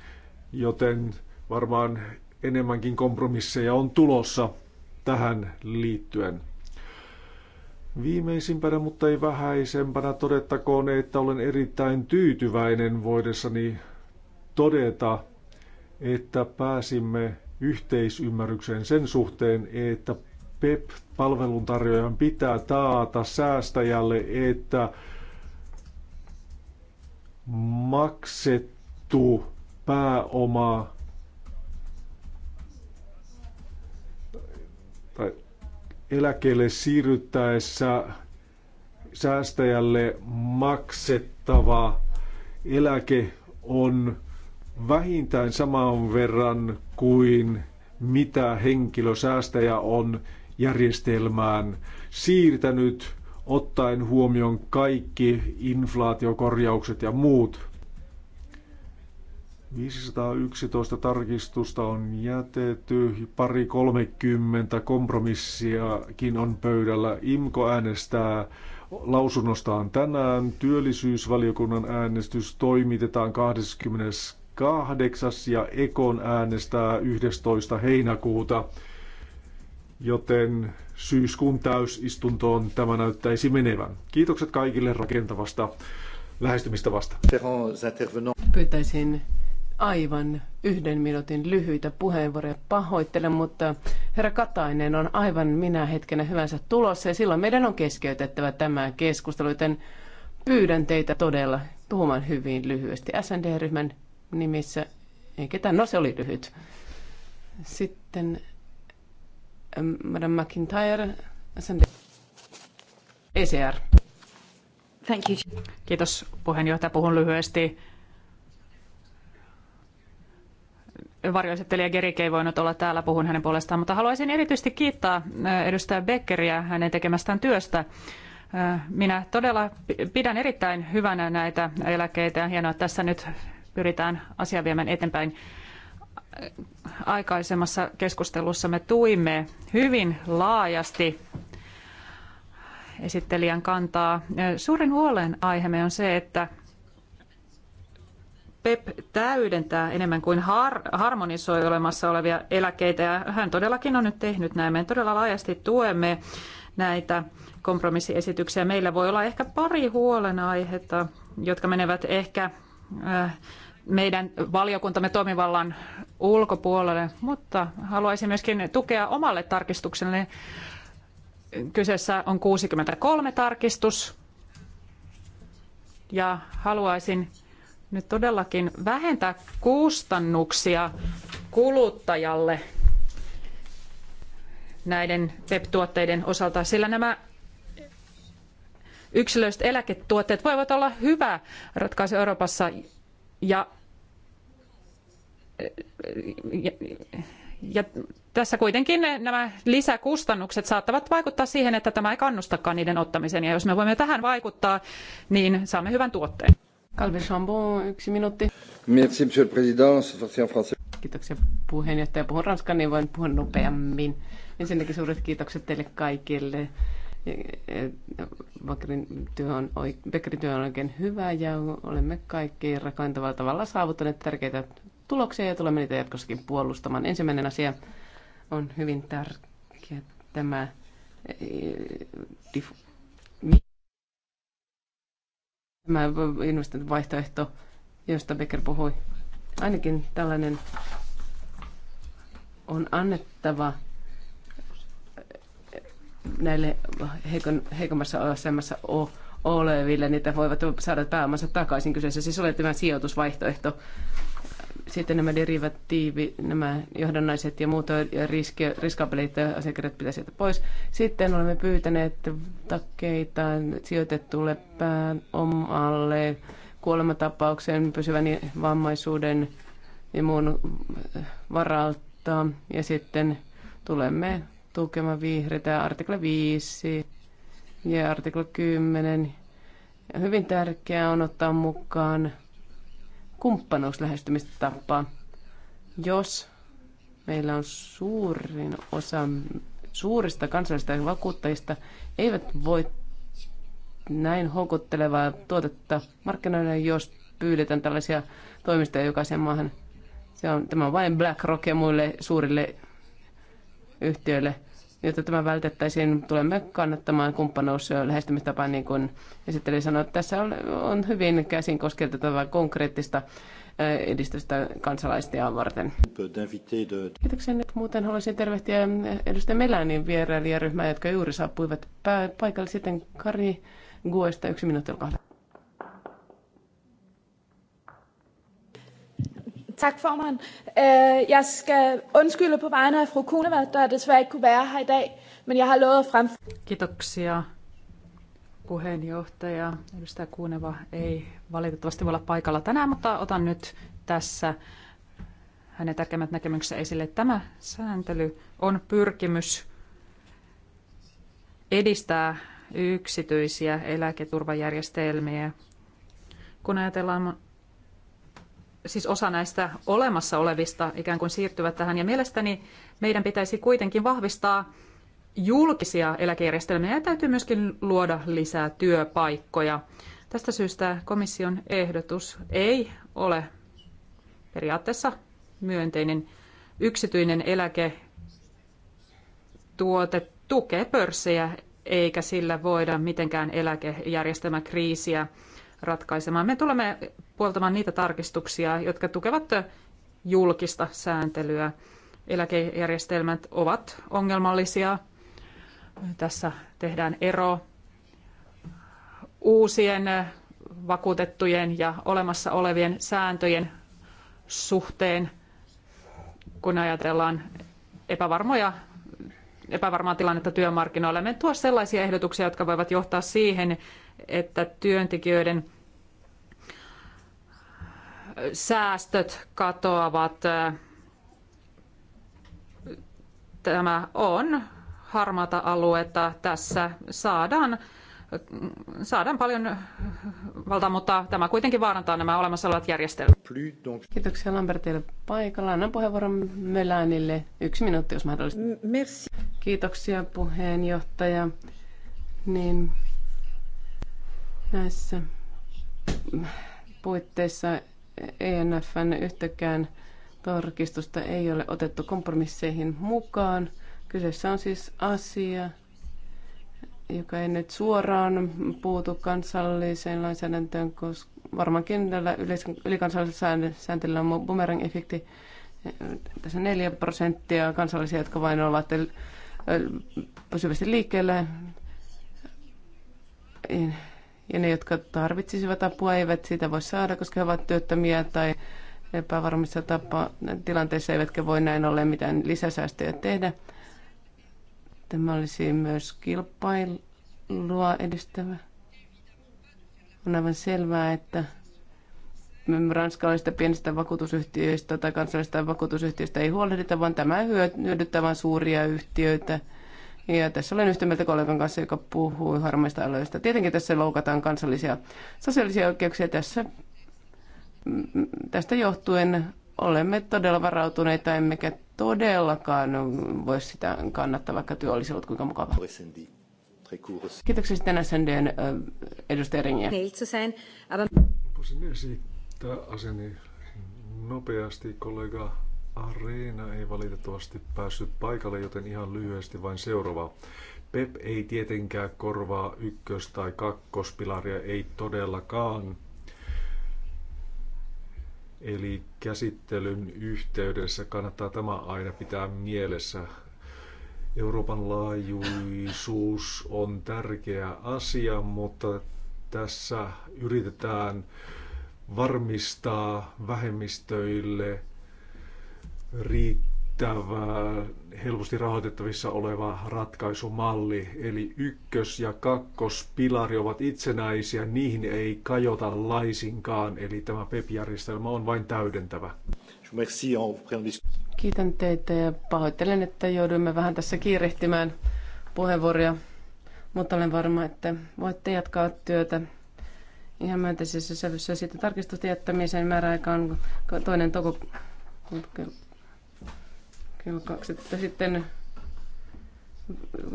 joten varmaan enemmänkin kompromisseja on tulossa tähän liittyen. Viimeisimpänä, mutta ei vähäisempänä todettakoon, että olen erittäin tyytyväinen voidessani todeta, että pääsimme yhteisymmärrykseen sen suhteen, että PEP-palveluntarjoajan pitää taata säästäjälle, että maksettu pääoma tai eläkkeelle siirryttäessä säästäjälle maksettava eläke on vähintään saman verran kuin mitä henkilösäästäjä on järjestelmään siirtänyt ottaen huomioon kaikki inflaatiokorjaukset ja muut. 511 tarkistusta on jätetty, pari 30 kompromissiakin on pöydällä. IMKO äänestää lausunnostaan tänään. Työllisyysvaliokunnan äänestys toimitetaan 28. ja Ekon äänestää 11. heinäkuuta joten syyskuun täysistuntoon tämä näyttäisi menevän. Kiitokset kaikille rakentavasta lähestymistavasta. Pyytäisin aivan yhden minuutin lyhyitä puheenvuoroja. Pahoittelen, mutta herra Katainen on aivan minä hetkenä hyvänsä tulossa ja silloin meidän on keskeytettävä tämä keskustelu, joten pyydän teitä todella puhumaan hyvin lyhyesti SND-ryhmän nimissä. Ei ketään, no se oli lyhyt. Sitten Madame McIntyre, SND. ECR. Thank you. Kiitos puheenjohtaja. Puhun lyhyesti. varjoesittelijä Gerik ei voinut olla täällä, puhun hänen puolestaan, mutta haluaisin erityisesti kiittää äh, edustaja Beckeriä hänen tekemästään työstä. Äh, minä todella pidän erittäin hyvänä näitä eläkkeitä ja hienoa, että tässä nyt pyritään asiaa viemään eteenpäin aikaisemmassa keskustelussa me tuimme hyvin laajasti esittelijän kantaa. Suurin huolenaiheemme on se, että PEP täydentää enemmän kuin har- harmonisoi olemassa olevia eläkeitä ja hän todellakin on nyt tehnyt näin. Me todella laajasti tuemme näitä kompromissiesityksiä. Meillä voi olla ehkä pari huolenaihetta, jotka menevät ehkä äh, meidän valiokuntamme toimivallan ulkopuolelle, mutta haluaisin myöskin tukea omalle tarkistukselle. Kyseessä on 63 tarkistus ja haluaisin nyt todellakin vähentää kustannuksia kuluttajalle näiden PEP-tuotteiden osalta, sillä nämä yksilölliset eläketuotteet voivat olla hyvä ratkaisu Euroopassa ja ja, ja tässä kuitenkin nämä lisäkustannukset saattavat vaikuttaa siihen, että tämä ei kannustakaan niiden ottamiseen. Ja jos me voimme tähän vaikuttaa, niin saamme hyvän tuotteen. Calvin Chambon, yksi minuutti. Merci, monsieur le président. Kiitoksia puheenjohtaja. Puhun ranskan, niin voin puhua nopeammin. Ensinnäkin suuret kiitokset teille kaikille. Beckerin työ, on, Beckerin työ on oikein hyvä ja olemme kaikki rakentavalla tavalla saavuttaneet tärkeitä tuloksia ja tulemme niitä jatkossakin puolustamaan. Ensimmäinen asia on hyvin tärkeä tämä eh, tämä vaihtoehto, josta Becker puhui. Ainakin tällainen on annettava eh, näille heikon, heikommassa asemassa oleville, niitä voivat saada pääomansa takaisin. Kyseessä siis ole tämä sijoitusvaihtoehto sitten nämä derivatiivi, nämä johdannaiset ja muut riski, riskaapelit asiakirjat pitää sieltä pois. Sitten olemme pyytäneet takkeita sijoitettulle pään omalle kuolematapauksen, pysyvän vammaisuuden ja muun varalta. Ja sitten tulemme tukemaan vihreitä artikla 5 ja artikla 10. Hyvin tärkeää on ottaa mukaan kumppanuuslähestymistapaa. Jos meillä on suurin osa suurista kansallisista vakuuttajista eivät voi näin houkuttelevaa tuotetta markkinoille, jos pyydetään tällaisia toimistoja jokaisen maahan. Se on, tämä on vain BlackRock ja muille suurille yhtiöille jotta tämä vältettäisiin, tulemme kannattamaan kumppanuus lähestymistapaa, niin kuin esitteli sanoi. Tässä on, on hyvin käsin kosketettavaa konkreettista eh, edistystä kansalaistia varten. Kiitoksia. Nyt muuten haluaisin tervehtiä eh, edustaja Melanin vierailijaryhmää, jotka juuri saapuivat paikalle. Sitten Kari Guesta, yksi minuutti, olkaa Tak, formand. Øh, jeg skal undskylde på vegne af fru Kuneva, der desværre ikke kunne være her i dag, men jeg har lovet at fremføre... Kiitoksia puheenjohtaja. Edustaja Kuuneva ei valitettavasti voi olla paikalla tänään, mutta otan nyt tässä hänen tärkeimmät näkemyksensä esille. Tämä sääntely on pyrkimys edistää yksityisiä eläketurvajärjestelmiä. Kun ajatellaan siis osa näistä olemassa olevista ikään kuin siirtyvät tähän. Ja mielestäni meidän pitäisi kuitenkin vahvistaa julkisia eläkejärjestelmiä ja täytyy myöskin luoda lisää työpaikkoja. Tästä syystä komission ehdotus ei ole periaatteessa myönteinen. Yksityinen tuote tukee pörssejä eikä sillä voida mitenkään eläkejärjestelmäkriisiä ratkaisemaan. Me tulemme puoltamaan niitä tarkistuksia, jotka tukevat julkista sääntelyä. Eläkejärjestelmät ovat ongelmallisia. Tässä tehdään ero uusien vakuutettujen ja olemassa olevien sääntöjen suhteen, kun ajatellaan epävarmoja, epävarmaa tilannetta työmarkkinoilla. Me tuo sellaisia ehdotuksia, jotka voivat johtaa siihen, että työntekijöiden säästöt katoavat. Tämä on harmaata aluetta. Tässä saadaan, saadaan paljon valtaa, mutta tämä kuitenkin vaarantaa nämä olemassa olevat järjestelmät. Kiitoksia Lambertille paikalla. Annan puheenvuoron Melanille. Yksi minuutti, jos mahdollista. Merci. Kiitoksia puheenjohtaja. Niin näissä puitteissa ENFn yhtäkään tarkistusta ei ole otettu kompromisseihin mukaan. Kyseessä on siis asia, joka ei nyt suoraan puutu kansalliseen lainsäädäntöön, koska varmaankin tällä ylikansallisella sääntelyllä on boomerang-efekti. Tässä 4 prosenttia kansallisia, jotka vain ovat pysyvästi liikkeellä ja ne, jotka tarvitsisivat apua, eivät sitä voi saada, koska he ovat työttömiä tai epävarmissa tapa- tilanteissa, eivätkä voi näin ollen mitään lisäsäästöjä tehdä. Tämä olisi myös kilpailua edistävä. On aivan selvää, että ranskalaisista pienistä vakuutusyhtiöistä tai kansallisista vakuutusyhtiöistä ei huolehdita, vaan tämä hyödyttää vain suuria yhtiöitä – ja tässä olen yhtä mieltä kollegan kanssa, joka puhui harmaista aloista. Tietenkin tässä loukataan kansallisia sosiaalisia oikeuksia. Tässä, mm, tästä johtuen olemme todella varautuneita, emmekä todellakaan voi sitä kannattaa, vaikka työ olisi ollut kuinka mukava. Kiitoksia sitten SNDn edustaja Ringiä. Niin, Voisin esittää asiani nopeasti kollega Areena ei valitettavasti päässyt paikalle, joten ihan lyhyesti vain seuraava. PEP ei tietenkään korvaa ykkös- tai kakkospilaria, ei todellakaan. Eli käsittelyn yhteydessä kannattaa tämä aina pitää mielessä. Euroopan laajuisuus on tärkeä asia, mutta tässä yritetään varmistaa vähemmistöille riittävä helposti rahoitettavissa oleva ratkaisumalli. Eli ykkös- ja kakkospilari ovat itsenäisiä, niihin ei kajota laisinkaan, eli tämä PEP-järjestelmä on vain täydentävä. Kiitän teitä ja pahoittelen, että joudumme vähän tässä kiirehtimään puheenvuoroja, mutta olen varma, että voitte jatkaa työtä ihan myönteisessä sävyssä. Sitten tarkistusten jättämisen määräaika on toinen toko kello Että Sitten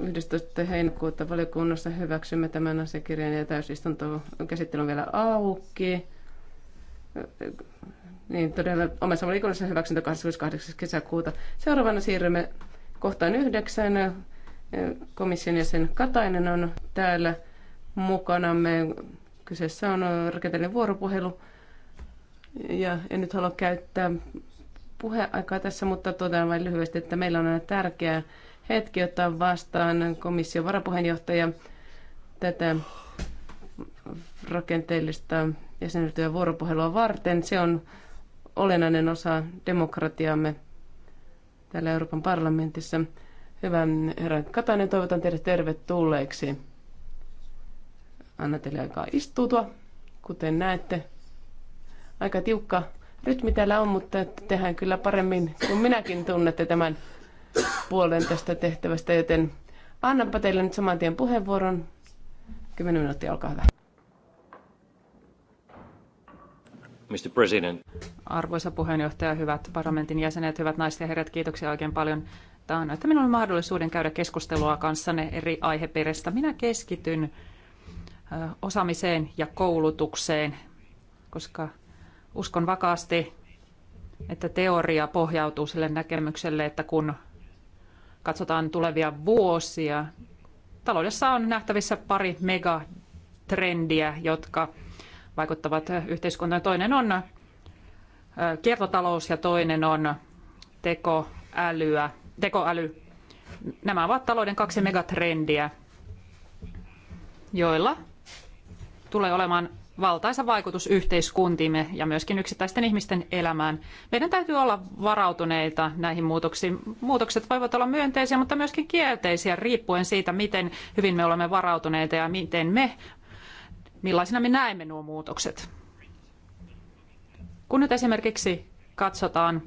11. heinäkuuta valiokunnassa hyväksymme tämän asiakirjan ja täysistunto käsittely on vielä auki. Niin todella omassa valiokunnassa hyväksyntä 28. kesäkuuta. Seuraavana siirrymme kohtaan yhdeksän. Komission jäsen Katainen on täällä mukana me Kyseessä on rakenteellinen vuoropuhelu. Ja en nyt halua käyttää puheaikaa tässä, mutta totean vain lyhyesti, että meillä on aina tärkeä hetki ottaa vastaan komission varapuheenjohtaja tätä rakenteellista jäsenyyttä vuoropuhelua varten. Se on olennainen osa demokratiamme täällä Euroopan parlamentissa. Hyvä herra Katainen, toivotan teidät tervetulleeksi. Anna teille aikaa istutua, kuten näette. Aika tiukka nyt mitä on, mutta tehdään kyllä paremmin kuin minäkin tunnette tämän puolen tästä tehtävästä, joten annanpa teille nyt saman tien puheenvuoron. 10 minuuttia, olkaa hyvä. Mr. President. Arvoisa puheenjohtaja, hyvät parlamentin jäsenet, hyvät naiset ja herrat, kiitoksia oikein paljon. Tämä on, että minulla on mahdollisuuden käydä keskustelua kanssanne eri aiheperistä. Minä keskityn osaamiseen ja koulutukseen, koska Uskon vakaasti, että teoria pohjautuu sille näkemykselle, että kun katsotaan tulevia vuosia, taloudessa on nähtävissä pari megatrendiä, jotka vaikuttavat yhteiskuntaan. Toinen on kiertotalous ja toinen on tekoälyä, tekoäly. Nämä ovat talouden kaksi megatrendiä, joilla tulee olemaan valtaisa vaikutus yhteiskuntiimme ja myöskin yksittäisten ihmisten elämään. Meidän täytyy olla varautuneita näihin muutoksiin. Muutokset voivat olla myönteisiä, mutta myöskin kielteisiä riippuen siitä, miten hyvin me olemme varautuneita ja miten me, millaisina me näemme nuo muutokset. Kun nyt esimerkiksi katsotaan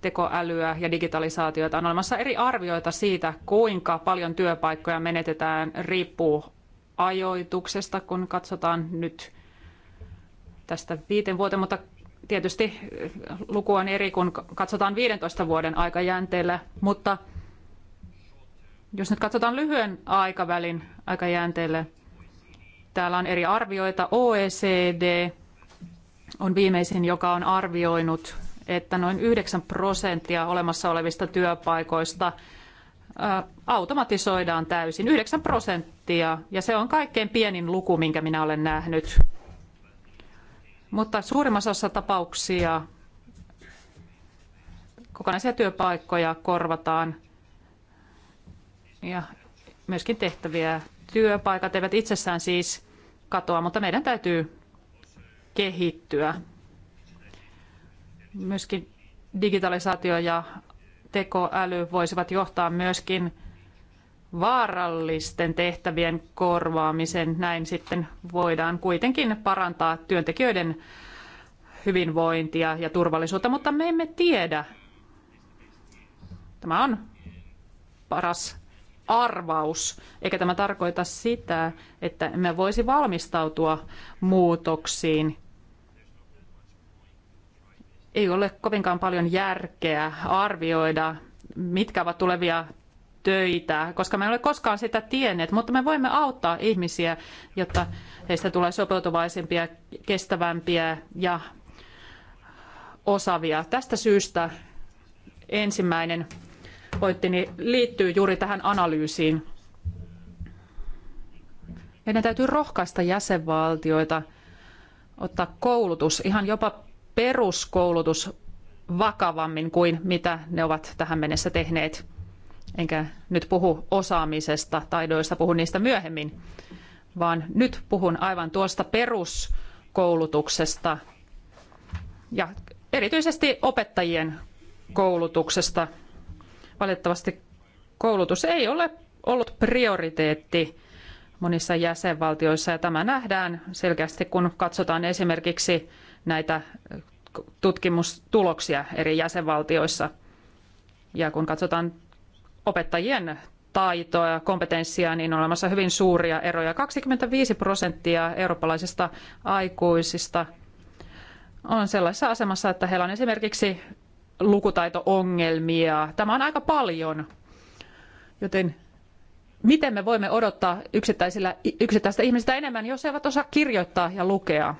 tekoälyä ja digitalisaatiota, on olemassa eri arvioita siitä, kuinka paljon työpaikkoja menetetään riippuu ajoituksesta, kun katsotaan nyt tästä viiden vuoteen, mutta tietysti luku on eri, kun katsotaan 15 vuoden aikajänteellä, mutta jos nyt katsotaan lyhyen aikavälin aikajänteelle, täällä on eri arvioita. OECD on viimeisin, joka on arvioinut, että noin 9 prosenttia olemassa olevista työpaikoista – automatisoidaan täysin, 9 prosenttia, ja se on kaikkein pienin luku, minkä minä olen nähnyt. Mutta suurimmassa osassa tapauksia kokonaisia työpaikkoja korvataan ja myöskin tehtäviä. Työpaikat eivät itsessään siis katoa, mutta meidän täytyy kehittyä. Myöskin digitalisaatio ja tekoäly voisivat johtaa myöskin vaarallisten tehtävien korvaamisen. Näin sitten voidaan kuitenkin parantaa työntekijöiden hyvinvointia ja turvallisuutta, mutta me emme tiedä. Tämä on paras arvaus, eikä tämä tarkoita sitä, että me voisi valmistautua muutoksiin ei ole kovinkaan paljon järkeä arvioida, mitkä ovat tulevia töitä, koska me ei ole koskaan sitä tienneet, mutta me voimme auttaa ihmisiä, jotta heistä tulee sopeutuvaisempia, kestävämpiä ja osaavia. Tästä syystä ensimmäinen pointtini liittyy juuri tähän analyysiin. Meidän täytyy rohkaista jäsenvaltioita ottaa koulutus ihan jopa peruskoulutus vakavammin kuin mitä ne ovat tähän mennessä tehneet. Enkä nyt puhu osaamisesta, taidoista, puhun niistä myöhemmin, vaan nyt puhun aivan tuosta peruskoulutuksesta ja erityisesti opettajien koulutuksesta. Valitettavasti koulutus ei ole ollut prioriteetti monissa jäsenvaltioissa ja tämä nähdään selkeästi, kun katsotaan esimerkiksi näitä tutkimustuloksia eri jäsenvaltioissa. Ja kun katsotaan opettajien taitoa ja kompetenssia, niin on olemassa hyvin suuria eroja. 25 prosenttia eurooppalaisista aikuisista on sellaisessa asemassa, että heillä on esimerkiksi lukutaito-ongelmia. Tämä on aika paljon, joten miten me voimme odottaa yksittäisillä, yksittäisistä ihmisistä enemmän, jos he eivät osaa kirjoittaa ja lukea?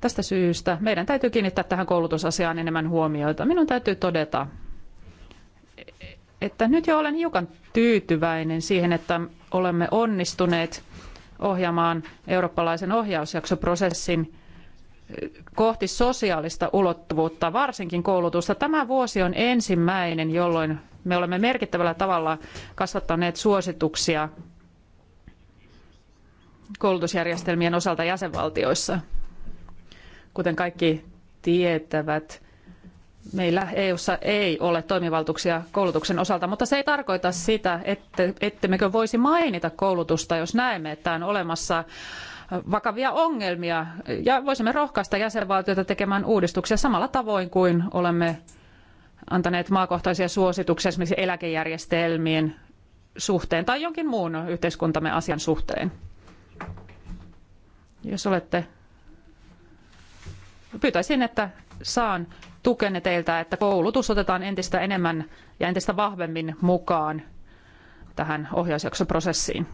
tästä syystä meidän täytyy kiinnittää tähän koulutusasiaan enemmän huomiota. Minun täytyy todeta, että nyt jo olen hiukan tyytyväinen siihen, että olemme onnistuneet ohjaamaan eurooppalaisen ohjausjaksoprosessin kohti sosiaalista ulottuvuutta, varsinkin koulutusta. Tämä vuosi on ensimmäinen, jolloin me olemme merkittävällä tavalla kasvattaneet suosituksia koulutusjärjestelmien osalta jäsenvaltioissa. Kuten kaikki tietävät, meillä EU:ssa ei ole toimivaltuuksia koulutuksen osalta, mutta se ei tarkoita sitä, että ettemmekö voisi mainita koulutusta, jos näemme, että on olemassa vakavia ongelmia ja voisimme rohkaista jäsenvaltioita tekemään uudistuksia samalla tavoin kuin olemme antaneet maakohtaisia suosituksia esimerkiksi eläkejärjestelmien suhteen tai jonkin muun yhteiskuntamme asian suhteen. Jos olette pyytäisin, että saan tukenne teiltä, että koulutus otetaan entistä enemmän ja entistä vahvemmin mukaan tähän ohjausjaksoprosessiin.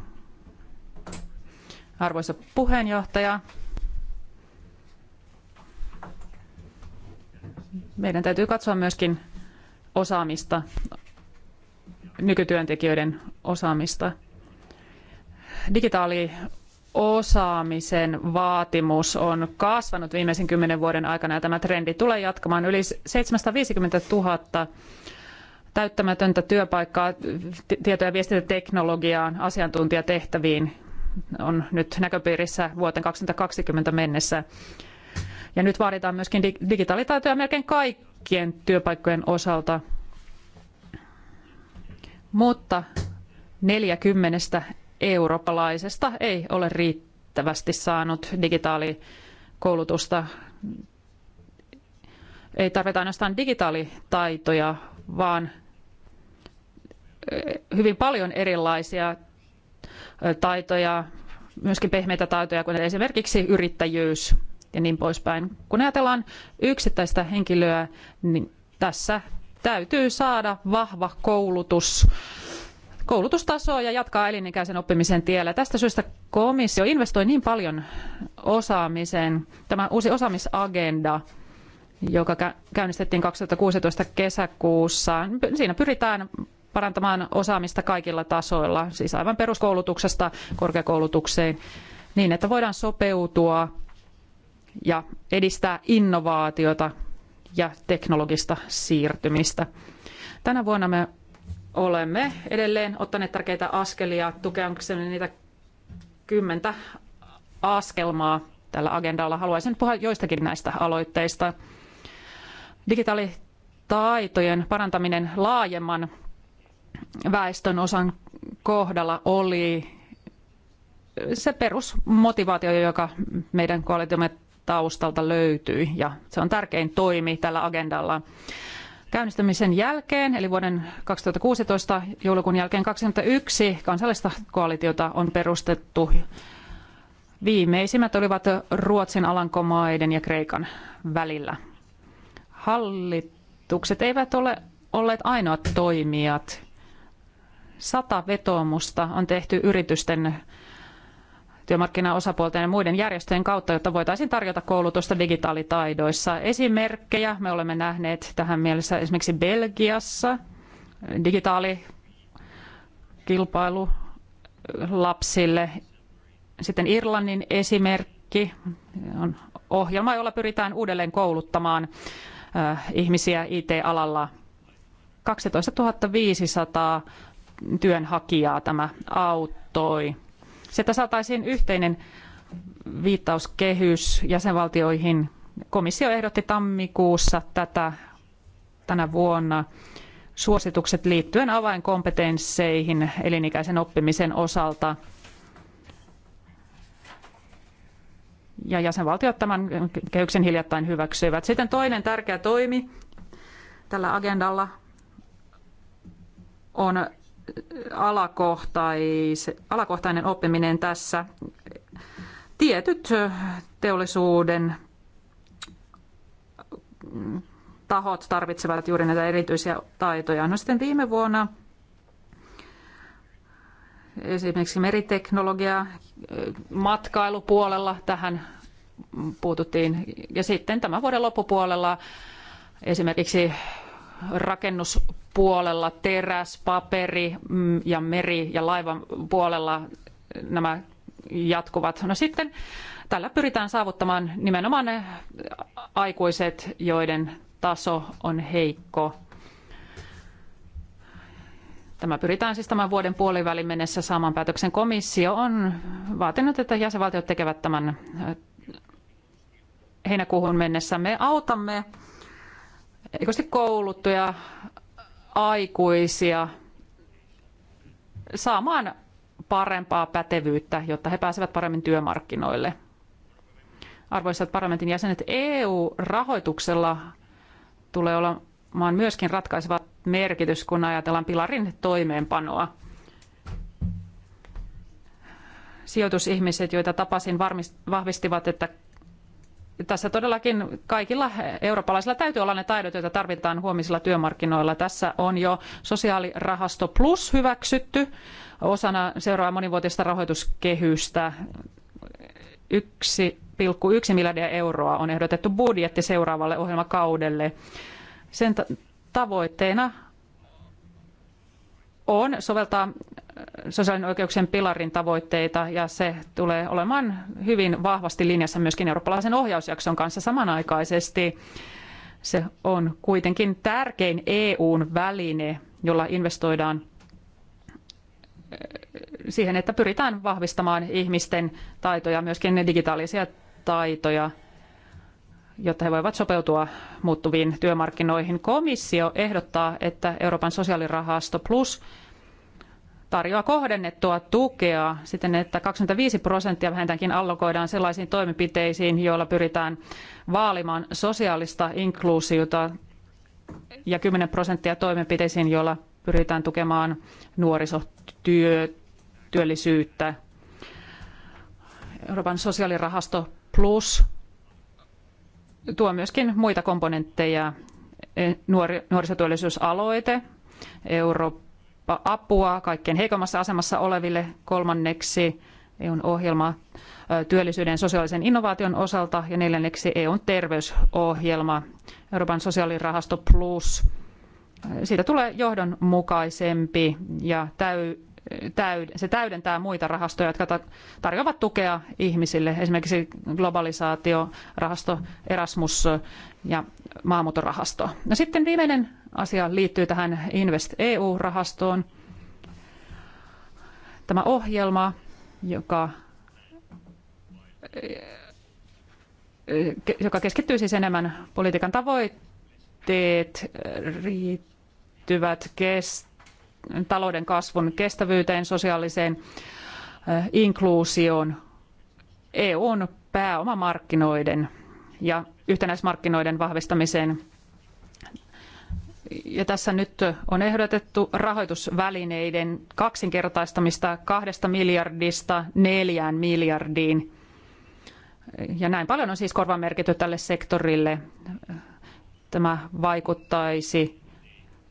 Arvoisa puheenjohtaja, meidän täytyy katsoa myöskin osaamista, nykytyöntekijöiden osaamista. Digitaali osaamisen vaatimus on kasvanut viimeisen kymmenen vuoden aikana ja tämä trendi tulee jatkamaan yli 750 000 täyttämätöntä työpaikkaa tieto- ja viestintäteknologiaan asiantuntijatehtäviin on nyt näköpiirissä vuoteen 2020 mennessä. Ja nyt vaaditaan myöskin digitaalitaitoja melkein kaikkien työpaikkojen osalta. Mutta 40 eurooppalaisesta ei ole riittävästi saanut digitaalikoulutusta. Ei tarvita ainoastaan digitaalitaitoja, vaan eh, hyvin paljon erilaisia eh, taitoja, myöskin pehmeitä taitoja, kuten esimerkiksi yrittäjyys ja niin poispäin. Kun ajatellaan yksittäistä henkilöä, niin tässä täytyy saada vahva koulutus koulutustasoa ja jatkaa elinikäisen oppimisen tiellä. Tästä syystä komissio investoi niin paljon osaamiseen. Tämä uusi osaamisagenda, joka käynnistettiin 2016 kesäkuussa, siinä pyritään parantamaan osaamista kaikilla tasoilla, siis aivan peruskoulutuksesta korkeakoulutukseen, niin että voidaan sopeutua ja edistää innovaatiota ja teknologista siirtymistä. Tänä vuonna me olemme edelleen ottaneet tärkeitä askelia tukeaksemme niitä kymmentä askelmaa tällä agendalla. Haluaisin puhua joistakin näistä aloitteista. Digitaalitaitojen parantaminen laajemman väestön osan kohdalla oli se perusmotivaatio, joka meidän koalitiomme taustalta löytyi, ja se on tärkein toimi tällä agendalla käynnistämisen jälkeen, eli vuoden 2016 joulukuun jälkeen 2001 kansallista koalitiota on perustettu. Viimeisimmät olivat Ruotsin, Alankomaiden ja Kreikan välillä. Hallitukset eivät ole olleet ainoat toimijat. Sata vetoomusta on tehty yritysten työmarkkinaosapuolten ja muiden järjestöjen kautta, jotta voitaisiin tarjota koulutusta digitaalitaidoissa. Esimerkkejä me olemme nähneet tähän mielessä esimerkiksi Belgiassa digitaalikilpailu lapsille. Sitten Irlannin esimerkki on ohjelma, jolla pyritään uudelleen kouluttamaan äh, ihmisiä IT-alalla. 12 500 työnhakijaa tämä auttoi se, että saataisiin yhteinen viittauskehys jäsenvaltioihin. Komissio ehdotti tammikuussa tätä tänä vuonna suositukset liittyen avainkompetensseihin elinikäisen oppimisen osalta. Ja jäsenvaltiot tämän kehyksen hiljattain hyväksyivät. Sitten toinen tärkeä toimi tällä agendalla on alakohtais, alakohtainen oppiminen tässä. Tietyt teollisuuden tahot tarvitsevat juuri näitä erityisiä taitoja. No sitten viime vuonna esimerkiksi meriteknologia matkailupuolella tähän puututtiin. Ja sitten tämän vuoden loppupuolella esimerkiksi rakennuspuolella, teräs, paperi mm, ja meri- ja laivan puolella nämä jatkuvat. No sitten tällä pyritään saavuttamaan nimenomaan ne aikuiset, joiden taso on heikko. Tämä pyritään siis tämän vuoden puolivälin mennessä saamaan päätöksen. Komissio on vaatinut, että jäsenvaltiot tekevät tämän äh, heinäkuuhun mennessä. Me autamme erikoisesti kouluttuja aikuisia saamaan parempaa pätevyyttä, jotta he pääsevät paremmin työmarkkinoille. Arvoisat parlamentin jäsenet, EU-rahoituksella tulee olemaan myöskin ratkaiseva merkitys, kun ajatellaan pilarin toimeenpanoa. Sijoitusihmiset, joita tapasin, vahvistivat, että tässä todellakin kaikilla eurooppalaisilla täytyy olla ne taidot, joita tarvitaan huomisilla työmarkkinoilla. Tässä on jo sosiaalirahasto plus hyväksytty osana seuraa monivuotista rahoituskehystä. 1,1 miljardia euroa on ehdotettu budjetti seuraavalle ohjelmakaudelle. Sen tavoitteena on soveltaa sosiaalinen oikeuksien pilarin tavoitteita ja se tulee olemaan hyvin vahvasti linjassa myöskin eurooppalaisen ohjausjakson kanssa samanaikaisesti. Se on kuitenkin tärkein EUn väline, jolla investoidaan eh, siihen, että pyritään vahvistamaan ihmisten taitoja, myöskin digitaalisia taitoja, jotta he voivat sopeutua muuttuviin työmarkkinoihin. Komissio ehdottaa, että Euroopan sosiaalirahasto plus – tarjoaa kohdennettua tukea siten, että 25 prosenttia vähintäänkin allokoidaan sellaisiin toimenpiteisiin, joilla pyritään vaalimaan sosiaalista inkluusiota ja 10 prosenttia toimenpiteisiin, joilla pyritään tukemaan nuorisotyöllisyyttä. Euroopan sosiaalirahasto Plus tuo myöskin muita komponentteja. Nuori, nuorisotyöllisyysaloite, Eurooppa apua kaikkein heikommassa asemassa oleville. Kolmanneksi EUn ohjelma työllisyyden ja sosiaalisen innovaation osalta ja neljänneksi EUn terveysohjelma Euroopan sosiaalirahasto Plus. Siitä tulee johdonmukaisempi ja täy, täy, se täydentää muita rahastoja, jotka tarjoavat tukea ihmisille, esimerkiksi globalisaatio, rahasto Erasmus ja maahanmuuttorahasto. No sitten viimeinen asia liittyy tähän Invest EU-rahastoon. Tämä ohjelma, joka, joka keskittyy siis enemmän politiikan tavoitteet, riittyvät talouden kasvun kestävyyteen, sosiaaliseen eh, inkluusioon, EUn pääomamarkkinoiden ja yhtenäismarkkinoiden vahvistamiseen – ja tässä nyt on ehdotettu rahoitusvälineiden kaksinkertaistamista kahdesta miljardista neljään miljardiin. Ja näin paljon on siis korvamerkitty tälle sektorille. Tämä vaikuttaisi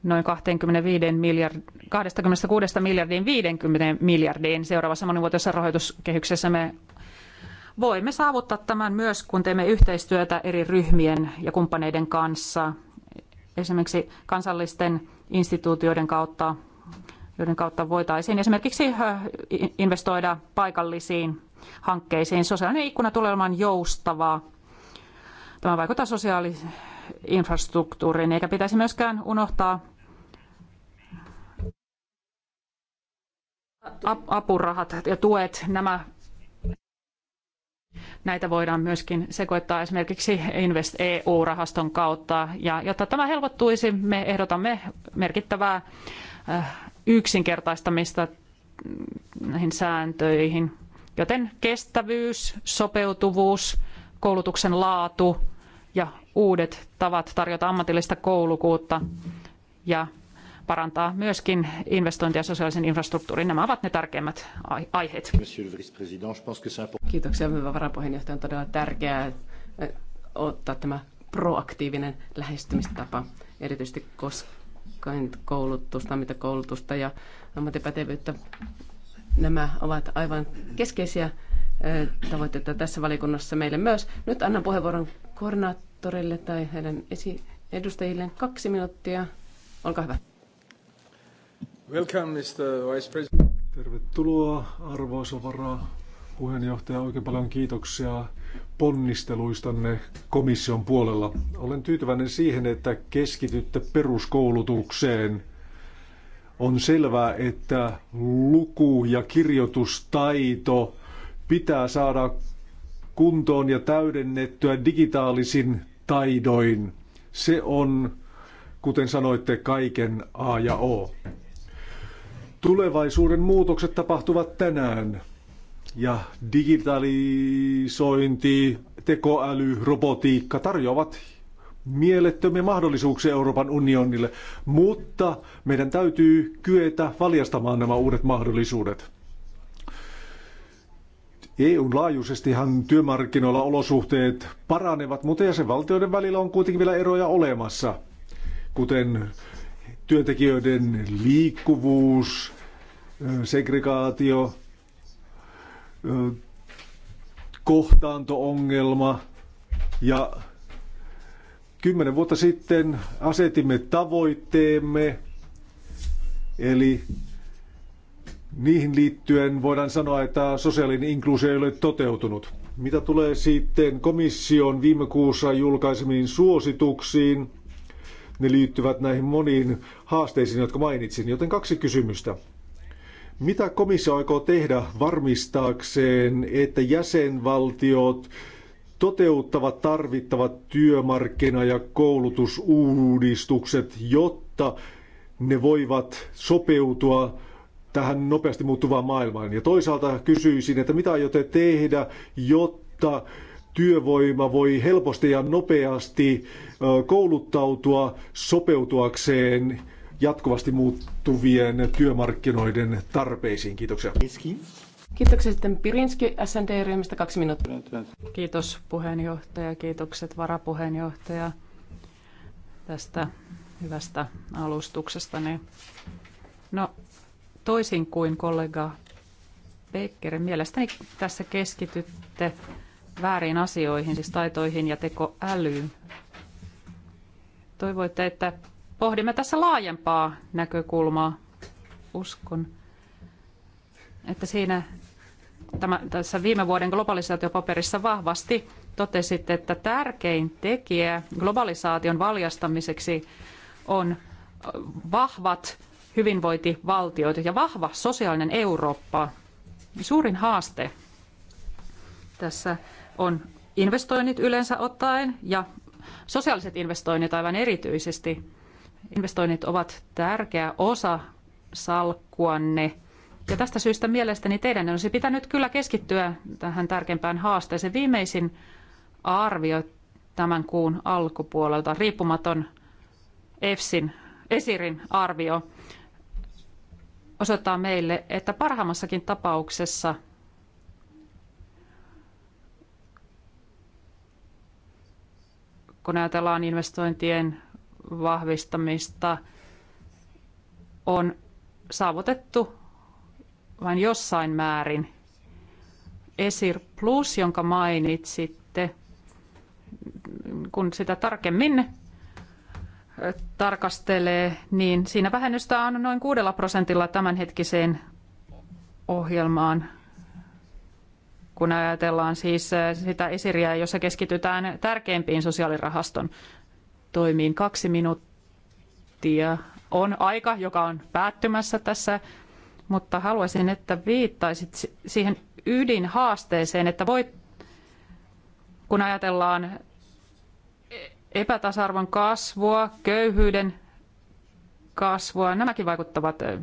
noin 25 miljard, 26 miljardiin 50 miljardiin seuraavassa monivuotisessa rahoituskehyksessä me voimme saavuttaa tämän myös, kun teemme yhteistyötä eri ryhmien ja kumppaneiden kanssa esimerkiksi kansallisten instituutioiden kautta, joiden kautta voitaisiin esimerkiksi investoida paikallisiin hankkeisiin. Sosiaalinen ikkuna tulee olemaan joustavaa. Tämä vaikuttaa sosiaaliinfrastruktuuriin, eikä pitäisi myöskään unohtaa apurahat ja tuet. Nämä Näitä voidaan myöskin sekoittaa esimerkiksi Invest EU-rahaston kautta. Ja jotta tämä helpottuisi, me ehdotamme merkittävää äh, yksinkertaistamista näihin sääntöihin. Joten kestävyys, sopeutuvuus, koulutuksen laatu ja uudet tavat tarjota ammatillista koulukuutta ja parantaa myöskin investointia sosiaalisen infrastruktuurin, Nämä ovat ne tärkeimmät aiheet. Kiitoksia, hyvä varapuheenjohtaja. On todella tärkeää eh, ottaa tämä proaktiivinen lähestymistapa, erityisesti koskien koulutusta, mitä koulutusta ja ammattipätevyyttä. Nämä ovat aivan keskeisiä eh, tavoitteita tässä valikunnassa meille myös. Nyt annan puheenvuoron koordinaattorille tai heidän esi- edustajilleen kaksi minuuttia. Olkaa hyvä. Welcome, Mr. Vice President. Tervetuloa, arvoisa varaa puheenjohtaja. Oikein paljon kiitoksia ponnisteluistanne komission puolella. Olen tyytyväinen siihen, että keskitytte peruskoulutukseen. On selvää, että luku- ja kirjoitustaito pitää saada kuntoon ja täydennettyä digitaalisin taidoin. Se on, kuten sanoitte, kaiken A ja O. Tulevaisuuden muutokset tapahtuvat tänään. Ja digitalisointi, tekoäly, robotiikka tarjoavat mielettömiä mahdollisuuksia Euroopan unionille, mutta meidän täytyy kyetä valjastamaan nämä uudet mahdollisuudet. EUn laajuisestihan työmarkkinoilla olosuhteet paranevat, mutta jäsenvaltioiden välillä on kuitenkin vielä eroja olemassa, kuten työntekijöiden liikkuvuus, segregaatio, kohtaanto-ongelma ja kymmenen vuotta sitten asetimme tavoitteemme, eli niihin liittyen voidaan sanoa, että sosiaalinen inkluusio ei ole toteutunut. Mitä tulee sitten komission viime kuussa julkaisemiin suosituksiin, ne liittyvät näihin moniin haasteisiin, jotka mainitsin, joten kaksi kysymystä. Mitä komissio aikoo tehdä varmistaakseen, että jäsenvaltiot toteuttavat tarvittavat työmarkkina- ja koulutusuudistukset, jotta ne voivat sopeutua tähän nopeasti muuttuvaan maailmaan. Ja toisaalta kysyisin, että mitä aiotte tehdä, jotta työvoima voi helposti ja nopeasti kouluttautua sopeutuakseen jatkuvasti muuttuvien työmarkkinoiden tarpeisiin. Kiitoksia. Kiitoksia sitten Pirinski SND-ryhmästä kaksi minuuttia. Kiitos puheenjohtaja, kiitokset varapuheenjohtaja tästä hyvästä alustuksesta. No, toisin kuin kollega Becker, mielestäni tässä keskitytte väärin asioihin, siis taitoihin ja tekoälyyn. Toivoitte, että pohdimme tässä laajempaa näkökulmaa. Uskon, että siinä tämä, tässä viime vuoden globalisaatiopaperissa vahvasti totesitte, että tärkein tekijä globalisaation valjastamiseksi on vahvat hyvinvointivaltiot ja vahva sosiaalinen Eurooppa. Suurin haaste tässä on investoinnit yleensä ottaen ja sosiaaliset investoinnit aivan erityisesti. Investoinnit ovat tärkeä osa salkkuanne. Ja tästä syystä mielestäni teidän olisi pitänyt kyllä keskittyä tähän tärkeimpään haasteeseen. Viimeisin arvio tämän kuun alkupuolelta, riippumaton EFSin, ESIRin arvio, osoittaa meille, että parhaimmassakin tapauksessa – kun ajatellaan investointien vahvistamista, on saavutettu vain jossain määrin. Esir Plus, jonka mainitsitte, kun sitä tarkemmin tarkastelee, niin siinä vähennystä on noin 6 prosentilla tämänhetkiseen ohjelmaan kun ajatellaan siis eh, sitä esiriä, jossa keskitytään tärkeimpiin sosiaalirahaston toimiin. Kaksi minuuttia on aika, joka on päättymässä tässä, mutta haluaisin, että viittaisit siihen ydinhaasteeseen, että voit, kun ajatellaan epätasarvon kasvua, köyhyyden kasvua. Nämäkin vaikuttavat eh,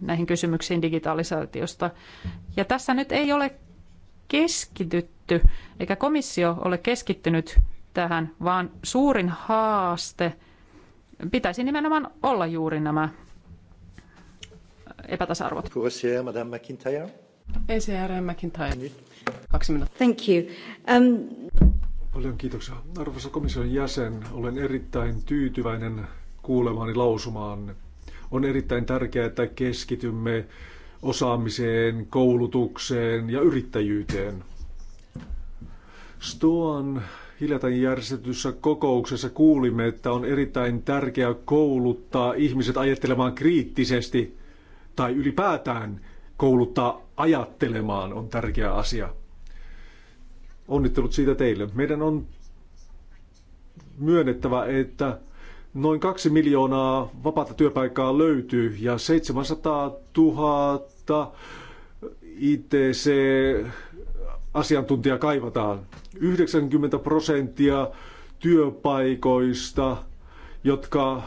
näihin kysymyksiin digitalisaatiosta. Ja tässä nyt ei ole keskitytty, eikä komissio ole keskittynyt tähän, vaan suurin haaste pitäisi nimenomaan olla juuri nämä epätasa-arvot. ECR McIntyre. E Kaksi minuuttia. Thank you. Um... Paljon kiitoksia. Arvoisa komission jäsen, olen erittäin tyytyväinen kuulemaani lausumaan. On erittäin tärkeää, että keskitymme osaamiseen, koulutukseen ja yrittäjyyteen. Stoan hiljattain järjestetyssä kokouksessa kuulimme, että on erittäin tärkeää kouluttaa ihmiset ajattelemaan kriittisesti tai ylipäätään kouluttaa ajattelemaan on tärkeä asia. Onnittelut siitä teille. Meidän on myönnettävä, että Noin kaksi miljoonaa vapaata työpaikkaa löytyy ja 700 000 ITC-asiantuntija kaivataan. 90 prosenttia työpaikoista, jotka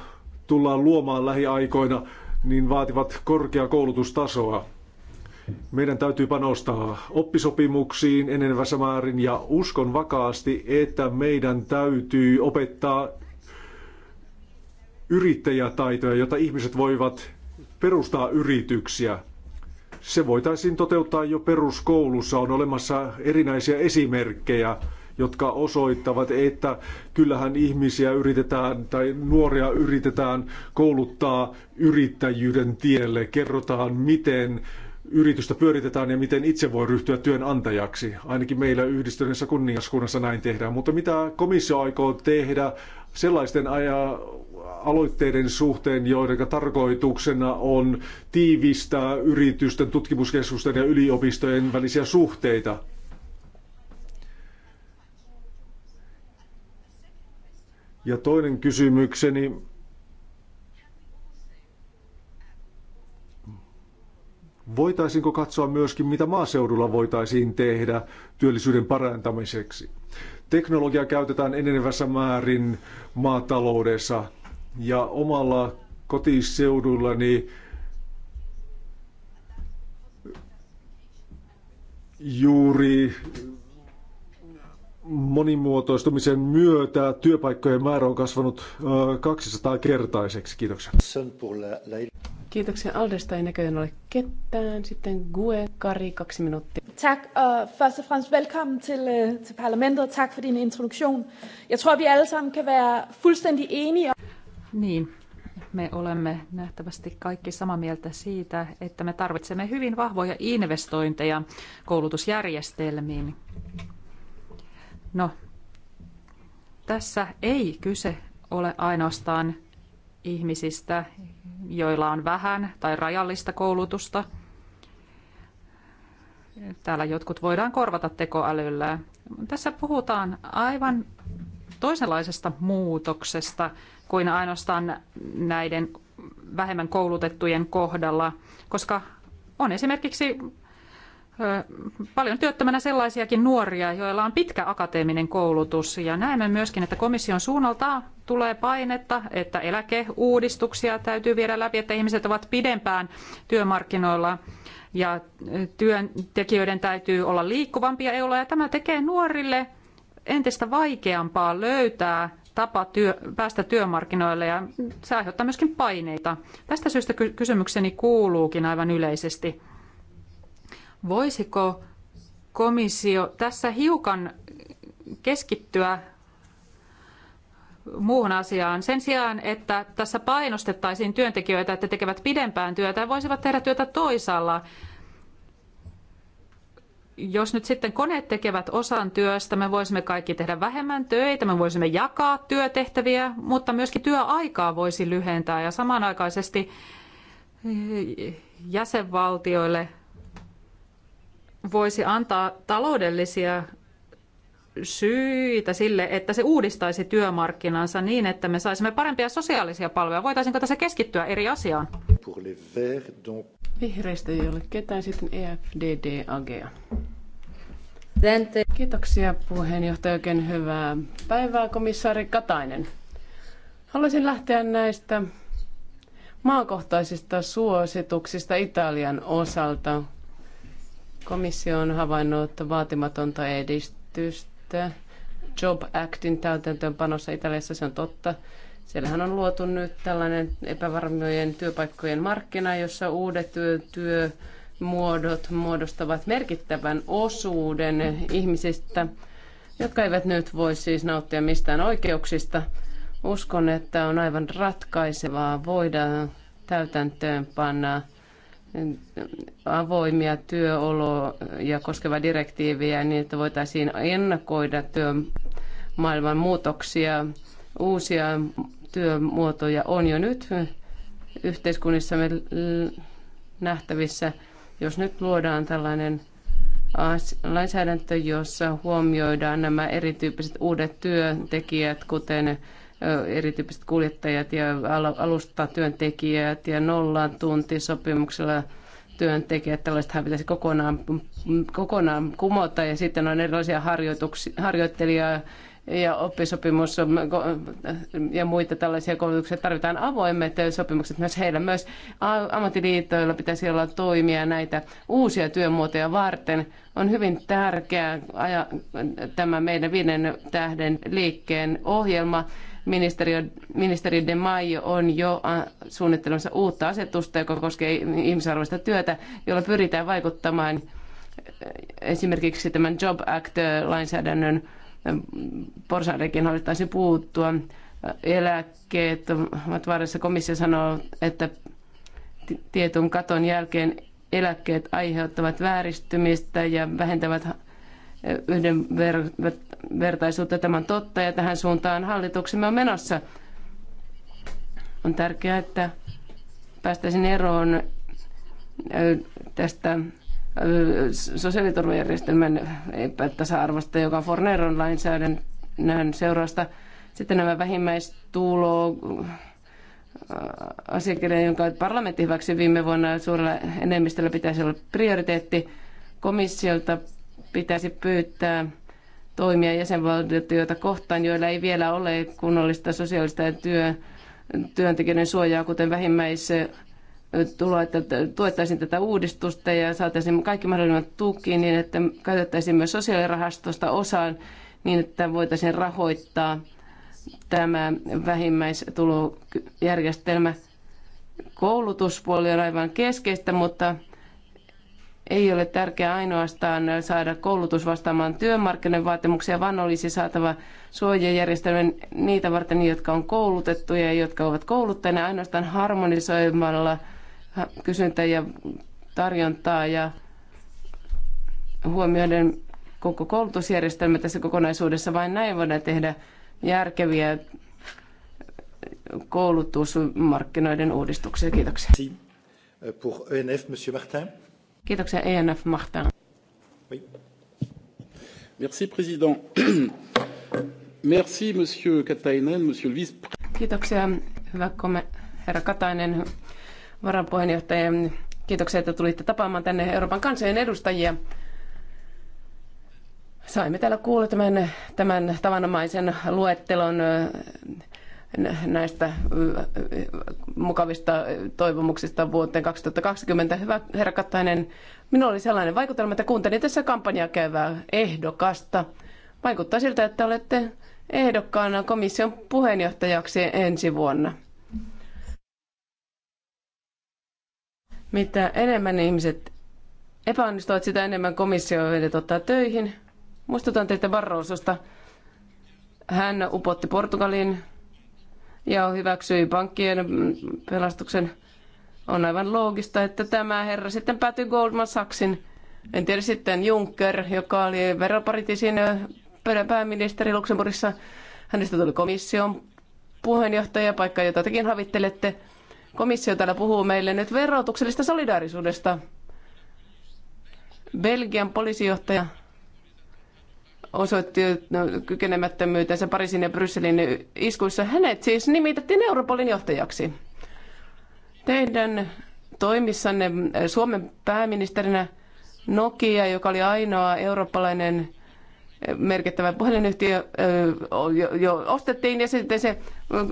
tullaan luomaan lähiaikoina, niin vaativat korkea koulutustasoa. Meidän täytyy panostaa oppisopimuksiin enenevässä määrin ja uskon vakaasti, että meidän täytyy opettaa yrittäjätaitoja, jota ihmiset voivat perustaa yrityksiä. Se voitaisiin toteuttaa jo peruskoulussa. On olemassa erinäisiä esimerkkejä, jotka osoittavat, että kyllähän ihmisiä yritetään tai nuoria yritetään kouluttaa yrittäjyyden tielle. Kerrotaan, miten yritystä pyöritetään ja miten itse voi ryhtyä työnantajaksi. Ainakin meillä yhdistyneessä kunniaskunnassa näin tehdään. Mutta mitä komissio aikoo tehdä sellaisten ajan? aloitteiden suhteen, joiden tarkoituksena on tiivistää yritysten, tutkimuskeskusten ja yliopistojen välisiä suhteita. Ja toinen kysymykseni Voitaisiinko katsoa myöskin, mitä maaseudulla voitaisiin tehdä työllisyyden parantamiseksi? Teknologia käytetään enenevässä määrin maataloudessa. Ja omalla kotiseudullani juuri monimuotoistumisen myötä työpaikkojen määrä on kasvanut 200 äh, kertaiseksi. Kiitoksia. Kiitoksia Aldesta. Ei näköjään ole ketään. Sitten Gue Kari, kaksi minuuttia. Tack och först och främst velkommen till øh, till parlamentet. Tack för din introduktion. Jag tror, vi alla sammen kan vara fullständigt eniga. Niin, me olemme nähtävästi kaikki samaa mieltä siitä, että me tarvitsemme hyvin vahvoja investointeja koulutusjärjestelmiin. No, tässä ei kyse ole ainoastaan ihmisistä, joilla on vähän tai rajallista koulutusta. Täällä jotkut voidaan korvata tekoälyllä. Tässä puhutaan aivan toisenlaisesta muutoksesta kuin ainoastaan näiden vähemmän koulutettujen kohdalla, koska on esimerkiksi paljon työttömänä sellaisiakin nuoria, joilla on pitkä akateeminen koulutus. Ja näemme myöskin, että komission suunnalta tulee painetta, että eläkeuudistuksia täytyy viedä läpi, että ihmiset ovat pidempään työmarkkinoilla ja työntekijöiden täytyy olla liikkuvampia Ja Tämä tekee nuorille entistä vaikeampaa löytää tapa työ, päästä työmarkkinoille ja se aiheuttaa myöskin paineita. Tästä syystä kysymykseni kuuluukin aivan yleisesti. Voisiko komissio tässä hiukan keskittyä muuhun asiaan. Sen sijaan, että tässä painostettaisiin työntekijöitä, että tekevät pidempään työtä ja voisivat tehdä työtä toisaalla jos nyt sitten koneet tekevät osan työstä, me voisimme kaikki tehdä vähemmän töitä, me voisimme jakaa työtehtäviä, mutta myöskin työaikaa voisi lyhentää ja samanaikaisesti eh, jäsenvaltioille voisi antaa taloudellisia syitä sille, että se uudistaisi työmarkkinansa niin, että me saisimme parempia sosiaalisia palveluja. Voitaisinko tässä keskittyä eri asiaan? Vihreistä ei ole ketään, sitten EFDD Agea. Kiitoksia puheenjohtaja, oikein hyvää päivää komissaari Katainen. Haluaisin lähteä näistä maakohtaisista suosituksista Italian osalta. Komissio on havainnut vaatimatonta edistystä Job Actin täytäntöönpanossa Italiassa, se on totta. Siellähän on luotu nyt tällainen epävarmojen työpaikkojen markkina, jossa uudet työmuodot muodostavat merkittävän osuuden ihmisistä, jotka eivät nyt voi siis nauttia mistään oikeuksista. Uskon, että on aivan ratkaisevaa voida täytäntöön panna avoimia työoloja koskeva direktiiviä niin, että voitaisiin ennakoida työmaailman muutoksia Uusia työmuotoja on jo nyt yhteiskunnissamme nähtävissä. Jos nyt luodaan tällainen lainsäädäntö, jossa huomioidaan nämä erityyppiset uudet työntekijät, kuten erityyppiset kuljettajat ja alustatyöntekijät ja nollan tuntisopimuksella työntekijät, tällaisethan pitäisi kokonaan, kokonaan kumota ja sitten on erilaisia harjoittelijaa ja oppisopimus ja muita tällaisia koulutuksia. Tarvitaan avoimet sopimukset myös heillä. Myös ammattiliitoilla pitäisi olla toimia näitä uusia työmuotoja varten. On hyvin tärkeää tämä meidän viiden tähden liikkeen ohjelma. Ministeriö, ministeri De Maio on jo suunnittelemassa uutta asetusta, joka koskee ihmisarvoista työtä, jolla pyritään vaikuttamaan esimerkiksi tämän Job Act-lainsäädännön porsaanreikiin haluttaisiin puuttua. Eläkkeet ovat vaarassa. Komissio sanoo, että tietyn katon jälkeen eläkkeet aiheuttavat vääristymistä ja vähentävät yhdenvertaisuutta. Tämä on totta ja tähän suuntaan hallituksemme on menossa. On tärkeää, että päästäisiin eroon tästä sosiaaliturvajärjestelmän epätasa-arvosta, joka on Forneron lainsäädännön seurausta. Sitten nämä vähimmäistulo asiakirja, jonka parlamentti hyväksyi viime vuonna suurella enemmistöllä pitäisi olla prioriteetti. Komissiolta pitäisi pyytää toimia jäsenvaltioita kohtaan, joilla ei vielä ole kunnollista sosiaalista ja työ, työntekijöiden suojaa, kuten vähimmäis tulo, että tuettaisiin tätä uudistusta ja saataisiin kaikki mahdollisimman tuki niin, että käytettäisiin myös sosiaalirahastosta osaan niin, että voitaisiin rahoittaa tämä vähimmäistulojärjestelmä. Koulutuspuoli on aivan keskeistä, mutta ei ole tärkeää ainoastaan saada koulutus vastaamaan työmarkkinoiden vaatimuksia, vaan olisi saatava suojajärjestelmän niitä varten, jotka on koulutettuja ja jotka ovat kouluttajina ainoastaan harmonisoimalla – kysyntää ja tarjontaa ja huomioiden koko koulutusjärjestelmä tässä kokonaisuudessa. Vain näin voidaan tehdä järkeviä koulutusmarkkinoiden uudistuksia. Kiitoksia. Pour ENF, Monsieur Martin. Kiitoksia ENF Martin. Oui. Merci, Président. Merci, Monsieur Katainen, Monsieur le Vice. Kiitoksia, hyvä herra Katainen, varapuheenjohtaja. Kiitoksia, että tulitte tapaamaan tänne Euroopan kansojen edustajia. Saimme täällä kuulla tämän, tämän tavanomaisen luettelon näistä mukavista toivomuksista vuoteen 2020. Hyvä herra Kattainen, minulla oli sellainen vaikutelma, että kuuntelin tässä kampanjaa käyvää ehdokasta. Vaikuttaa siltä, että olette ehdokkaana komission puheenjohtajaksi ensi vuonna. Mitä enemmän ihmiset epäonnistuvat, sitä enemmän komissio heidät ottaa töihin. Muistutan teitä Barrososta. Hän upotti Portugaliin ja hyväksyi pankkien pelastuksen. On aivan loogista, että tämä herra sitten päätyi Goldman Sachsin. En tiedä sitten Juncker, joka oli veroparitisin pääministeri Luxemburgissa. Hänestä tuli komission puheenjohtaja, paikka jota tekin havittelette – Komissio täällä puhuu meille nyt verotuksellista solidaarisuudesta. Belgian poliisijohtaja osoitti no, kykenemättömyytensä Pariisin ja Brysselin iskuissa. Hänet siis nimitettiin Europolin johtajaksi. Teidän toimissanne Suomen pääministerinä Nokia, joka oli ainoa eurooppalainen merkittävä puhelinyhtiö jo, ostettiin ja sitten se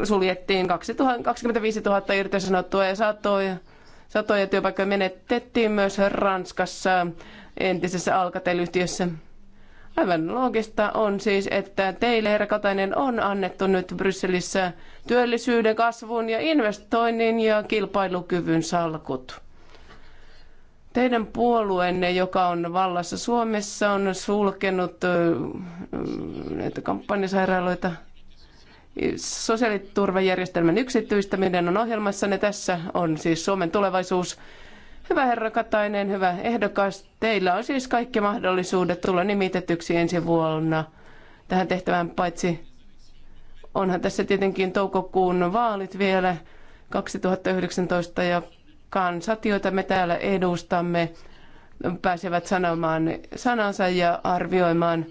suljettiin 25 000 irtisanottua ja satoja, satoja työpaikkoja menetettiin myös Ranskassa entisessä Alcatel-yhtiössä. Aivan loogista on siis, että teille, herra Katainen, on annettu nyt Brysselissä työllisyyden, kasvun ja investoinnin ja kilpailukyvyn salkut. Teidän puolueenne, joka on vallassa Suomessa, on sulkenut näitä kampanjasairaaloita. Sosiaaliturvajärjestelmän yksityistäminen on ohjelmassanne. Tässä on siis Suomen tulevaisuus. Hyvä herra Katainen, hyvä ehdokas. Teillä on siis kaikki mahdollisuudet tulla nimitetyksi ensi vuonna tähän tehtävään, paitsi onhan tässä tietenkin toukokuun vaalit vielä 2019 ja kansat, joita me täällä edustamme, pääsevät sanomaan sanansa ja arvioimaan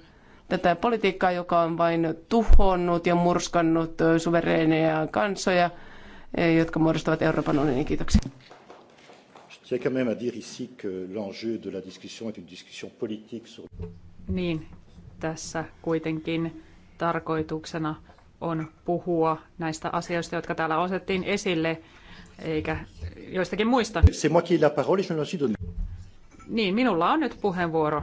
tätä politiikkaa, joka on vain tuhonnut ja murskannut suvereeneja kansoja, eh, jotka muodostavat Euroopan unionin. Kiitoksia. Je quand même à dire ici que l'enjeu de la discussion est une discussion politique sur... Niin, tässä kuitenkin tarkoituksena on puhua näistä asioista, jotka täällä osettiin esille eikä joistakin muista. C'est moi qui la parole je suis donné. Niin, minulla on nyt puheenvuoro.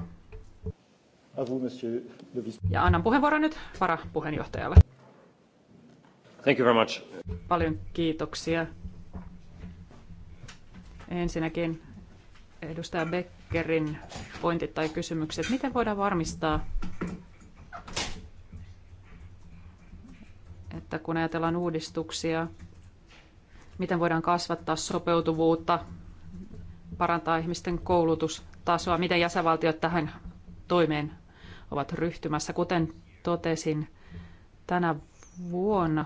vous, monsieur le Ja annan puheenvuoron nyt varapuheenjohtajalle. Thank you very much. Paljon kiitoksia. Ensinnäkin edustaja Beckerin pointit tai kysymykset. Miten voidaan varmistaa, että kun ajatellaan uudistuksia, miten voidaan kasvattaa sopeutuvuutta, parantaa ihmisten koulutustasoa, miten jäsenvaltiot tähän toimeen ovat ryhtymässä. Kuten totesin, tänä vuonna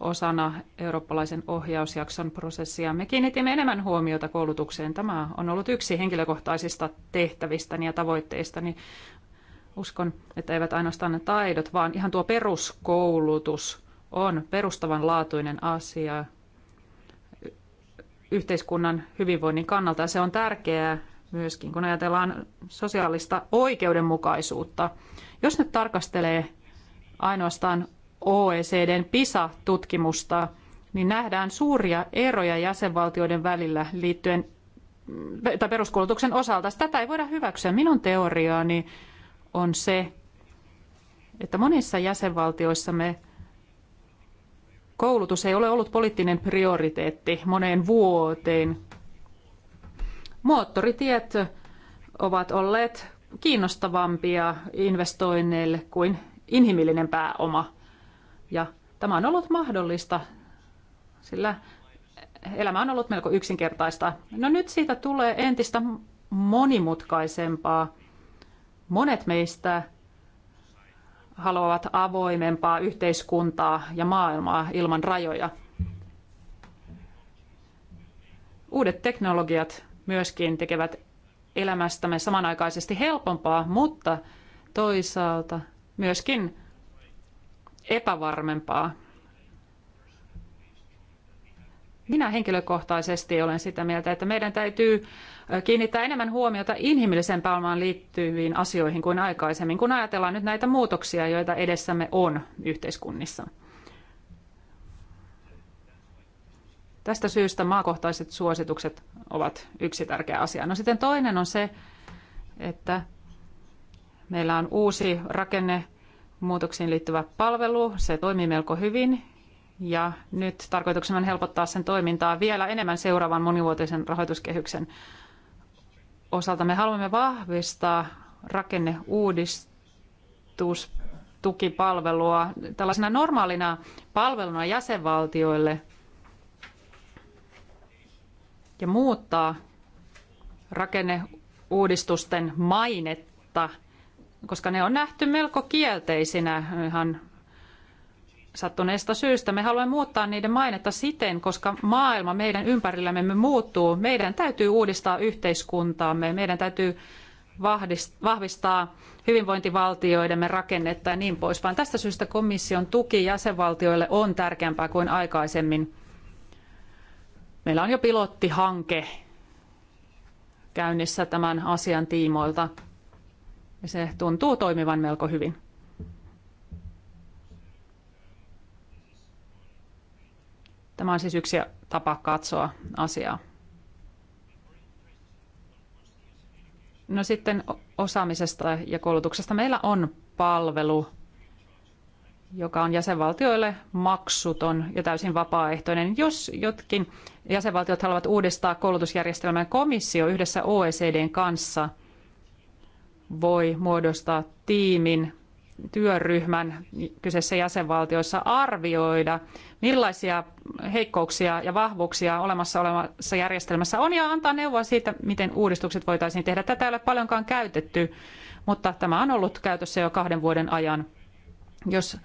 osana eurooppalaisen ohjausjakson prosessia me kiinnitimme enemmän huomiota koulutukseen. Tämä on ollut yksi henkilökohtaisista tehtävistäni ja tavoitteistani. Uskon, että eivät ainoastaan ne taidot, vaan ihan tuo peruskoulutus on perustavanlaatuinen asia, yhteiskunnan hyvinvoinnin kannalta. Se on tärkeää myöskin, kun ajatellaan sosiaalista oikeudenmukaisuutta. Jos nyt tarkastelee ainoastaan OECDn PISA-tutkimusta, niin nähdään suuria eroja jäsenvaltioiden välillä liittyen tai peruskoulutuksen osalta. Tätä ei voida hyväksyä. Minun teoriaani on se, että monissa jäsenvaltioissa me Koulutus ei ole ollut poliittinen prioriteetti moneen vuoteen. Moottoritiet ovat olleet kiinnostavampia investoinneille kuin inhimillinen pääoma. Ja tämä on ollut mahdollista, sillä elämä on ollut melko yksinkertaista. No nyt siitä tulee entistä monimutkaisempaa. Monet meistä haluavat avoimempaa yhteiskuntaa ja maailmaa ilman rajoja. Uudet teknologiat myöskin tekevät elämästämme samanaikaisesti helpompaa, mutta toisaalta myöskin epävarmempaa. Minä henkilökohtaisesti olen sitä mieltä, että meidän täytyy kiinnittää enemmän huomiota inhimilliseen pääomaan liittyviin asioihin kuin aikaisemmin, kun ajatellaan nyt näitä muutoksia, joita edessämme on yhteiskunnissa. Tästä syystä maakohtaiset suositukset ovat yksi tärkeä asia. No sitten toinen on se, että meillä on uusi rakenne muutoksiin liittyvä palvelu. Se toimii melko hyvin ja nyt tarkoituksena on helpottaa sen toimintaa vielä enemmän seuraavan monivuotisen rahoituskehyksen osalta me haluamme vahvistaa rakenneuudistustukipalvelua tällaisena normaalina palveluna jäsenvaltioille ja muuttaa rakenneuudistusten mainetta, koska ne on nähty melko kielteisinä ihan sattuneesta syystä. Me haluamme muuttaa niiden mainetta siten, koska maailma meidän ympärillämme muuttuu. Meidän täytyy uudistaa yhteiskuntaamme, meidän täytyy vahvistaa hyvinvointivaltioidemme rakennetta ja niin poispäin. Tästä syystä komission tuki jäsenvaltioille on tärkeämpää kuin aikaisemmin. Meillä on jo pilottihanke käynnissä tämän asian tiimoilta ja se tuntuu toimivan melko hyvin. Tämä on siis yksi tapa katsoa asiaa. No sitten osaamisesta ja koulutuksesta. Meillä on palvelu, joka on jäsenvaltioille maksuton ja täysin vapaaehtoinen. Jos jotkin jäsenvaltiot haluavat uudistaa koulutusjärjestelmän komissio yhdessä OECDn kanssa voi muodostaa tiimin, työryhmän kyseessä jäsenvaltioissa arvioida millaisia heikkouksia ja vahvuuksia olemassa olevassa järjestelmässä on ja antaa neuvoa siitä, miten uudistukset voitaisiin tehdä. Tätä ei ole paljonkaan käytetty, mutta tämä on ollut käytössä jo kahden vuoden ajan. Jos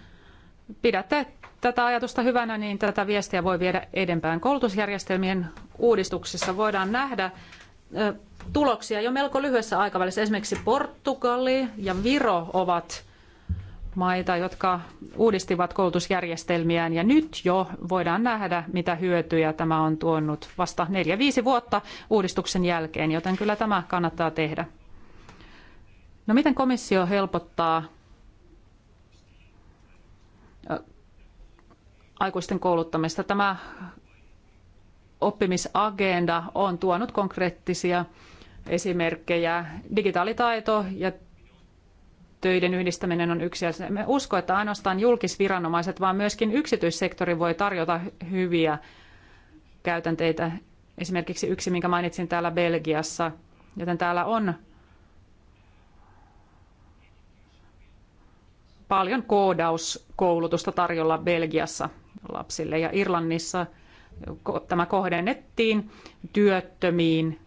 pidätte tätä ajatusta hyvänä, niin tätä viestiä voi viedä edempään. Koulutusjärjestelmien uudistuksissa voidaan nähdä tuloksia jo melko lyhyessä aikavälissä. Esimerkiksi Portugali ja Viro ovat maita, jotka uudistivat koulutusjärjestelmiään ja nyt jo voidaan nähdä, mitä hyötyjä tämä on tuonut vasta 4-5 vuotta uudistuksen jälkeen, joten kyllä tämä kannattaa tehdä. No miten komissio helpottaa aikuisten kouluttamista? Tämä oppimisagenda on tuonut konkreettisia esimerkkejä. Digitaalitaito ja töiden yhdistäminen on yksi asia. Me usko, että ainoastaan julkisviranomaiset, vaan myöskin yksityissektori voi tarjota hyviä käytänteitä. Esimerkiksi yksi, minkä mainitsin täällä Belgiassa. Joten täällä on paljon koodauskoulutusta tarjolla Belgiassa lapsille ja Irlannissa tämä kohdennettiin työttömiin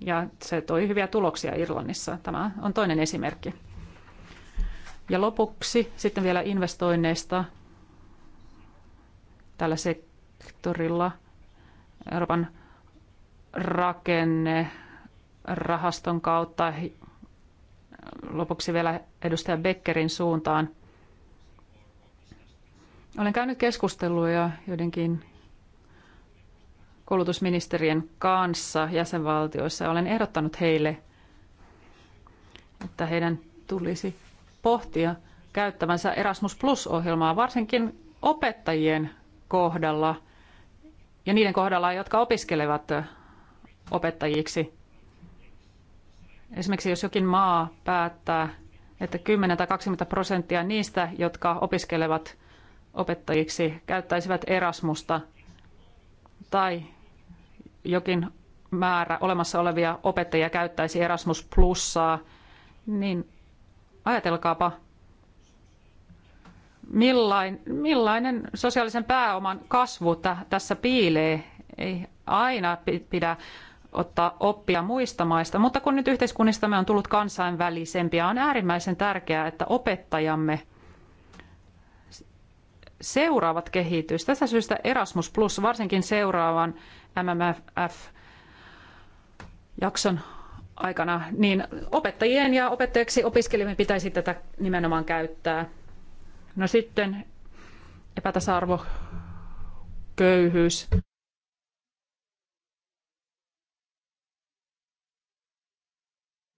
ja se toi hyviä tuloksia Irlannissa. Tämä on toinen esimerkki. Ja lopuksi sitten vielä investoinneista tällä sektorilla. Euroopan rakenne rahaston kautta lopuksi vielä edustaja Beckerin suuntaan. Olen käynyt keskusteluja joidenkin koulutusministerien kanssa jäsenvaltioissa. Olen ehdottanut heille, että heidän tulisi pohtia käyttämänsä Erasmus Plus-ohjelmaa, varsinkin opettajien kohdalla ja niiden kohdalla, jotka opiskelevat opettajiksi. Esimerkiksi jos jokin maa päättää, että 10 tai 20 prosenttia niistä, jotka opiskelevat opettajiksi, käyttäisivät Erasmusta, tai jokin määrä olemassa olevia opettajia käyttäisi Erasmus Plussaa, niin ajatelkaapa, millain, millainen sosiaalisen pääoman kasvu tässä piilee. Ei aina pidä ottaa oppia muista maista, mutta kun nyt yhteiskunnistamme on tullut kansainvälisempiä, on äärimmäisen tärkeää, että opettajamme seuraavat kehitystä. Tästä syystä Erasmus Plus, varsinkin seuraavan MMF-jakson aikana, niin opettajien ja opettajaksi opiskelijoiden pitäisi tätä nimenomaan käyttää. No sitten epätasa-arvo, köyhyys.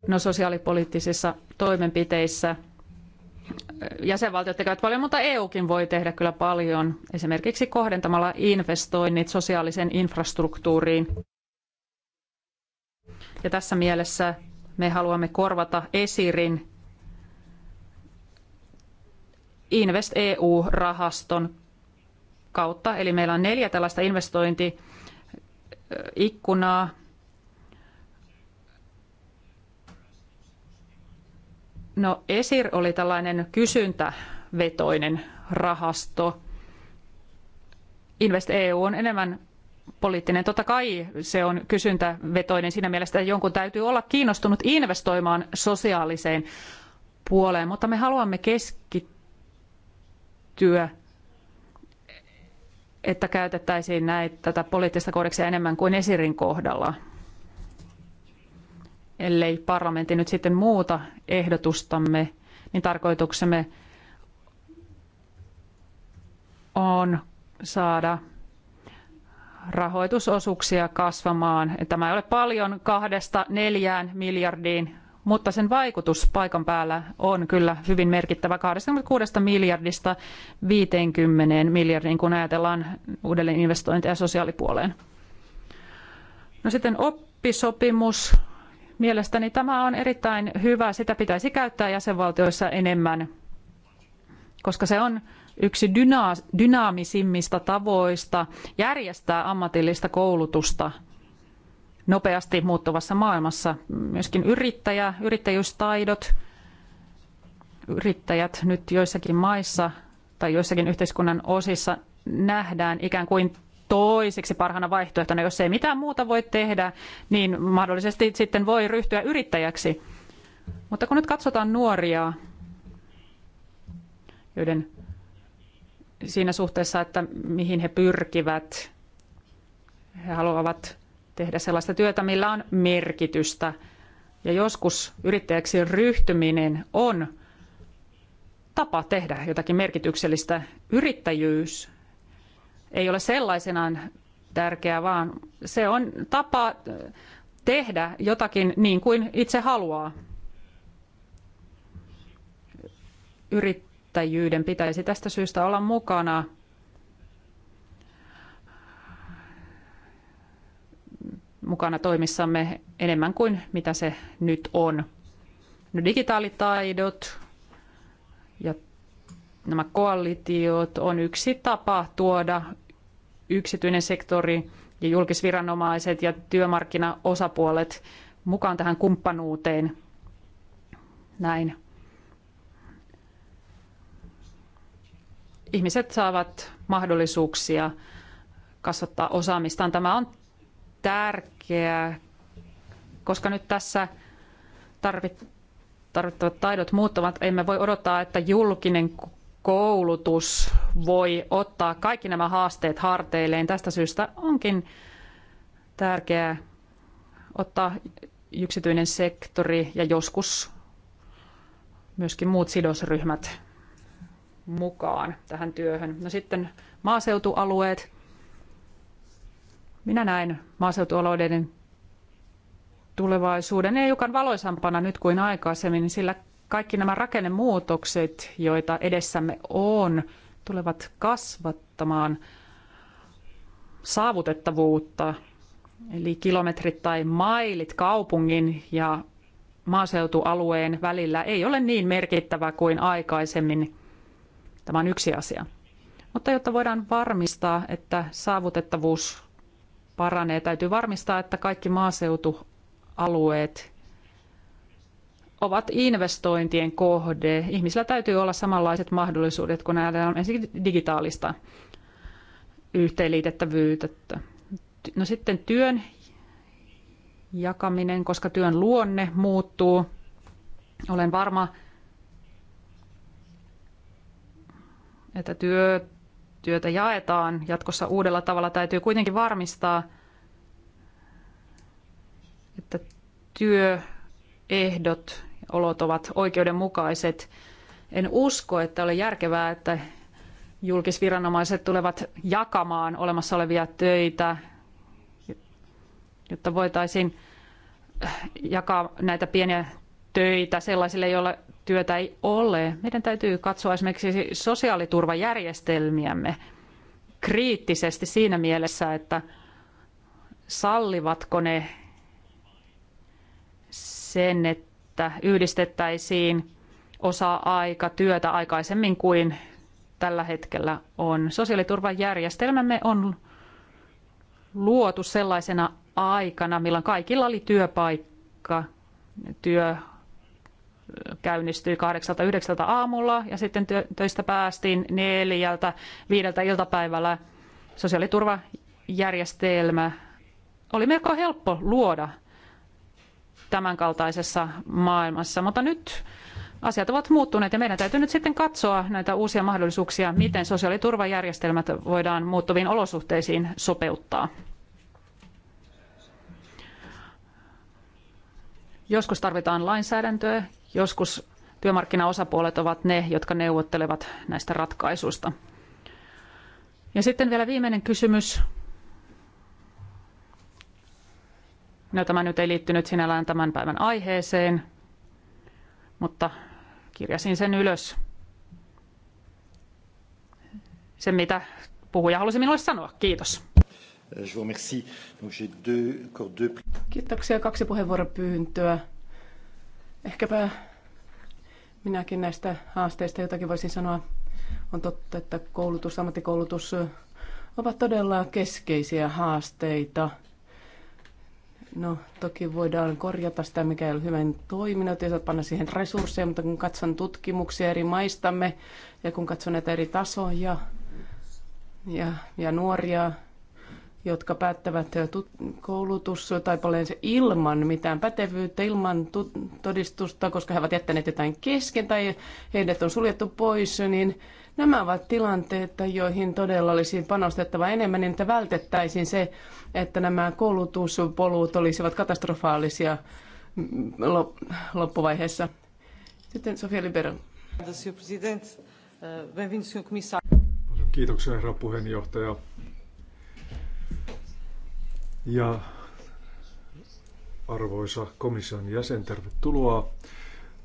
No sosiaalipoliittisissa toimenpiteissä – jäsenvaltiot tekevät paljon, mutta EUkin voi tehdä kyllä paljon, esimerkiksi kohdentamalla investoinnit sosiaaliseen infrastruktuuriin. Ja tässä mielessä me haluamme korvata Esirin Invest EU-rahaston kautta. Eli meillä on neljä tällaista investointiikkunaa, No ESIR oli tällainen kysyntävetoinen rahasto. Invest EU on enemmän poliittinen. Totta kai se on kysyntävetoinen siinä mielessä, että jonkun täytyy olla kiinnostunut investoimaan sosiaaliseen puoleen, mutta me haluamme keskittyä että käytettäisiin näitä, tätä poliittista kodeksia enemmän kuin esirin kohdalla ellei parlamentti nyt sitten muuta ehdotustamme, niin tarkoituksemme on saada rahoitusosuuksia kasvamaan. Tämä ei ole paljon kahdesta neljään miljardiin, mutta sen vaikutus paikan päällä on kyllä hyvin merkittävä 26 miljardista 50 miljardiin, kun ajatellaan uudelleen investointeja sosiaalipuoleen. No sitten oppisopimus Mielestäni tämä on erittäin hyvä. Sitä pitäisi käyttää jäsenvaltioissa enemmän, koska se on yksi dyna- dynaamisimmista tavoista järjestää ammatillista koulutusta nopeasti muuttuvassa maailmassa. Myöskin yrittäjä, yrittäjyystaidot, yrittäjät nyt joissakin maissa tai joissakin yhteiskunnan osissa nähdään ikään kuin toiseksi parhaana vaihtoehtona. Jos ei mitään muuta voi tehdä, niin mahdollisesti sitten voi ryhtyä yrittäjäksi. Mutta kun nyt katsotaan nuoria, joiden siinä suhteessa, että mihin he pyrkivät, he haluavat tehdä sellaista työtä, millä on merkitystä. Ja joskus yrittäjäksi ryhtyminen on tapa tehdä jotakin merkityksellistä. Yrittäjyys ei ole sellaisenaan tärkeää, vaan se on tapa äh, tehdä jotakin niin kuin itse haluaa. Yrittäjyyden pitäisi tästä syystä olla mukana mukana toimissamme enemmän kuin mitä se nyt on. No, digitaalitaidot ja nämä koalitiot on yksi tapa tuoda yksityinen sektori ja julkisviranomaiset ja työmarkkinaosapuolet mukaan tähän kumppanuuteen. Näin. Ihmiset saavat mahdollisuuksia kasvattaa osaamistaan. Tämä on tärkeää, koska nyt tässä tarvittavat taidot muuttuvat. Emme voi odottaa, että julkinen koulutus voi ottaa kaikki nämä haasteet harteilleen. Tästä syystä onkin tärkeää ottaa yksityinen sektori ja joskus myöskin muut sidosryhmät mukaan tähän työhön. No sitten maaseutualueet. Minä näen maaseutualueiden tulevaisuuden ei hiukan valoisampana nyt kuin aikaisemmin, sillä kaikki nämä rakennemuutokset, joita edessämme on, tulevat kasvattamaan saavutettavuutta, eli kilometrit tai mailit kaupungin ja maaseutualueen välillä ei ole niin merkittävä kuin aikaisemmin. Tämä on yksi asia. Mutta jotta voidaan varmistaa, että saavutettavuus paranee, täytyy varmistaa, että kaikki maaseutualueet ovat investointien kohde. Ihmisillä täytyy olla samanlaiset mahdollisuudet, kun näillä on ensinnäkin digitaalista yhteenliitettävyyttä. No sitten työn jakaminen, koska työn luonne muuttuu. Olen varma, että työ, työtä jaetaan jatkossa uudella tavalla. Täytyy kuitenkin varmistaa, että työehdot olot ovat oikeudenmukaiset. En usko, että ole järkevää, että julkisviranomaiset tulevat jakamaan olemassa olevia töitä, jotta voitaisiin äh, jakaa näitä pieniä töitä sellaisille, joilla työtä ei ole. Meidän täytyy katsoa esimerkiksi sosiaaliturvajärjestelmiämme kriittisesti siinä mielessä, että sallivatko ne sen, että että yhdistettäisiin osa aika työtä aikaisemmin kuin tällä hetkellä on. Sosiaaliturvajärjestelmämme on luotu sellaisena aikana, milloin kaikilla oli työpaikka. Työ käynnistyi 8-9 aamulla ja sitten töistä päästiin neljältä, viideltä iltapäivällä. Sosiaaliturvajärjestelmä oli melko helppo luoda tämänkaltaisessa maailmassa. Mutta nyt asiat ovat muuttuneet ja meidän täytyy nyt sitten katsoa näitä uusia mahdollisuuksia, miten sosiaaliturvajärjestelmät voidaan muuttuviin olosuhteisiin sopeuttaa. Joskus tarvitaan lainsäädäntöä, joskus työmarkkinaosapuolet ovat ne, jotka neuvottelevat näistä ratkaisuista. Ja sitten vielä viimeinen kysymys. No tämä nyt ei liittynyt sinällään tämän päivän aiheeseen, mutta kirjasin sen ylös. Sen mitä puhuja halusi minulle sanoa. Kiitos. Kiitoksia. Kaksi puheenvuoropyyntöä. Ehkäpä minäkin näistä haasteista jotakin voisin sanoa. On totta, että koulutus, ammattikoulutus ovat todella keskeisiä haasteita – No, toki voidaan korjata sitä, mikä ei ole hyvän toiminut, ja panna siihen resursseja, mutta kun katson tutkimuksia eri maistamme, ja kun katson näitä eri tasoja, ja, ja nuoria, jotka päättävät koulutus tai se ilman mitään pätevyyttä, ilman todistusta, koska he ovat jättäneet jotain kesken tai heidät on suljettu pois, niin Nämä ovat tilanteet, joihin todella olisi panostettava enemmän, niin että vältettäisiin se, että nämä koulutuspolut olisivat katastrofaalisia mm, loppuvaiheessa. Sitten Sofia Libero. Eh, Paljon kiitoksia, herra puheenjohtaja. Ja arvoisa komission jäsen, tervetuloa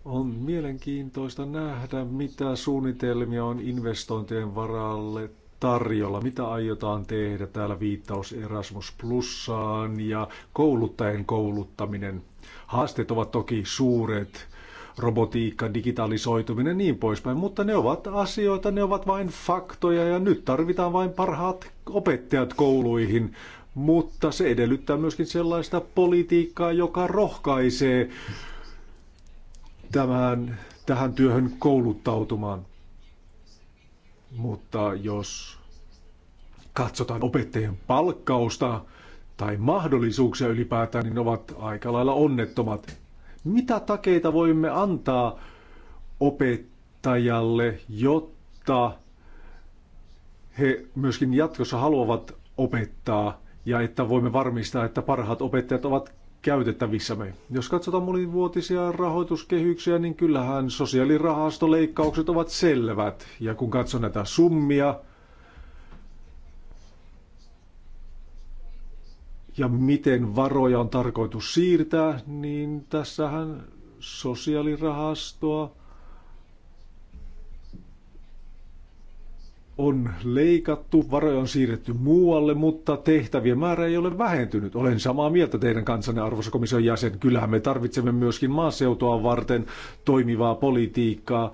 on mielenkiintoista nähdä, mitä suunnitelmia on investointien varalle tarjolla, mitä aiotaan tehdä. Täällä viittaus Erasmus Plussaan ja kouluttajien kouluttaminen. Haasteet ovat toki suuret, robotiikka, digitalisoituminen ja niin poispäin, mutta ne ovat asioita, ne ovat vain faktoja ja nyt tarvitaan vain parhaat opettajat kouluihin. Mutta se edellyttää myöskin sellaista politiikkaa, joka rohkaisee tämän, tähän työhön kouluttautumaan. Mutta jos katsotaan opettajien palkkausta tai mahdollisuuksia ylipäätään, niin ovat aika lailla onnettomat. Mitä takeita voimme antaa opettajalle, jotta he myöskin jatkossa haluavat opettaa ja että voimme varmistaa, että parhaat opettajat ovat käytettävissämme. Jos katsotaan monivuotisia rahoituskehyksiä, niin kyllähän sosiaalirahastoleikkaukset ovat selvät. Ja kun katson näitä summia ja miten varoja on tarkoitus siirtää, niin tässähän sosiaalirahastoa on leikattu, varoja on siirretty muualle, mutta tehtävien määrä ei ole vähentynyt. Olen samaa mieltä teidän kanssanne, arvoisa komission jäsen. Kyllähän me tarvitsemme myöskin maaseutua varten toimivaa politiikkaa.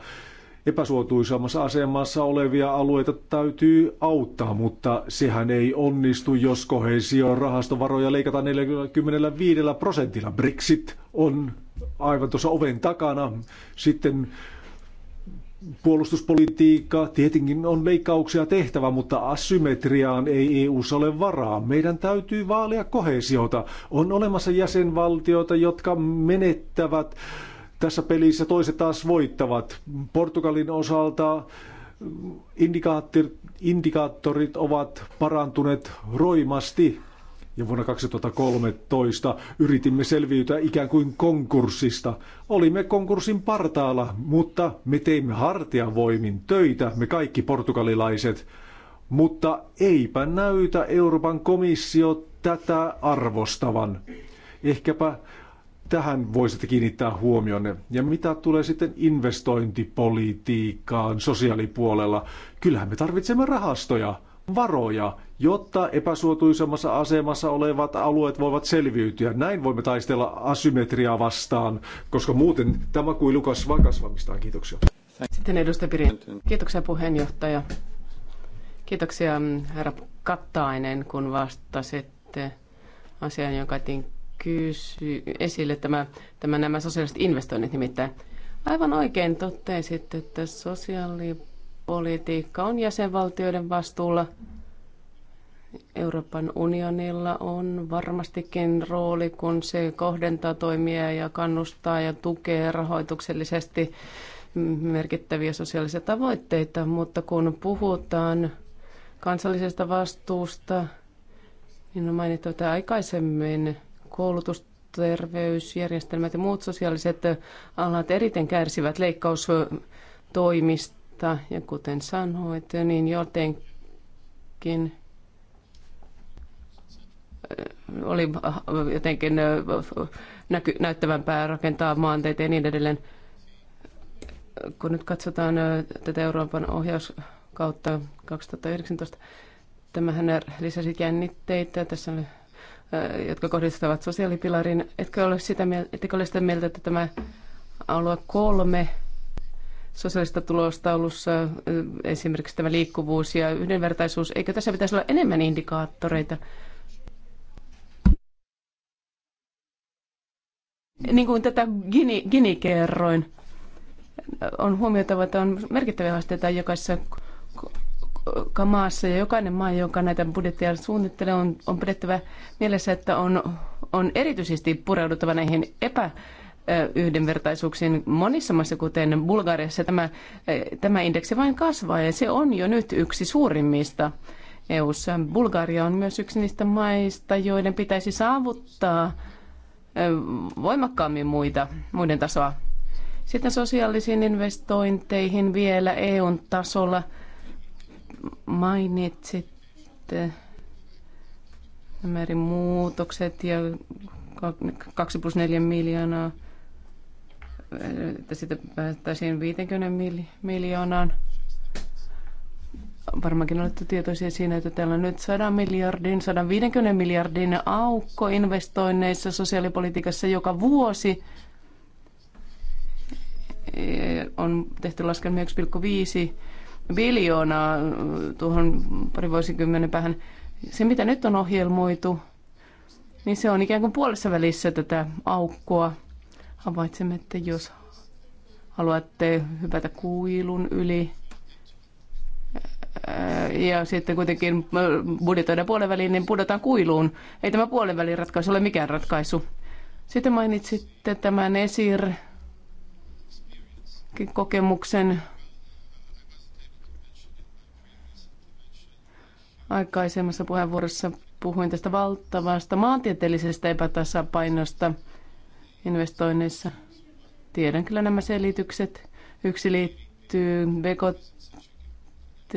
Epäsuotuisammassa asemassa olevia alueita täytyy auttaa, mutta sehän ei onnistu, jos kohesion rahastovaroja leikataan 45 prosentilla. Brexit on aivan tuossa oven takana. Sitten puolustuspolitiikka, tietenkin on leikkauksia tehtävä, mutta asymmetriaan ei eu ole varaa. Meidän täytyy vaalia kohesiota. On olemassa jäsenvaltioita, jotka menettävät tässä pelissä, toiset taas voittavat. Portugalin osalta mm, indikaattorit ovat parantuneet roimasti ja vuonna 2013 yritimme selviytyä ikään kuin konkurssista. Olimme konkurssin partaalla, mutta me teimme hartiavoimin töitä, me kaikki portugalilaiset. Mutta eipä näytä Euroopan komissio tätä arvostavan. Ehkäpä tähän voisitte kiinnittää huomionne. Ja mitä tulee sitten investointipolitiikkaan sosiaalipuolella, kyllähän me tarvitsemme rahastoja – varoja, jotta epäsuotuisemmassa asemassa olevat alueet voivat selviytyä. Näin voimme taistella asymmetriaa vastaan, koska muuten tämä kuilu kasvaa kasvamistaan. Kiitoksia. Sitten edustaja Pirin. Kiitoksia puheenjohtaja. Kiitoksia herra Kattainen, kun vastasitte asiaan, jonka etin kysy- esille tämä, tämä, nämä sosiaaliset investoinnit nimittäin. Aivan oikein totesit, että sosiaali politiikka on jäsenvaltioiden vastuulla. Euroopan unionilla on varmastikin rooli, kun se kohdentaa toimia ja kannustaa ja tukee rahoituksellisesti merkittäviä sosiaalisia tavoitteita, mutta kun puhutaan kansallisesta vastuusta, niin on mainittu, että aikaisemmin koulutus, terveysjärjestelmät ja muut sosiaaliset alat eriten kärsivät leikkaustoimista mutta Ja kuten sanoit, niin jotenkin äh, oli jotenkin äh, näky, näyttävämpää rakentaa maanteita ja niin edelleen. Kun nyt katsotaan äh, tätä Euroopan ohjauskautta 2019, tämähän lisäsi jännitteitä. Tässä oli jotka kohdistavat sosiaalipilarin. Etkö ole sitä mieltä, etkö ole sitä mieltä, että tämä alue kolme sosiaalista tulostaulussa, esimerkiksi tämä liikkuvuus ja yhdenvertaisuus. Eikö tässä pitäisi olla enemmän indikaattoreita? Niin kuin tätä Gini, Gini-kerroin, on huomioitava, että on merkittäviä haasteita jokaisessa maassa ja jokainen maa, joka näitä budjetteja suunnittelee, on, on pidettävä mielessä, että on, on erityisesti pureuduttava näihin epä yhdenvertaisuuksiin monissa maissa, kuten Bulgariassa, tämä, tämä indeksi vain kasvaa ja se on jo nyt yksi suurimmista EU:ssa. Bulgaria on myös yksi niistä maista, joiden pitäisi saavuttaa voimakkaammin muita, muiden tasoa. Sitten sosiaalisiin investointeihin vielä EUn tasolla mainitsit nämä eri muutokset ja 2 plus 4 miljoonaa että siitä päästäisiin 50 miljoonaan. Varmaankin olette tietoisia siinä, että täällä on nyt 100 miljardin, 150 miljardin aukko investoinneissa sosiaalipolitiikassa joka vuosi. On tehty laskelmia 1,5 biljoonaa tuohon pari vuosikymmenen päähän. Se, mitä nyt on ohjelmoitu, niin se on ikään kuin puolessa välissä tätä aukkoa. Havaitsemme, että jos haluatte hypätä kuilun yli, ja sitten kuitenkin budjetoida väliin, niin pudotaan kuiluun. Ei tämä puolenvälin ratkaisu ole mikään ratkaisu. Sitten mainitsitte tämän esir kokemuksen aikaisemmassa puheenvuorossa puhuin tästä valtavasta maantieteellisestä epätasapainosta – investoinneissa. Tiedän kyllä nämä selitykset. Yksi liittyy BKT,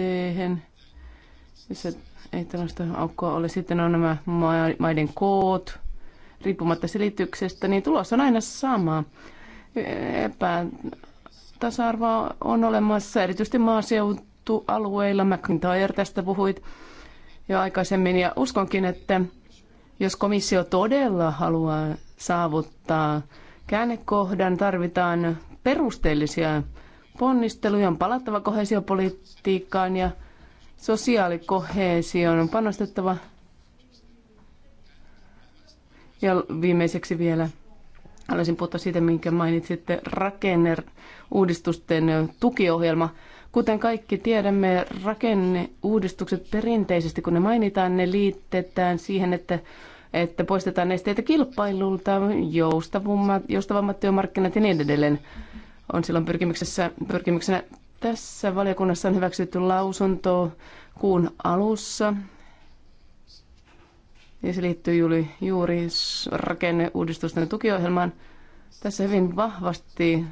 jossa ei tällaista aukkoa ole. Sitten on nämä maiden koot, riippumatta selityksestä, niin tulos on aina sama. Epätasa-arvoa on olemassa, erityisesti maaseutualueilla. McIntyre tästä puhuit jo aikaisemmin, ja uskonkin, että jos komissio todella haluaa saavuttaa käännekohdan, tarvitaan perusteellisia ponnisteluja, on palattava kohesiopolitiikkaan ja sosiaalikohesioon on panostettava. Ja viimeiseksi vielä haluaisin puhua siitä, minkä mainitsitte, rakenneuudistusten tukiohjelma. Kuten kaikki tiedämme, rakenneuudistukset perinteisesti, kun ne mainitaan, ne liitetään siihen, että että poistetaan esteitä kilpailulta, joustavammat, joustavammat työmarkkinat ja niin edelleen on silloin pyrkimyksessä, pyrkimyksenä. Tässä valiokunnassa on hyväksytty lausunto kuun alussa ja se liittyy juuri, juuri rakenneuudistusten tukiohjelmaan. Tässä hyvin vahvasti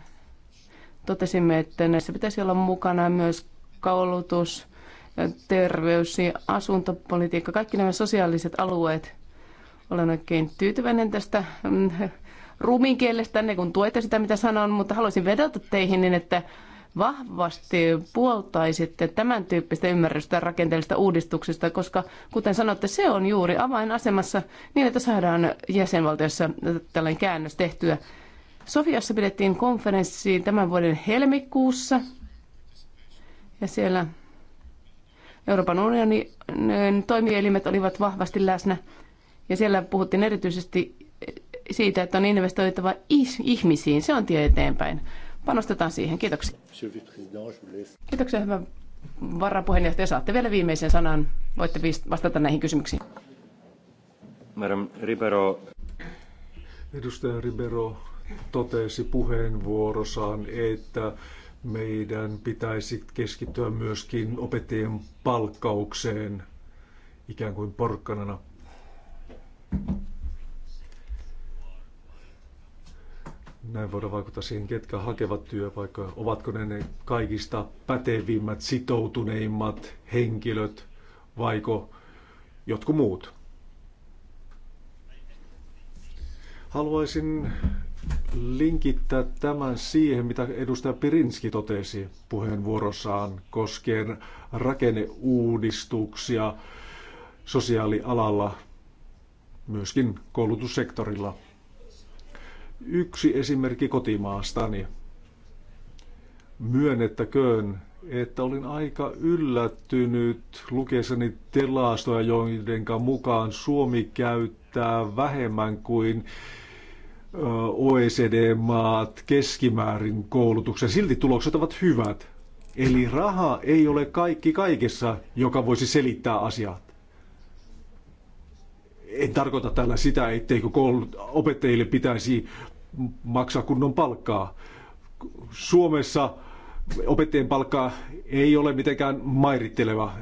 totesimme, että näissä pitäisi olla mukana myös koulutus, terveys ja asuntopolitiikka, kaikki nämä sosiaaliset alueet – olen oikein tyytyväinen tästä mm, ruminkielestänne, kun tuette sitä, mitä sanon, mutta haluaisin vedota teihin niin, että vahvasti puoltaisitte tämän tyyppistä ymmärrystä rakenteellisista uudistuksista, koska kuten sanotte, se on juuri avainasemassa niin, että saadaan jäsenvaltiossa tällainen käännös tehtyä. Sofiassa pidettiin konferenssi tämän vuoden helmikuussa ja siellä Euroopan unionin toimielimet olivat vahvasti läsnä ja siellä puhuttiin erityisesti siitä, että on investoitava ihmisiin. Se on tie eteenpäin. Panostetaan siihen. Kiitoksia. Kiitoksia, hyvä varapuheenjohtaja. Saatte vielä viimeisen sanan. Voitte vastata näihin kysymyksiin. Madam Ribero Edustaja Ribero totesi puheenvuorossaan, että meidän pitäisi keskittyä myöskin opettajien palkkaukseen ikään kuin porkkanana näin voidaan vaikuttaa siihen, ketkä hakevat työpaikkoja. Ovatko ne, ne kaikista pätevimmät, sitoutuneimmat henkilöt vaiko jotkut muut? Haluaisin linkittää tämän siihen, mitä edustaja Pirinski totesi puheenvuorossaan koskien rakenneuudistuksia sosiaalialalla myöskin koulutussektorilla. Yksi esimerkki kotimaastani. Myönnettäköön, että olin aika yllättynyt lukeessani tilastoja, joiden mukaan Suomi käyttää vähemmän kuin OECD-maat keskimäärin koulutuksen. Silti tulokset ovat hyvät. Eli raha ei ole kaikki kaikessa, joka voisi selittää asiat en tarkoita tällä sitä, etteikö koulut, opettajille pitäisi maksaa kunnon palkkaa. Suomessa opettajien palkka ei ole mitenkään mairitteleva,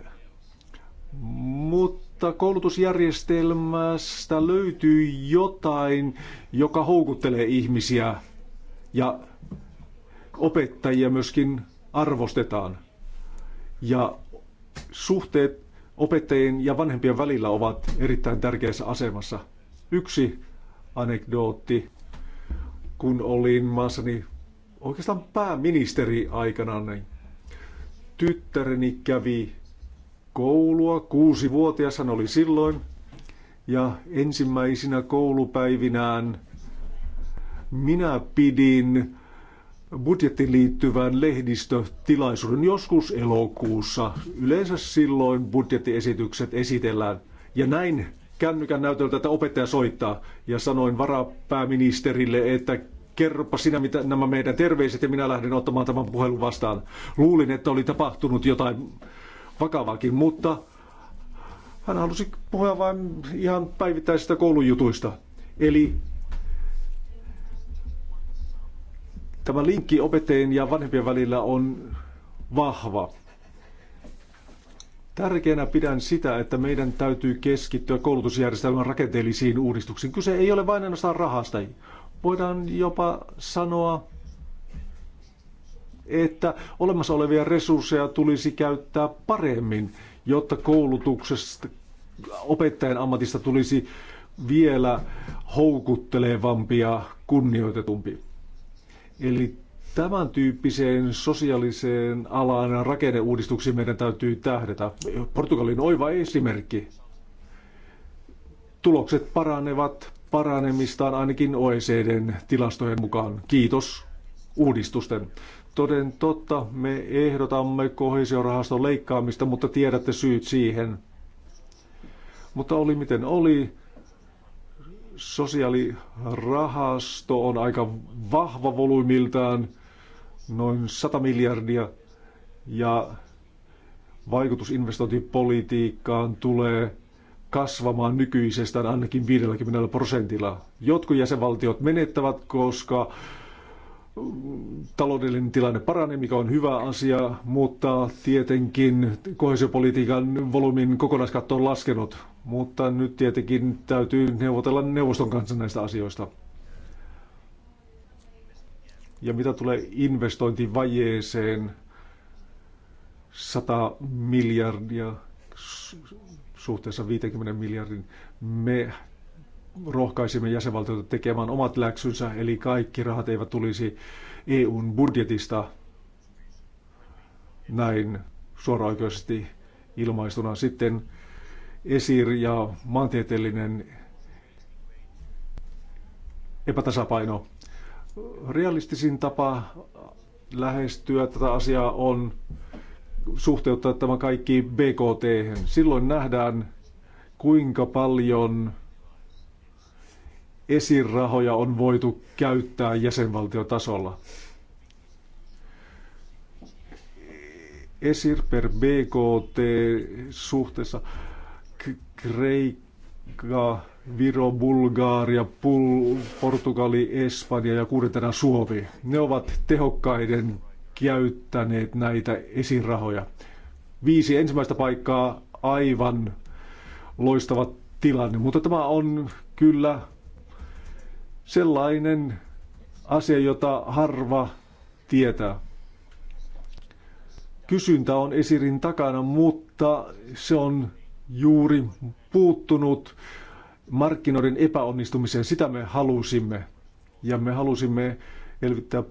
mutta koulutusjärjestelmästä löytyy jotain, joka houkuttelee ihmisiä ja opettajia myöskin arvostetaan. Ja suhteet opettajien ja vanhempien välillä ovat erittäin tärkeässä asemassa. Yksi anekdootti, kun olin maassani oikeastaan pääministeri aikana, niin tyttäreni kävi koulua, kuusi-vuotias hän oli silloin, ja ensimmäisinä koulupäivinään minä pidin budjettiin liittyvän lehdistötilaisuuden joskus elokuussa. Yleensä silloin budjettiesitykset esitellään. Ja näin kännykän näytöltä, että opettaja soittaa. Ja sanoin varapääministerille, että kerropa sinä mitä, nämä meidän terveiset ja minä lähden ottamaan tämän puhelun vastaan. Luulin, että oli tapahtunut jotain vakavakin, mutta hän halusi puhua vain ihan päivittäisistä koulujutuista. Eli Tämä linkki opettajien ja vanhempien välillä on vahva. Tärkeänä pidän sitä, että meidän täytyy keskittyä koulutusjärjestelmän rakenteellisiin uudistuksiin. Kyse ei ole vain ainoastaan rahasta. Voidaan jopa sanoa, että olemassa olevia resursseja tulisi käyttää paremmin, jotta koulutuksesta, opettajan ammatista tulisi vielä houkuttelevampi ja kunnioitetumpi. Eli tämän tyyppiseen sosiaaliseen alaan rakenneuudistuksiin meidän täytyy tähdätä. Portugalin oiva esimerkki. Tulokset paranevat paranemistaan ainakin OECDn tilastojen mukaan. Kiitos uudistusten. Toden totta, me ehdotamme kohesiorahaston leikkaamista, mutta tiedätte syyt siihen. Mutta oli miten oli, sosiaalirahasto on aika vahva volyymiltaan, noin 100 miljardia, ja vaikutus investointipolitiikkaan tulee kasvamaan nykyisestään ainakin 50 prosentilla. Jotkut jäsenvaltiot menettävät, koska taloudellinen tilanne paranee, mikä on hyvä asia, mutta tietenkin kohesiopolitiikan volyymin kokonaiskatto on laskenut. Mutta nyt tietenkin täytyy neuvotella neuvoston kanssa näistä asioista. Ja mitä tulee investointivajeeseen, 100 miljardia suhteessa 50 miljardin, me rohkaisimme jäsenvaltioita tekemään omat läksynsä, eli kaikki rahat eivät tulisi EUn budjetista näin suoraoikeisesti ilmaistuna. Sitten ESIR ja maantieteellinen epätasapaino. Realistisin tapa lähestyä tätä asiaa on suhteuttaa tämä kaikki BKT. Silloin nähdään, kuinka paljon esirahoja on voitu käyttää jäsenvaltiotasolla. Esir per BKT suhteessa Kreikka, Viro, Bulgaaria, Pul- Portugali, Espanja ja kuudentena Suomi. Ne ovat tehokkaiden käyttäneet näitä esirahoja. Viisi ensimmäistä paikkaa aivan loistavat tilanne, mutta tämä on kyllä sellainen asia, jota harva tietää. Kysyntä on esirin takana, mutta se on juuri puuttunut markkinoiden epäonnistumiseen. Sitä me halusimme. Ja me halusimme elvyttää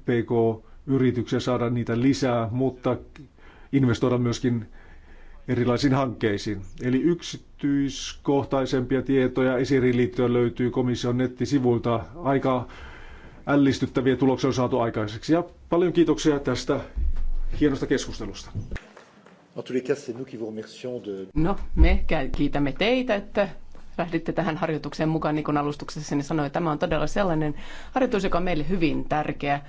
PK-yrityksiä, saada niitä lisää, mutta investoida myöskin erilaisiin hankkeisiin. Eli yksityiskohtaisempia tietoja esiriin liittyen löytyy komission nettisivuilta. Aika ällistyttäviä tuloksia on saatu aikaiseksi. Ja paljon kiitoksia tästä hienosta keskustelusta. No, me kiitämme teitä, että lähditte tähän harjoitukseen mukaan, niin kuin alustuksessa sanoin. Tämä on todella sellainen harjoitus, joka on meille hyvin tärkeä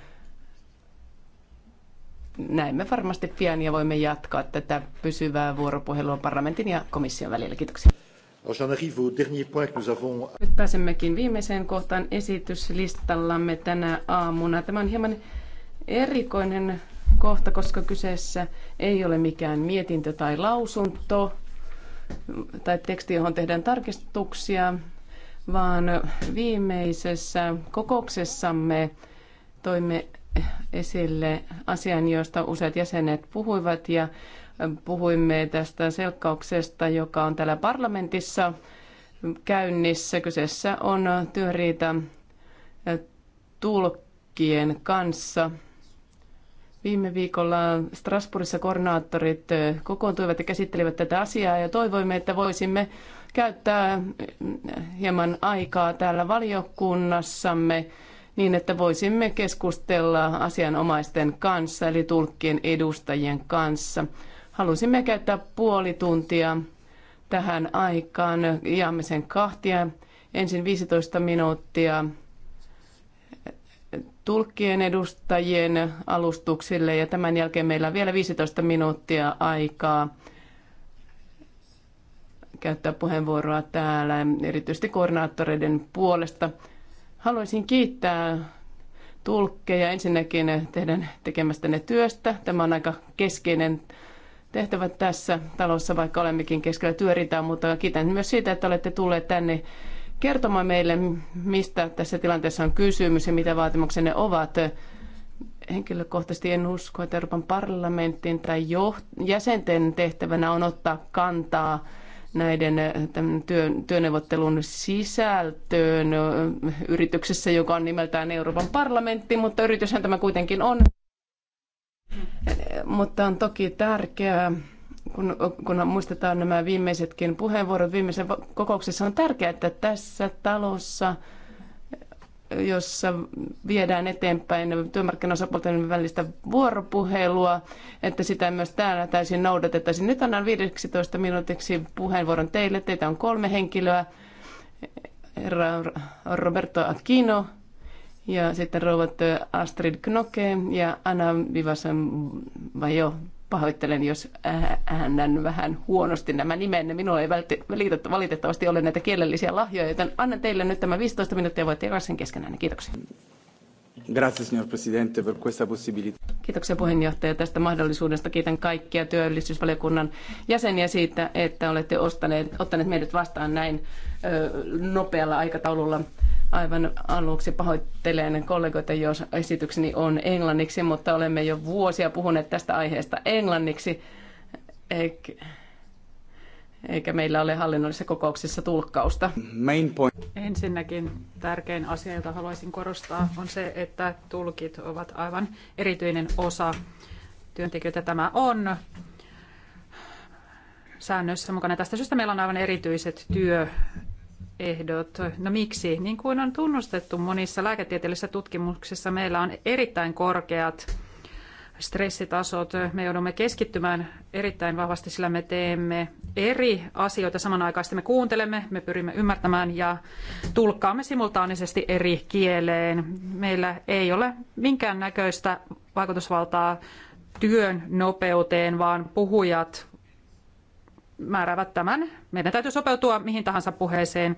näemme varmasti pian ja voimme jatkaa tätä pysyvää vuoropuhelua parlamentin ja komission välillä. Kiitoksia. Nyt pääsemmekin viimeiseen kohtaan esityslistallamme tänä aamuna. Tämä on hieman erikoinen kohta, koska kyseessä ei ole mikään mietintö tai lausunto tai teksti, johon tehdään tarkistuksia, vaan viimeisessä kokouksessamme toimme esille asian, josta useat jäsenet puhuivat ja puhuimme tästä selkkauksesta, joka on täällä parlamentissa käynnissä. Kyseessä on työriita tulkkien kanssa. Viime viikolla Strasbourgissa koordinaattorit kokoontuivat ja käsittelivät tätä asiaa ja toivoimme, että voisimme käyttää hieman aikaa täällä valiokunnassamme niin, että voisimme keskustella asianomaisten kanssa, eli tulkkien edustajien kanssa. Halusimme käyttää puoli tuntia tähän aikaan. Jaamme sen kahtia. Ensin 15 minuuttia tulkkien edustajien alustuksille ja tämän jälkeen meillä on vielä 15 minuuttia aikaa käyttää puheenvuoroa täällä, erityisesti koordinaattoreiden puolesta. Haluaisin kiittää tulkkeja ensinnäkin teidän tekemästänne työstä. Tämä on aika keskeinen tehtävä tässä talossa, vaikka olemmekin keskellä työritää, mutta kiitän myös siitä, että olette tulleet tänne kertomaan meille, mistä tässä tilanteessa on kysymys ja mitä vaatimuksenne ovat. Henkilökohtaisesti en usko, että Euroopan parlamentin tai jäsenten tehtävänä on ottaa kantaa näiden äh, tämän työneuvottelun sisältöön yrityksessä, joka on nimeltään Euroopan parlamentti, mutta yrityshän tämä kuitenkin on. Mutta on toki tärkeää, kun, kun muistetaan nämä viimeisetkin puheenvuorot viimeisen kokouksessa, on tärkeää, että tässä talossa – jossa viedään eteenpäin työmarkkinaosapuolten välistä vuoropuhelua, että sitä myös täällä täysin noudatettaisiin. Nyt annan 15 minuutiksi puheenvuoron teille. Teitä on kolme henkilöä. Herra Roberto Aquino ja sitten rouvat Astrid Knoke ja Anna Vivasen Vajo pahoittelen, jos äh, äännän vähän huonosti nämä nimenne. Minulla ei valitettavasti ole näitä kielellisiä lahjoja, joten annan teille nyt tämä 15 minuuttia ja voitte jakaa sen keskenään. Kiitoksia. Grazie, signor Presidente, per questa possibilità. Kiitoksia puheenjohtaja tästä mahdollisuudesta. Kiitän kaikkia työllisyysvaliokunnan jäseniä siitä, että olette ostaneet, ottaneet meidät vastaan näin ö, nopealla aikataululla. Aivan aluksi pahoittelen kollegoita, jos esitykseni on englanniksi, mutta olemme jo vuosia puhuneet tästä aiheesta englanniksi, eikä meillä ole hallinnollisissa kokouksissa tulkkausta. Main point. Ensinnäkin tärkein asia, jota haluaisin korostaa, on se, että tulkit ovat aivan erityinen osa työntekijöitä. Tämä on säännössä mukana. Tästä syystä meillä on aivan erityiset työ, ehdot. No miksi? Niin kuin on tunnustettu monissa lääketieteellisissä tutkimuksissa, meillä on erittäin korkeat stressitasot. Me joudumme keskittymään erittäin vahvasti, sillä me teemme eri asioita samanaikaisesti. Me kuuntelemme, me pyrimme ymmärtämään ja tulkkaamme simultaanisesti eri kieleen. Meillä ei ole minkään näköistä vaikutusvaltaa työn nopeuteen, vaan puhujat määräävät tämän. Meidän täytyy sopeutua mihin tahansa puheeseen,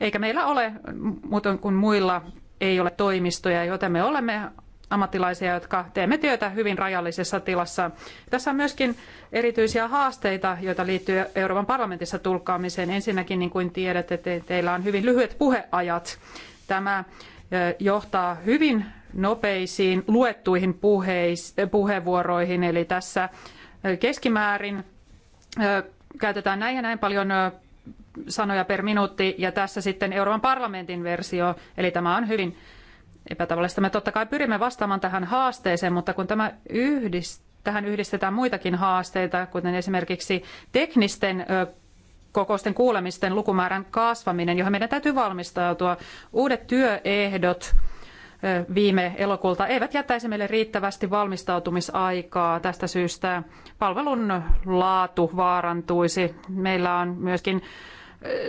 eikä meillä ole muuten kuin muilla ei ole toimistoja, joten me olemme ammattilaisia, jotka teemme työtä hyvin rajallisessa tilassa. Tässä on myöskin erityisiä haasteita, joita liittyy Euroopan parlamentissa tulkkaamiseen. Ensinnäkin, niin kuin tiedätte, teillä on hyvin lyhyet puheajat. Tämä johtaa hyvin nopeisiin luettuihin puheis, puheenvuoroihin, eli tässä keskimäärin käytetään näin ja näin paljon sanoja per minuutti ja tässä sitten Euroopan parlamentin versio, eli tämä on hyvin epätavallista. Me totta kai pyrimme vastaamaan tähän haasteeseen, mutta kun tämä yhdist, tähän yhdistetään muitakin haasteita, kuten esimerkiksi teknisten kokousten kuulemisten lukumäärän kasvaminen, johon meidän täytyy valmistautua, uudet työehdot – viime elokuulta eivät jättäisi meille riittävästi valmistautumisaikaa. Tästä syystä palvelun laatu vaarantuisi. Meillä on myöskin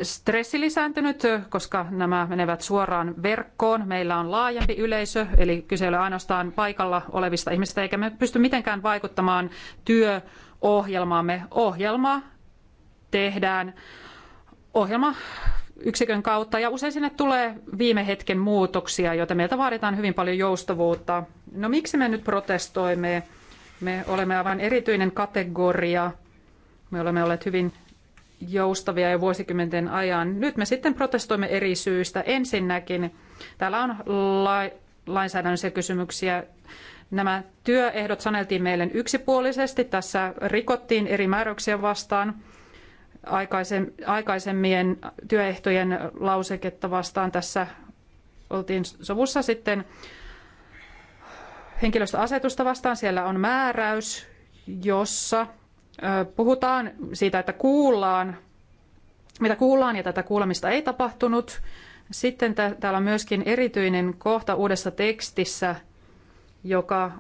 stressi lisääntynyt, koska nämä menevät suoraan verkkoon. Meillä on laajempi yleisö, eli kyse ei ole ainoastaan paikalla olevista ihmistä, eikä me pysty mitenkään vaikuttamaan työohjelmaamme. Ohjelma tehdään ohjelma yksikön kautta ja usein sinne tulee viime hetken muutoksia, joita meiltä vaaditaan hyvin paljon joustavuutta. No miksi me nyt protestoimme? Me olemme aivan erityinen kategoria. Me olemme olleet hyvin joustavia jo vuosikymmenten ajan. Nyt me sitten protestoimme eri syistä. Ensinnäkin täällä on la- lainsäädännöllisiä kysymyksiä. Nämä työehdot saneltiin meille yksipuolisesti. Tässä rikottiin eri määräyksiä vastaan aikaisemmien työehtojen lauseketta vastaan tässä oltiin sovussa sitten henkilöstöasetusta vastaan. Siellä on määräys, jossa puhutaan siitä, että kuullaan, mitä kuullaan ja tätä kuulemista ei tapahtunut. Sitten täällä on myöskin erityinen kohta uudessa tekstissä, joka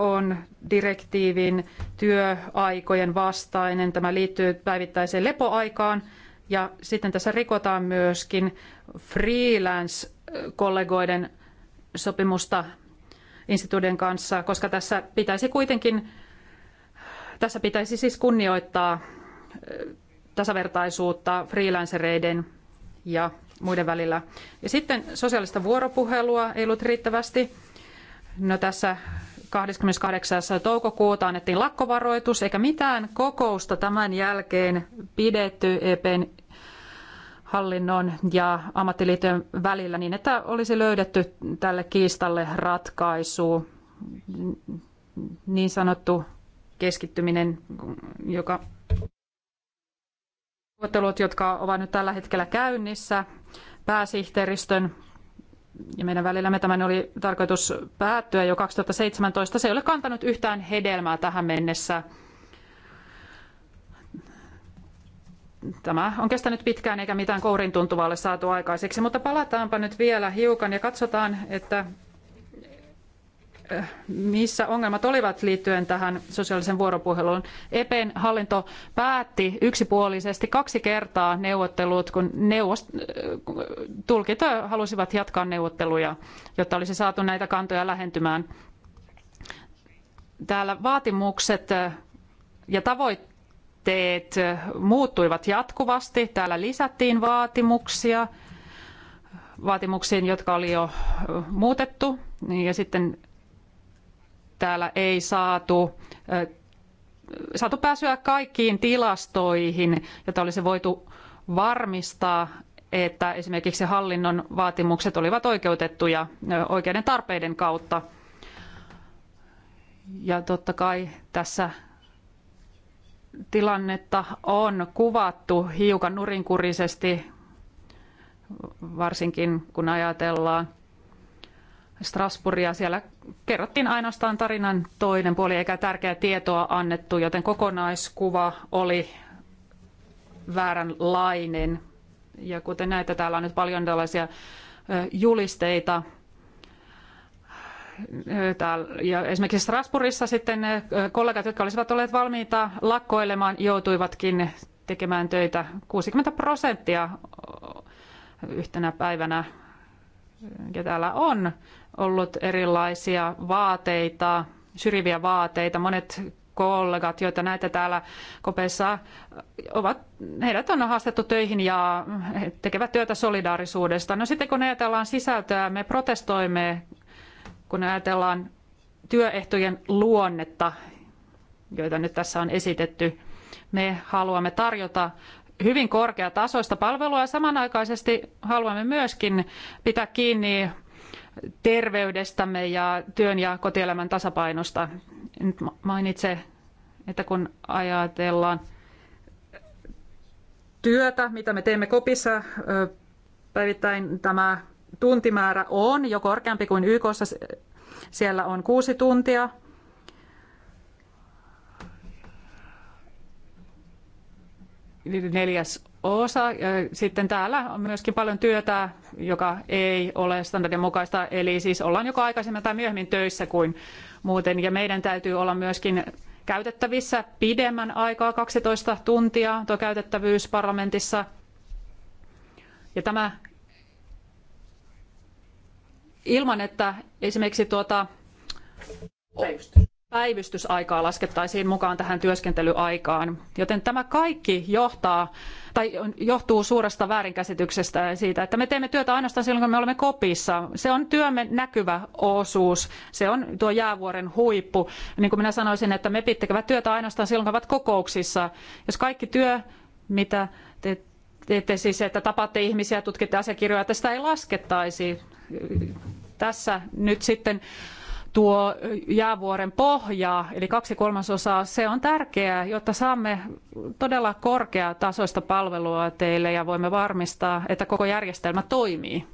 on direktiivin työaikojen vastainen. Tämä liittyy päivittäiseen lepoaikaan. Ja sitten tässä rikotaan myöskin freelance-kollegoiden sopimusta instituuden kanssa, koska tässä pitäisi kuitenkin, tässä pitäisi siis kunnioittaa tasavertaisuutta freelancereiden ja muiden välillä. Ja sitten sosiaalista vuoropuhelua ei ollut riittävästi. No tässä 28. toukokuuta annettiin lakkovaroitus, eikä mitään kokousta tämän jälkeen pidetty EPn hallinnon ja ammattiliittojen välillä niin, että olisi löydetty tälle kiistalle ratkaisu, niin sanottu keskittyminen, joka neuvottelut, jotka ovat nyt tällä hetkellä käynnissä pääsihteeristön ja meidän välillämme tämän oli tarkoitus päättyä jo 2017. Se ei ole kantanut yhtään hedelmää tähän mennessä. Tämä on kestänyt pitkään eikä mitään kourin tuntuvaa ole saatu aikaiseksi, mutta palataanpa nyt vielä hiukan ja katsotaan, että missä ongelmat olivat liittyen tähän sosiaalisen vuoropuheluun. EPEn hallinto päätti yksipuolisesti kaksi kertaa neuvottelut, kun neuvost- tulkit halusivat jatkaa neuvotteluja, jotta olisi saatu näitä kantoja lähentymään. Täällä vaatimukset ja tavoitteet muuttuivat jatkuvasti. Täällä lisättiin vaatimuksia vaatimuksiin, jotka oli jo muutettu. Ja sitten täällä ei saatu, saatu pääsyä kaikkiin tilastoihin, joita olisi voitu varmistaa, että esimerkiksi hallinnon vaatimukset olivat oikeutettuja oikeiden tarpeiden kautta. Ja totta kai tässä tilannetta on kuvattu hiukan nurinkurisesti, varsinkin kun ajatellaan Strasburgia. Siellä kerrottiin ainoastaan tarinan toinen puoli eikä tärkeää tietoa annettu, joten kokonaiskuva oli vääränlainen. Ja kuten näette, täällä on nyt paljon tällaisia julisteita. ja esimerkiksi Strasbourgissa sitten kollegat, jotka olisivat olleet valmiita lakkoilemaan, joutuivatkin tekemään töitä 60 prosenttia yhtenä päivänä, ja täällä on ollut erilaisia vaateita, syrjiviä vaateita. Monet kollegat, joita näitä täällä kopeissa ovat, heidät on haastettu töihin ja he tekevät työtä solidaarisuudesta. No sitten kun ajatellaan sisältöä, me protestoimme, kun ajatellaan työehtojen luonnetta, joita nyt tässä on esitetty. Me haluamme tarjota hyvin korkeatasoista palvelua ja samanaikaisesti haluamme myöskin pitää kiinni terveydestämme ja työn ja kotielämän tasapainosta. Nyt mainitse, että kun ajatellaan työtä, mitä me teemme kopissa päivittäin, tämä tuntimäärä on jo korkeampi kuin YKssa. Siellä on kuusi tuntia neljäs osa. Sitten täällä on myöskin paljon työtä, joka ei ole standardin mukaista, eli siis ollaan joko aikaisemmin tai myöhemmin töissä kuin muuten. Ja meidän täytyy olla myöskin käytettävissä pidemmän aikaa, 12 tuntia, tuo käytettävyys parlamentissa. Ja tämä ilman, että esimerkiksi tuota... Päivystys päivystysaikaa laskettaisiin mukaan tähän työskentelyaikaan. Joten tämä kaikki johtaa, tai johtuu suuresta väärinkäsityksestä ja siitä, että me teemme työtä ainoastaan silloin, kun me olemme kopissa. Se on työmme näkyvä osuus. Se on tuo jäävuoren huippu. Niin kuin minä sanoisin, että me tekevät työtä ainoastaan silloin, kun ovat kokouksissa. Jos kaikki työ, mitä te teette siis, että tapaatte ihmisiä, tutkitte asiakirjoja, että sitä ei laskettaisi. Tässä nyt sitten tuo jäävuoren pohja, eli kaksi kolmasosaa, se on tärkeää, jotta saamme todella korkeatasoista palvelua teille ja voimme varmistaa, että koko järjestelmä toimii.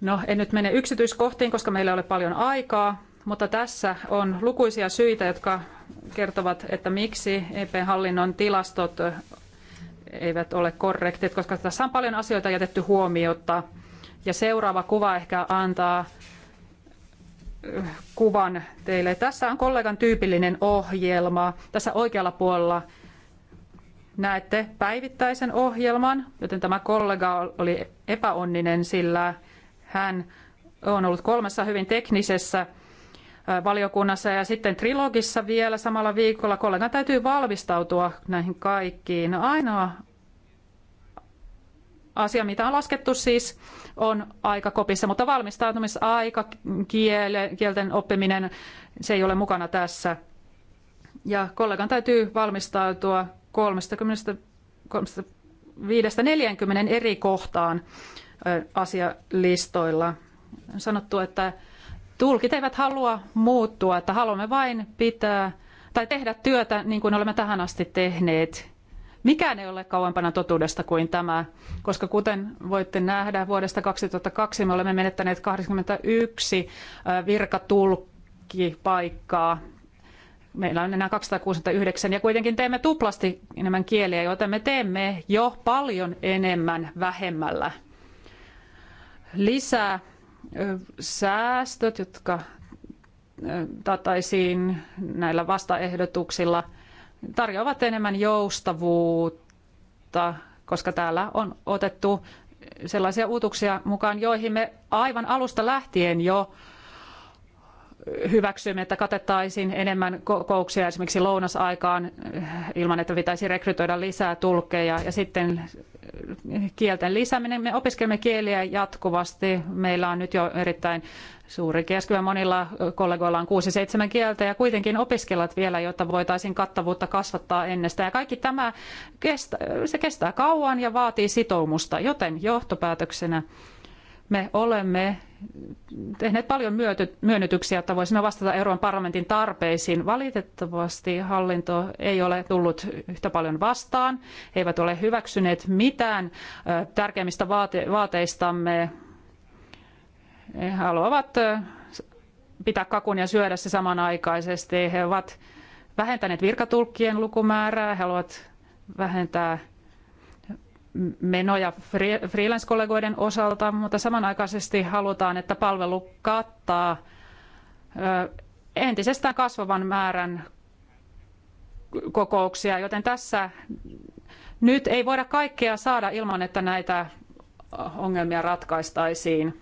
No, en nyt mene yksityiskohtiin, koska meillä ei ole paljon aikaa, mutta tässä on lukuisia syitä, jotka kertovat, että miksi EP-hallinnon tilastot eivät ole korrektit, koska tässä on paljon asioita jätetty huomiota. Ja seuraava kuva ehkä antaa kuvan teille. Tässä on kollegan tyypillinen ohjelma. Tässä oikealla puolella näette päivittäisen ohjelman, joten tämä kollega oli epäonninen, sillä hän on ollut kolmessa hyvin teknisessä valiokunnassa ja sitten trilogissa vielä samalla viikolla. Kollegan täytyy valmistautua näihin kaikkiin. Ainoa asia, mitä on laskettu siis, on aika kopissa, mutta valmistautumisaika, kiele, kielten oppiminen, se ei ole mukana tässä. Ja kollegan täytyy valmistautua 35-40 eri kohtaan asialistoilla. On sanottu, että tulkit eivät halua muuttua, että haluamme vain pitää tai tehdä työtä niin kuin olemme tähän asti tehneet. Mikään ei ole kauempana totuudesta kuin tämä, koska kuten voitte nähdä, vuodesta 2002 me olemme menettäneet 81 virkatulkkipaikkaa. Meillä on enää 269 ja kuitenkin teemme tuplasti enemmän kieliä, joten me teemme jo paljon enemmän vähemmällä. Lisää säästöt, jotka tataisiin näillä vastaehdotuksilla – tarjoavat enemmän joustavuutta, koska täällä on otettu sellaisia uutuksia mukaan, joihin me aivan alusta lähtien jo hyväksymme, että katettaisiin enemmän kokouksia esimerkiksi lounasaikaan eh, ilman, että pitäisi rekrytoida lisää tulkkeja ja sitten eh, kielten lisääminen. Me opiskelemme kieliä jatkuvasti. Meillä on nyt jo erittäin suuri keskivä. Monilla eh, kollegoilla on 6-7 kieltä ja kuitenkin opiskelat vielä, jotta voitaisiin kattavuutta kasvattaa ennestään. Ja kaikki tämä kestä, se kestää kauan ja vaatii sitoumusta, joten johtopäätöksenä me olemme tehneet paljon myönnytyksiä, että voisimme vastata Euroopan parlamentin tarpeisiin. Valitettavasti hallinto ei ole tullut yhtä paljon vastaan. He eivät ole hyväksyneet mitään tärkeimmistä vaate- vaateistamme. He haluavat pitää kakun ja syödä se samanaikaisesti. He ovat vähentäneet virkatulkkien lukumäärää, he haluavat vähentää menoja freelance-kollegoiden osalta, mutta samanaikaisesti halutaan, että palvelu kattaa entisestään kasvavan määrän kokouksia, joten tässä nyt ei voida kaikkea saada ilman, että näitä ongelmia ratkaistaisiin.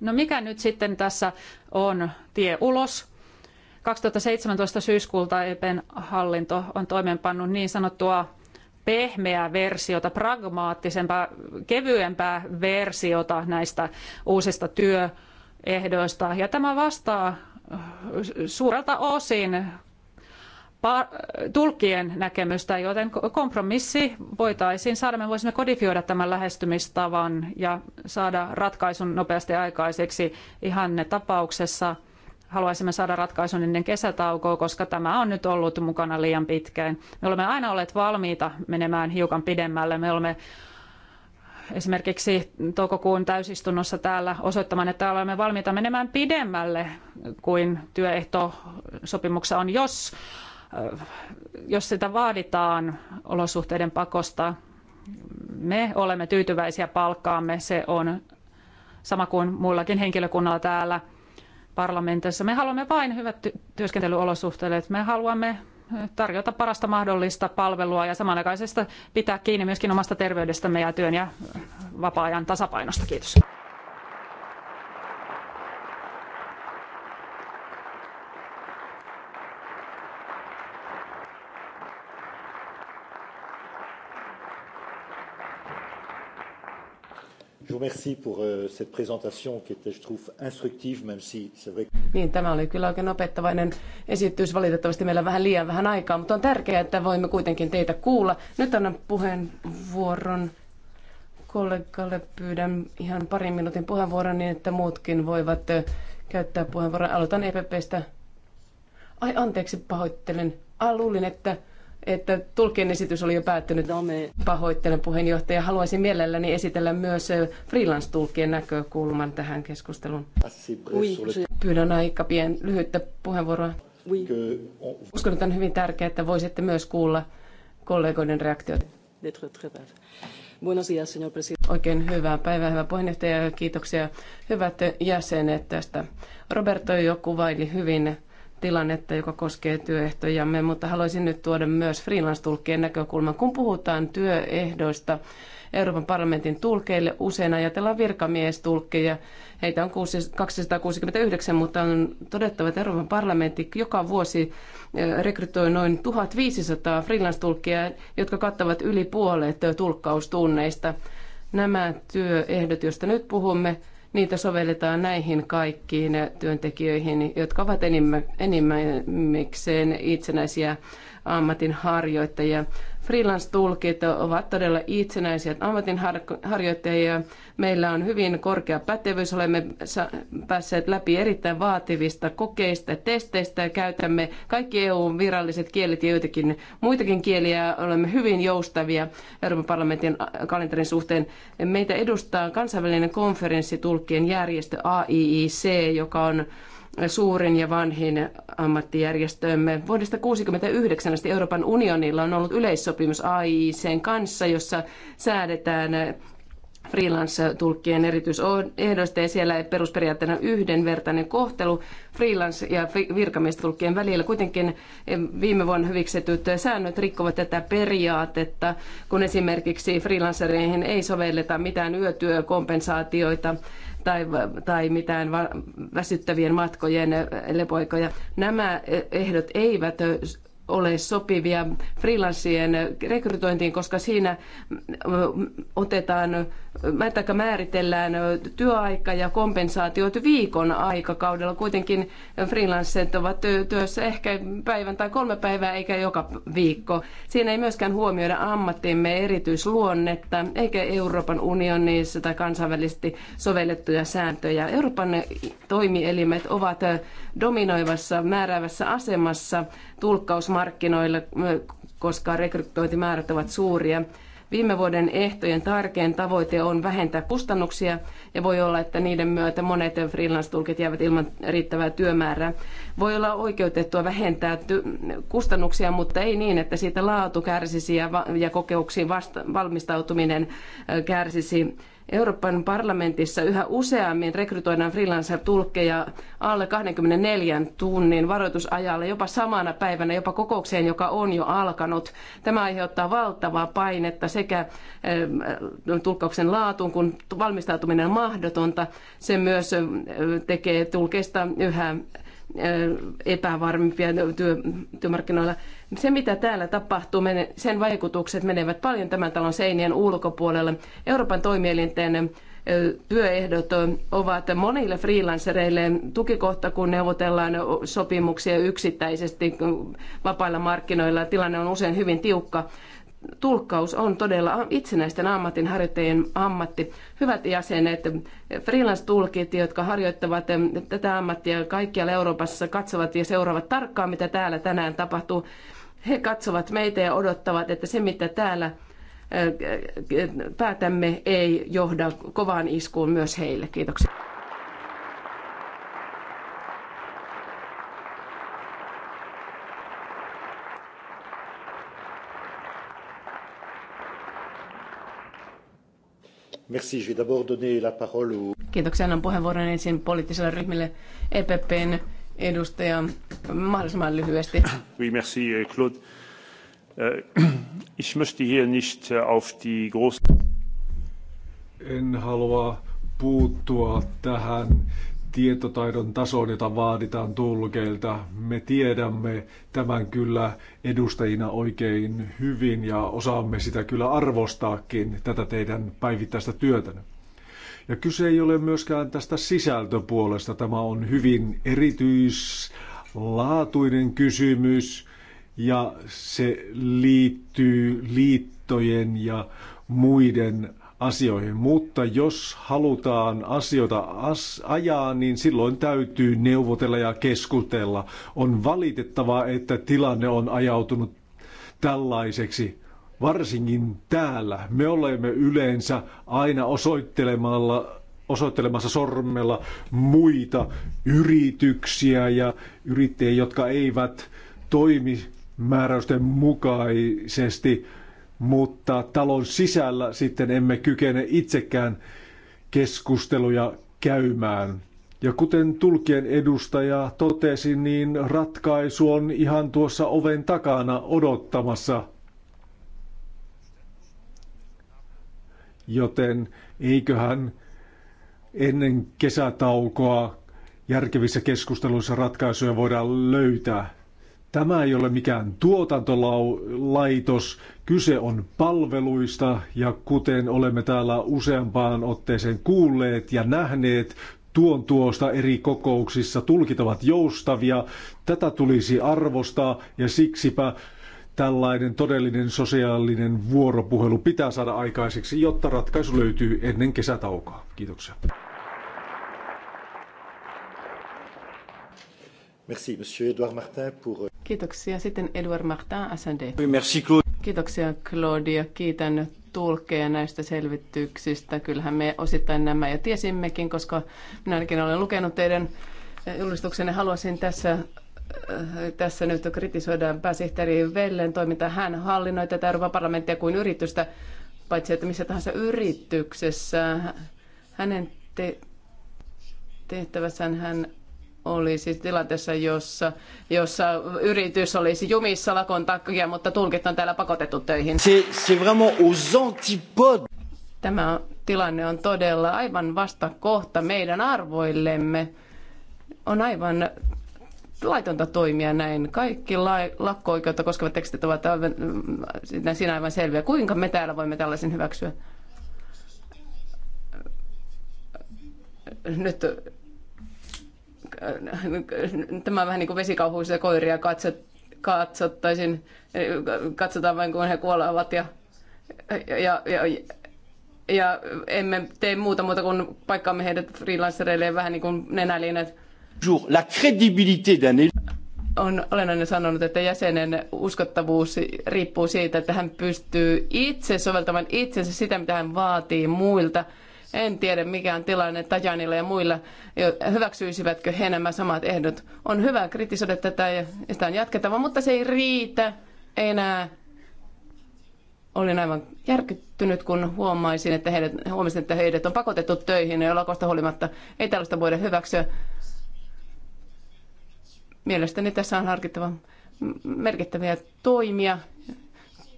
No mikä nyt sitten tässä on tie ulos? 2017 syyskuulta EPn hallinto on toimeenpannut niin sanottua pehmeää versiota, pragmaattisempaa, kevyempää versiota näistä uusista työehdoista. Ja tämä vastaa äh, suurelta osin tulkien näkemystä, joten kompromissi voitaisiin saada. Me voisimme kodifioida tämän lähestymistavan ja saada ratkaisun nopeasti aikaiseksi ihanne tapauksessa – haluaisimme saada ratkaisun ennen kesätaukoa, koska tämä on nyt ollut mukana liian pitkään. Me olemme aina olleet valmiita menemään hiukan pidemmälle. Me olemme esimerkiksi toukokuun täysistunnossa täällä osoittamaan, että olemme valmiita menemään pidemmälle kuin työehtosopimuksessa on, jos, äh, jos sitä vaaditaan olosuhteiden pakosta. Me olemme tyytyväisiä palkkaamme, se on sama kuin muillakin henkilökunnalla täällä – parlamentissa. Me haluamme vain hyvät ty- työskentelyolosuhteet. Me haluamme tarjota parasta mahdollista palvelua ja samanaikaisesti pitää kiinni myöskin omasta terveydestämme ja työn ja vapaa-ajan tasapainosta. Kiitos. vous remercie pour euh, cette présentation qui était, je trouve, instructive, même si c'est vrai... Niin, tämä oli kyllä oikein opettavainen esitys. Valitettavasti meillä on vähän liian vähän aikaa, mutta on tärkeää, että voimme kuitenkin teitä kuulla. Nyt annan puheenvuoron kollegalle. Pyydän ihan parin minuutin puheenvuoron niin, että muutkin voivat käyttää puheenvuoron. Aloitan EPPstä. Ai anteeksi, pahoittelen. Ah, luulin, että että tulkien esitys oli jo päättynyt. No Pahoittelen puheenjohtaja. Haluaisin mielelläni esitellä myös freelance-tulkien näkökulman tähän keskusteluun. Pyydän aika pien lyhyttä puheenvuoroa. Uskon, että on hyvin tärkeää, että voisitte myös kuulla kollegoiden reaktiot. Oikein hyvää päivää, hyvä puheenjohtaja. Kiitoksia hyvät jäsenet tästä. Roberto jo kuvaili hyvin tilannetta, joka koskee työehtojamme, mutta haluaisin nyt tuoda myös freelance-tulkkien näkökulman. Kun puhutaan työehdoista Euroopan parlamentin tulkeille, usein ajatellaan virkamiestulkkeja. Heitä on 269, mutta on todettava, että Euroopan parlamentti joka vuosi rekrytoi noin 1500 freelance-tulkkia, jotka kattavat yli puolet tulkkaustunneista. Nämä työehdot, joista nyt puhumme, niitä sovelletaan näihin kaikkiin työntekijöihin, jotka ovat enimmä, enimmäkseen itsenäisiä ammatinharjoittajia. Freelance-tulkit ovat todella itsenäisiä ammatinharjoittajia. Meillä on hyvin korkea pätevyys. Olemme päässeet läpi erittäin vaativista kokeista, testeistä ja käytämme kaikki EU-viralliset kielet ja joitakin muitakin kieliä. Olemme hyvin joustavia Euroopan parlamentin kalenterin suhteen. Meitä edustaa kansainvälinen konferenssitulkkien järjestö AIIC, joka on suurin ja vanhin ammattijärjestömme. Vuodesta 1969 asti Euroopan unionilla on ollut yleissopimus AICn kanssa, jossa säädetään freelance-tulkkien erityisehdoista ja siellä perusperiaatteena yhdenvertainen kohtelu freelance- ja virkamiestulkkien välillä. Kuitenkin viime vuonna hyviksetyt säännöt rikkovat tätä periaatetta, kun esimerkiksi freelancereihin ei sovelleta mitään yötyökompensaatioita tai, tai mitään väsyttävien matkojen lepoikoja. Nämä ehdot eivät ole sopivia freelanssien rekrytointiin, koska siinä otetaan tai määritellään työaika ja kompensaatiot viikon aikakaudella. Kuitenkin freelancerit ovat työssä ehkä päivän tai kolme päivää eikä joka viikko. Siinä ei myöskään huomioida ammattimme erityisluonnetta eikä Euroopan unionissa tai kansainvälisesti sovellettuja sääntöjä. Euroopan toimielimet ovat dominoivassa määräävässä asemassa tulkkausmarkkinoilla, koska rekrytointimäärät ovat suuria. Viime vuoden ehtojen tärkein tavoite on vähentää kustannuksia ja voi olla, että niiden myötä monet freelance-tulkit jäävät ilman riittävää työmäärää. Voi olla oikeutettua vähentää kustannuksia, mutta ei niin, että siitä laatu kärsisi ja, ja kokeuksiin valmistautuminen kärsisi Euroopan parlamentissa yhä useammin rekrytoidaan freelancer-tulkkeja alle 24 tunnin varoitusajalla, jopa samana päivänä, jopa kokoukseen, joka on jo alkanut. Tämä aiheuttaa valtavaa painetta sekä eh, tulkkauksen laatuun, kun valmistautuminen on mahdotonta. Se myös eh, tekee tulkeista yhä epävarmimpia työ, työmarkkinoilla. Se, mitä täällä tapahtuu, sen vaikutukset menevät paljon tämän talon seinien ulkopuolelle. Euroopan toimielinten työehdot ovat monille freelancereille tukikohta, kun neuvotellaan sopimuksia yksittäisesti vapailla markkinoilla. Tilanne on usein hyvin tiukka tulkkaus on todella itsenäisten ammatinharjoittajien ammatti. Hyvät jäsenet, freelance-tulkit, jotka harjoittavat tätä ammattia kaikkialla Euroopassa, katsovat ja seuraavat tarkkaan, mitä täällä tänään tapahtuu. He katsovat meitä ja odottavat, että se, mitä täällä eh, eh, päätämme, ei johda kovaan iskuun myös heille. Kiitoksia. Merci, je vais d'abord donner la parole au... Kiitoksia, annan puheenvuoron ensin poliittiselle ryhmille EPPn edustaja mahdollisimman lyhyesti. Oui, merci, euh, Claude. Euh, ich möchte hier nicht äh, auf die En halua puuttua tähän tietotaidon tason, jota vaaditaan tulkeilta. Me tiedämme tämän kyllä edustajina oikein hyvin ja osaamme sitä kyllä arvostaakin, tätä teidän päivittäistä työtänne. Ja kyse ei ole myöskään tästä sisältöpuolesta. Tämä on hyvin erityislaatuinen kysymys ja se liittyy liittojen ja muiden asioihin, mutta jos halutaan asioita as- ajaa, niin silloin täytyy neuvotella ja keskustella. On valitettavaa, että tilanne on ajautunut tällaiseksi, varsinkin täällä. Me olemme yleensä aina osoittelemalla osoittelemassa sormella muita yrityksiä ja yrittäjiä, jotka eivät toimi määräysten mukaisesti – mutta talon sisällä sitten emme kykene itsekään keskusteluja käymään. Ja kuten tulkien edustaja totesi, niin ratkaisu on ihan tuossa oven takana odottamassa. Joten eiköhän ennen kesätaukoa järkevissä keskusteluissa ratkaisuja voidaan löytää. Tämä ei ole mikään tuotantolaitos, kyse on palveluista ja kuten olemme täällä useampaan otteeseen kuulleet ja nähneet, tuon tuosta eri kokouksissa tulkit ovat joustavia. Tätä tulisi arvostaa ja siksipä tällainen todellinen sosiaalinen vuoropuhelu pitää saada aikaiseksi, jotta ratkaisu löytyy ennen kesätaukoa. Kiitoksia. Merci, Monsieur Edouard Martin, pour... Euh, Kiitoksia. Sitten Edouard Martin, SND. Merci, Claude. Kiitoksia, Claudia. Kiitän tulkkeja näistä selvityksistä. Kyllähän me osittain nämä jo tiesimmekin, koska ainakin olen lukenut teidän eh, julistuksenne. Haluaisin tässä eh, tässä nyt kritisoidaan pääsihteeri Vellen toimintaa. Hän hallinnoi tätä Euroopan parlamenttia kuin yritystä, paitsi että missä tahansa yrityksessä. Hänen te- tehtävässään hän olisi tilanteessa, jossa, jossa yritys olisi jumissa lakon takia, mutta tulkit on täällä pakotettu töihin. Tämä tilanne on todella aivan vastakohta meidän arvoillemme. On aivan laitonta toimia näin. Kaikki lakko-oikeutta koskevat tekstit ovat aivan, mm, siinä aivan selviä. Kuinka me täällä voimme tällaisen hyväksyä? Nyt tämä on vähän niin kuin vesikauhuisia koiria katsot, katsottaisin, katsotaan vain kun he kuolevat ja, ja, ja, ja, ja emme tee muuta muuta kuin paikkaamme heidät freelancereille vähän niin kuin nenäliin, La crédibilité d'un on olennainen sanonut, että jäsenen uskottavuus riippuu siitä, että hän pystyy itse soveltamaan itsensä sitä, mitä hän vaatii muilta – en tiedä, mikä on tilanne Tajanilla ja muilla. Hyväksyisivätkö he nämä samat ehdot? On hyvä kritisoida tätä ja sitä on jatkettava, mutta se ei riitä enää. Olin aivan järkyttynyt, kun huomaisin, että heidät, huomasin, että heidät on pakotettu töihin ja lakosta huolimatta ei tällaista voida hyväksyä. Mielestäni tässä on harkittava merkittäviä toimia,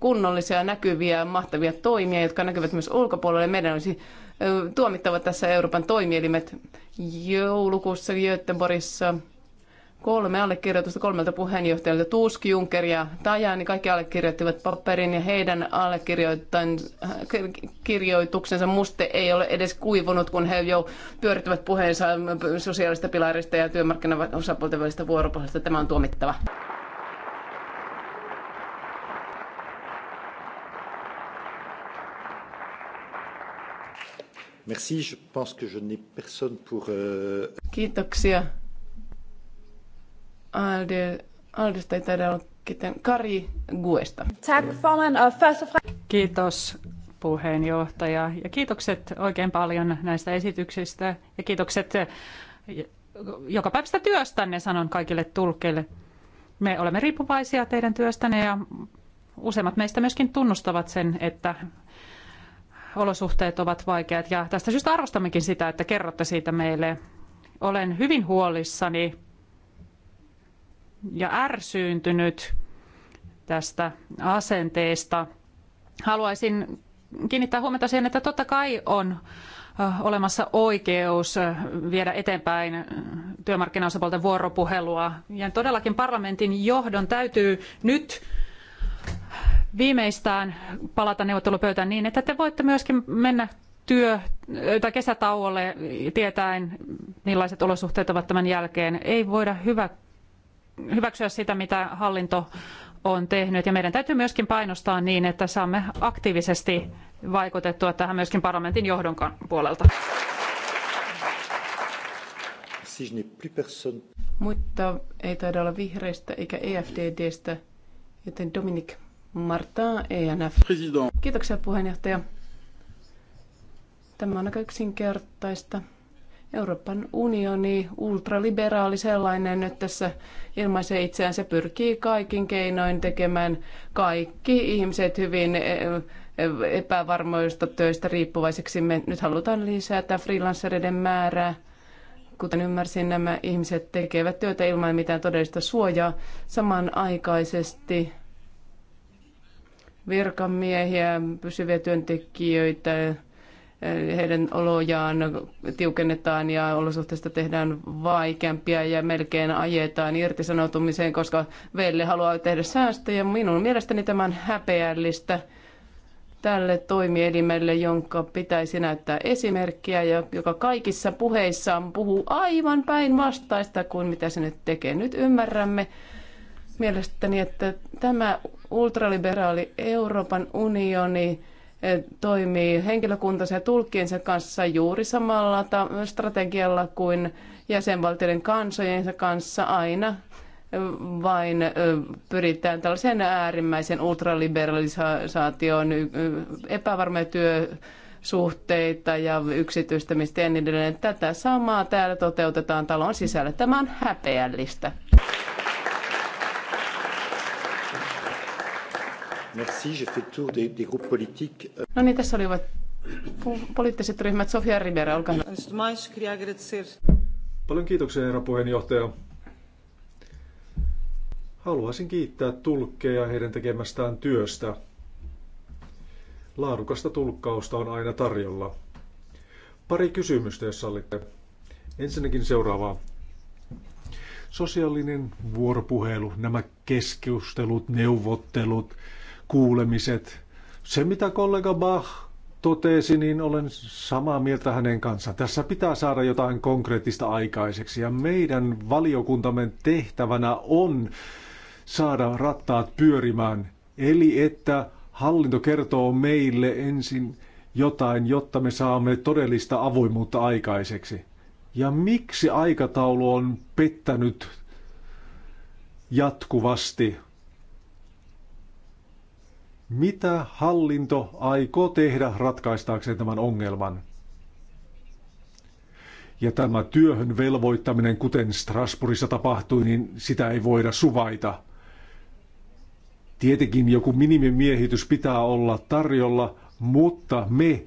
kunnollisia, näkyviä, mahtavia toimia, jotka näkyvät myös ulkopuolelle. Meidän olisi tuomittavat tässä Euroopan toimielimet. Joulukuussa Göteborgissa kolme allekirjoitusta kolmelta puheenjohtajalta, Tusk, Juncker ja niin kaikki allekirjoittivat paperin ja heidän allekirjoituksensa muste ei ole edes kuivunut, kun he jo pyörittävät puheensa sosiaalista pilarista ja työmarkkinaosapuolten välistä vuoropuhelusta. Tämä on tuomittava. Merci, je pense que je n'ai personne pour... Euh, Kiitoksia. Alde, ei taida olla ketään. Kari Guesta. Tack formen, first of Kiitos puheenjohtaja ja kiitokset oikein paljon näistä esityksistä ja kiitokset eh, joka päivästä työstänne, sanon kaikille tulkeille. Me olemme riippuvaisia teidän työstänne ja useimmat meistä myöskin tunnustavat sen, että olosuhteet ovat vaikeat ja tästä syystä arvostammekin sitä, että kerrotte siitä meille. Olen hyvin huolissani ja ärsyyntynyt tästä asenteesta. Haluaisin kiinnittää huomiota siihen, että totta kai on äh, olemassa oikeus äh, viedä eteenpäin työmarkkinaosapuolten vuoropuhelua. Ja todellakin parlamentin johdon täytyy nyt viimeistään palata neuvottelupöytään niin, että te voitte myöskin mennä työ- tai kesätauolle tietäen, millaiset olosuhteet ovat tämän jälkeen. Ei voida hyvä, hyväksyä sitä, mitä hallinto on tehnyt. Ja meidän täytyy myöskin painostaa niin, että saamme aktiivisesti vaikutettua tähän myöskin parlamentin johdon puolelta. Mutta ei taida olla vihreistä eikä EFDDstä, joten Dominik Marta ENF. President. Kiitoksia puheenjohtaja. Tämä on aika yksinkertaista. Euroopan unioni, ultraliberaali sellainen, nyt tässä ilmaisee itseään. Se pyrkii kaikin keinoin tekemään kaikki ihmiset hyvin e, e, epävarmoista töistä riippuvaiseksi. Me nyt halutaan lisätä freelancereiden määrää. Kuten ymmärsin, nämä ihmiset tekevät työtä ilman mitään todellista suojaa. Samanaikaisesti virkamiehiä, pysyviä työntekijöitä, heidän olojaan tiukennetaan ja olosuhteista tehdään vaikeampia ja melkein ajetaan irtisanoutumiseen, koska Velle haluaa tehdä säästöjä. Minun mielestäni tämä on häpeällistä tälle toimielimelle, jonka pitäisi näyttää esimerkkiä ja joka kaikissa puheissaan puhuu aivan päinvastaista kuin mitä se nyt tekee. Nyt ymmärrämme, mielestäni, että tämä ultraliberaali Euroopan unioni eh, toimii henkilökuntansa ja tulkkiensa kanssa juuri samalla strategialla kuin jäsenvaltioiden kansojensa kanssa aina eh, vain eh, pyritään tällaisen äärimmäisen ultraliberalisaatioon epävarmoja työsuhteita ja yksityistämistä ja niin edelleen. Tätä samaa täällä toteutetaan talon sisällä. Tämä on häpeällistä. Merci, j'ai fait tour des, des groupes politiques. Euh. No niin, tässä olivat poliittiset ryhmät. Sofia Rivera, olkaa hyvä. Paljon kiitoksia, herra puheenjohtaja. Haluaisin kiittää tulkkeja heidän tekemästään työstä. Laadukasta tulkkausta on aina tarjolla. Pari kysymystä, jos sallitte. Ensinnäkin seuraavaa. Sosiaalinen vuoropuhelu, nämä keskustelut, neuvottelut, kuulemiset. Se, mitä kollega Bach totesi, niin olen samaa mieltä hänen kanssaan. Tässä pitää saada jotain konkreettista aikaiseksi ja meidän valiokuntamme tehtävänä on saada rattaat pyörimään. Eli että hallinto kertoo meille ensin jotain, jotta me saamme todellista avoimuutta aikaiseksi. Ja miksi aikataulu on pettänyt jatkuvasti? Mitä hallinto aikoo tehdä ratkaistaakseen tämän ongelman? Ja tämä työhön velvoittaminen, kuten Strasbourgissa tapahtui, niin sitä ei voida suvaita. Tietenkin joku minimimiehitys pitää olla tarjolla, mutta me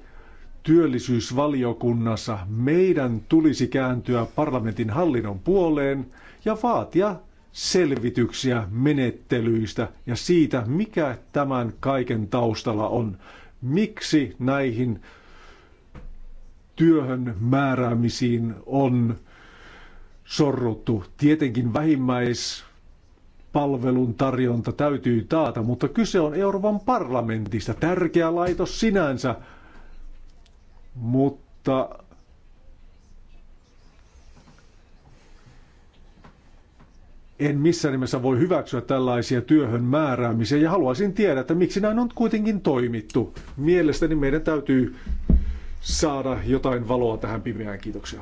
työllisyysvaliokunnassa meidän tulisi kääntyä parlamentin hallinnon puoleen ja vaatia selvityksiä menettelyistä ja siitä, mikä tämän kaiken taustalla on. Miksi näihin työhön määräämisiin on sorruttu. Tietenkin vähimmäispalvelun tarjonta täytyy taata, mutta kyse on Euroopan parlamentista. Tärkeä laitos sinänsä, mutta en missään nimessä voi hyväksyä tällaisia työhön määräämisiä ja haluaisin tiedä, että miksi näin on kuitenkin toimittu. Mielestäni meidän täytyy saada jotain valoa tähän pimeään. Kiitoksia.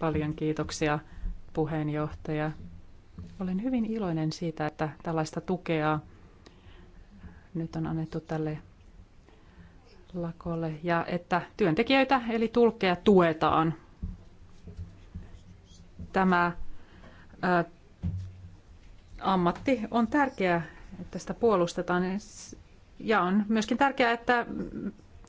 Paljon kiitoksia puheenjohtaja. Olen hyvin iloinen siitä, että tällaista tukea nyt on annettu tälle lakolle ja että työntekijöitä eli tulkkeja tuetaan. Tämä ää, ammatti on tärkeä, että sitä puolustetaan ja on myöskin tärkeää, että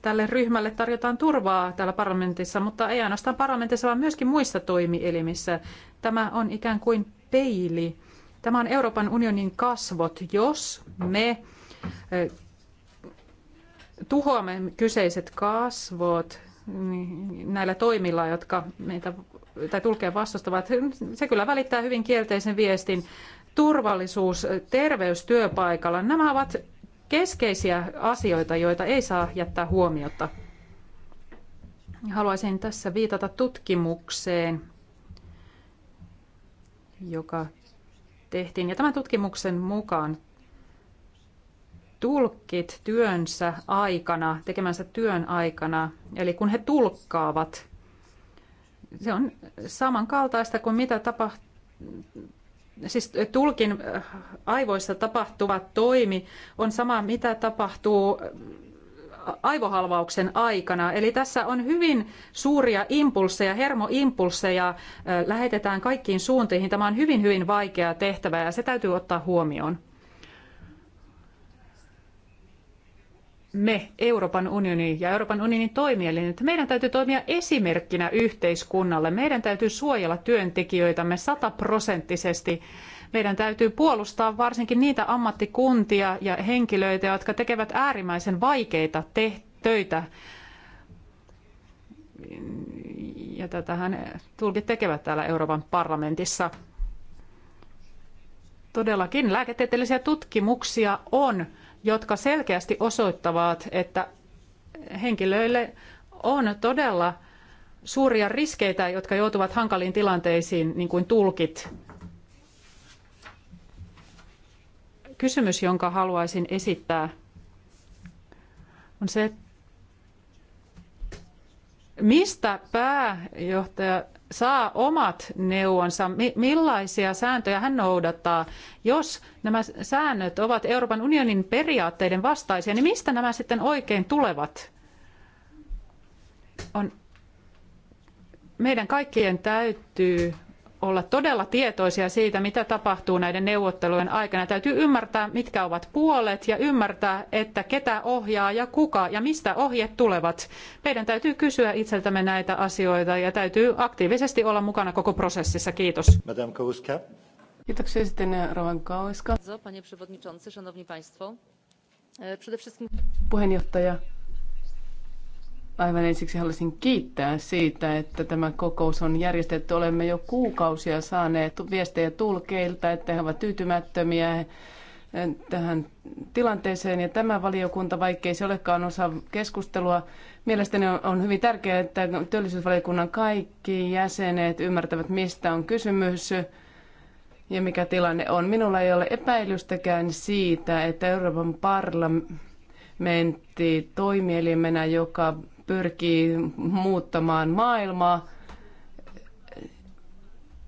tälle ryhmälle tarjotaan turvaa täällä parlamentissa, mutta ei ainoastaan parlamentissa, vaan myöskin muissa toimielimissä. Tämä on ikään kuin peili. Tämä on Euroopan unionin kasvot, jos me tuhoamme kyseiset kasvot niin näillä toimilla, jotka meitä tai tulkee vastustavat. Se kyllä välittää hyvin kielteisen viestin. Turvallisuus, terveys työpaikalla, nämä ovat keskeisiä asioita, joita ei saa jättää huomiota. Haluaisin tässä viitata tutkimukseen, joka tehtiin. Ja tämän tutkimuksen mukaan tulkit työnsä aikana, tekemänsä työn aikana, eli kun he tulkkaavat, se on samankaltaista kuin mitä tapahtuu, siis tulkin äh, aivoissa tapahtuva toimi on sama, mitä tapahtuu aivohalvauksen aikana. Eli tässä on hyvin suuria impulseja, hermoimpulseja lähetetään kaikkiin suuntiin. Tämä on hyvin, hyvin vaikea tehtävä ja se täytyy ottaa huomioon. me, Euroopan unioni ja Euroopan unionin että meidän täytyy toimia esimerkkinä yhteiskunnalle. Meidän täytyy suojella työntekijöitämme sataprosenttisesti meidän täytyy puolustaa varsinkin niitä ammattikuntia ja henkilöitä, jotka tekevät äärimmäisen vaikeita te- töitä. Ja tätähän tulkit tekevät täällä Euroopan parlamentissa. Todellakin lääketieteellisiä tutkimuksia on, jotka selkeästi osoittavat, että henkilöille on todella suuria riskeitä, jotka joutuvat hankaliin tilanteisiin, niin kuin tulkit Kysymys, jonka haluaisin esittää, on se, mistä pääjohtaja saa omat neuvonsa, millaisia sääntöjä hän noudattaa. Jos nämä säännöt ovat Euroopan unionin periaatteiden vastaisia, niin mistä nämä sitten oikein tulevat? On meidän kaikkien täytyy olla todella tietoisia siitä, mitä tapahtuu näiden neuvottelujen aikana. Täytyy ymmärtää, mitkä ovat puolet ja ymmärtää, että ketä ohjaa ja kuka ja mistä ohjeet tulevat. Meidän täytyy kysyä itseltämme näitä asioita ja täytyy aktiivisesti olla mukana koko prosessissa. Kiitos. Madame Kouska. Kiitoksia sitten Rovan Panie przewodniczący, szanowni państwo. E, przede wszystkim... Puheenjohtaja, Aivan ensiksi haluaisin kiittää siitä, että tämä kokous on järjestetty. Olemme jo kuukausia saaneet viestejä tulkeilta, että he ovat tyytymättömiä eh, tähän tilanteeseen. Ja tämä valiokunta, vaikkei se olekaan osa keskustelua, mielestäni on hyvin tärkeää, että työllisyysvaliokunnan kaikki jäsenet ymmärtävät, mistä on kysymys ja mikä tilanne on. Minulla ei ole epäilystäkään siitä, että Euroopan parlamentti toimielimenä, joka pyrkii muuttamaan maailmaa,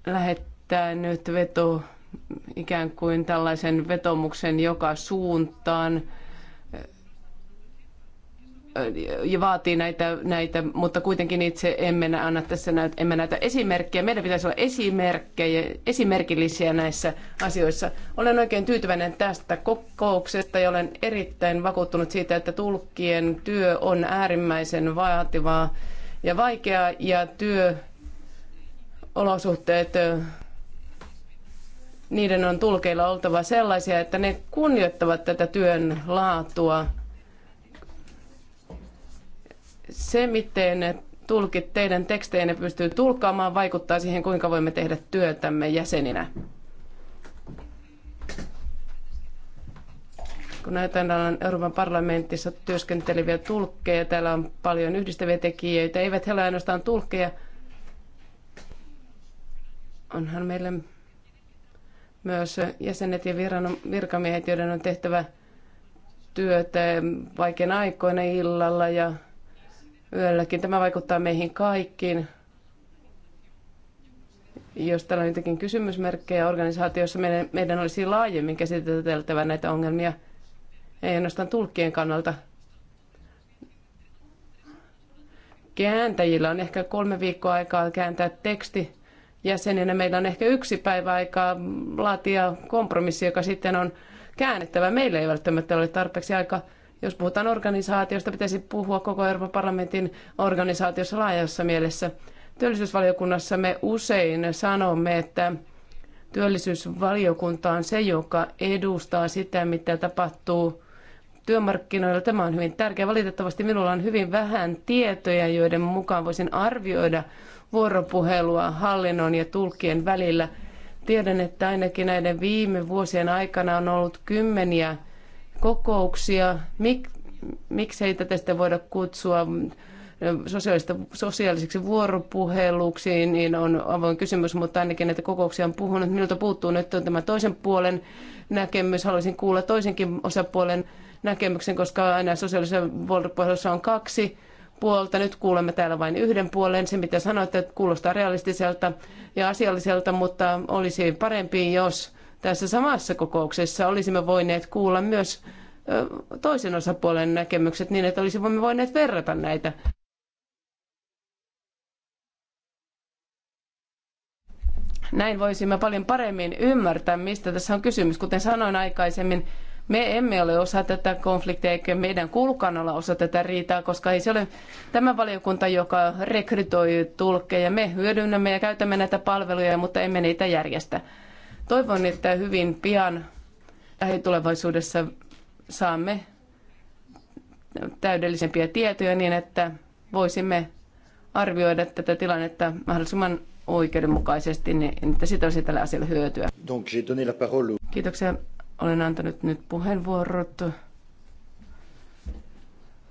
lähettää nyt veto ikään kuin tällaisen vetomuksen joka suuntaan ja vaatii näitä, näitä, mutta kuitenkin itse emme anna tässä näitä, emme näitä esimerkkejä. Meidän pitäisi olla esimerkkejä, esimerkillisiä näissä asioissa. Olen oikein tyytyväinen tästä kokouksesta ja olen erittäin vakuuttunut siitä, että tulkkien työ on äärimmäisen vaativaa ja vaikeaa ja työolosuhteet niiden on tulkeilla oltava sellaisia, että ne kunnioittavat tätä työn laatua – se, miten tulkit teidän ne pystyy tulkkaamaan, vaikuttaa siihen, kuinka voimme tehdä työtämme jäseninä. kun on Euroopan parlamentissa työskenteleviä tulkkeja, täällä on paljon yhdistäviä tekijöitä, eivät he ole ainoastaan tulkkeja. Onhan meillä myös jäsenet ja virkamiehet, joiden on tehtävä työtä vaikeina aikoina illalla ja yölläkin. Tämä vaikuttaa meihin kaikkiin. Jos täällä on jotenkin kysymysmerkkejä organisaatiossa, meidän, meidän olisi laajemmin käsiteltävä näitä ongelmia, ei ainoastaan tulkkien kannalta. Kääntäjillä on ehkä kolme viikkoa aikaa kääntää teksti. Jäseninä meillä on ehkä yksi päivä aikaa laatia kompromissi, joka sitten on käännettävä. Meillä ei välttämättä ole tarpeeksi aikaa jos puhutaan organisaatiosta, pitäisi puhua koko Euroopan parlamentin organisaatiossa laajassa mielessä. Työllisyysvaliokunnassa me usein sanomme, että työllisyysvaliokunta on se, joka edustaa sitä, mitä tapahtuu työmarkkinoilla. Tämä on hyvin tärkeä Valitettavasti minulla on hyvin vähän tietoja, joiden mukaan voisin arvioida vuoropuhelua hallinnon ja tulkien välillä. Tiedän, että ainakin näiden viime vuosien aikana on ollut kymmeniä kokouksia. Mik, miksei tätä sitten voida kutsua sosiaalista, sosiaaliseksi vuoropuheluksiin, niin on avoin kysymys, mutta ainakin näitä kokouksia on puhunut. Minulta puuttuu nyt on tämä toisen puolen näkemys. Haluaisin kuulla toisenkin osapuolen näkemyksen, koska aina sosiaalisessa vuoropuhelussa on kaksi puolta. Nyt kuulemme täällä vain yhden puolen. Se, mitä sanoitte, kuulostaa realistiselta ja asialliselta, mutta olisi parempi, jos tässä samassa kokouksessa olisimme voineet kuulla myös toisen osapuolen näkemykset niin, että olisimme voineet verrata näitä. Näin voisimme paljon paremmin ymmärtää, mistä tässä on kysymys. Kuten sanoin aikaisemmin, me emme ole osa tätä konfliktia eikä meidän kuulukaan olla osa tätä riitaa, koska ei se ole tämä valiokunta, joka rekrytoi tulkkeja. Me hyödynnämme ja käytämme näitä palveluja, mutta emme niitä järjestä. Toivon, että hyvin pian lähitulevaisuudessa saamme täydellisempiä tietoja niin, että voisimme arvioida tätä tilannetta mahdollisimman oikeudenmukaisesti, niin että siitä olisi tällä asialla hyötyä. Donc, Kiitoksia. Olen antanut nyt puheenvuorot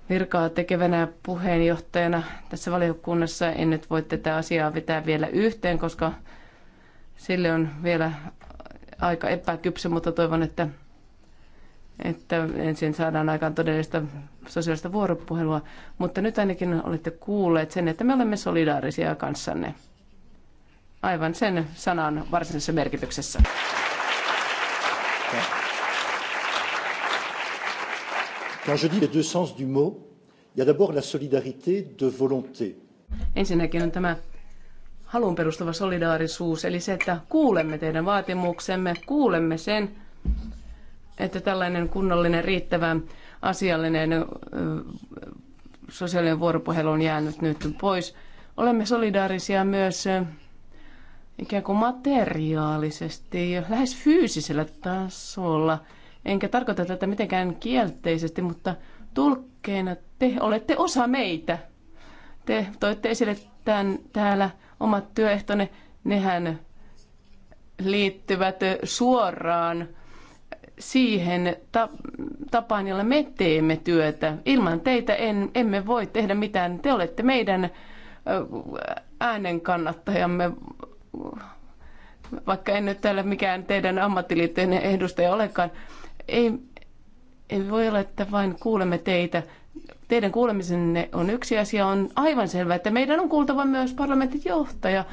virkaa tekevänä puheenjohtajana tässä valiokunnassa. En nyt voi tätä asiaa vetää vielä yhteen, koska sille on vielä aika epäkypsä, mutta toivon, että, että ensin saadaan aikaan todellista sosiaalista vuoropuhelua. Mutta nyt ainakin olette kuulleet sen, että me olemme solidaarisia kanssanne. Aivan sen sanan varsinaisessa merkityksessä. Quand je dis les deux sens du mot, il y a d'abord la solidarité de volonté. Ensinnäkin on tämä halun perustuva solidaarisuus, eli se, että kuulemme teidän vaatimuksemme, kuulemme sen, että tällainen kunnollinen, riittävä, asiallinen sosiaalinen vuoropuhelu on jäänyt nyt pois. Olemme solidaarisia myös ikään kuin materiaalisesti, lähes fyysisellä tasolla. Enkä tarkoita tätä mitenkään kielteisesti, mutta tulkkeina te olette osa meitä. Te toitte esille tämän täällä omat työehtonne, nehän liittyvät suoraan siihen tapaan, jolla me teemme työtä. Ilman teitä en, emme voi tehdä mitään. Te olette meidän äänen kannattajamme, vaikka en nyt täällä mikään teidän ammattiliittojen edustaja olekaan. Ei, ei voi olla, että vain kuulemme teitä teidän kuulemisenne on yksi asia. On aivan selvää, että meidän on kuultava myös parlamentin johtaja.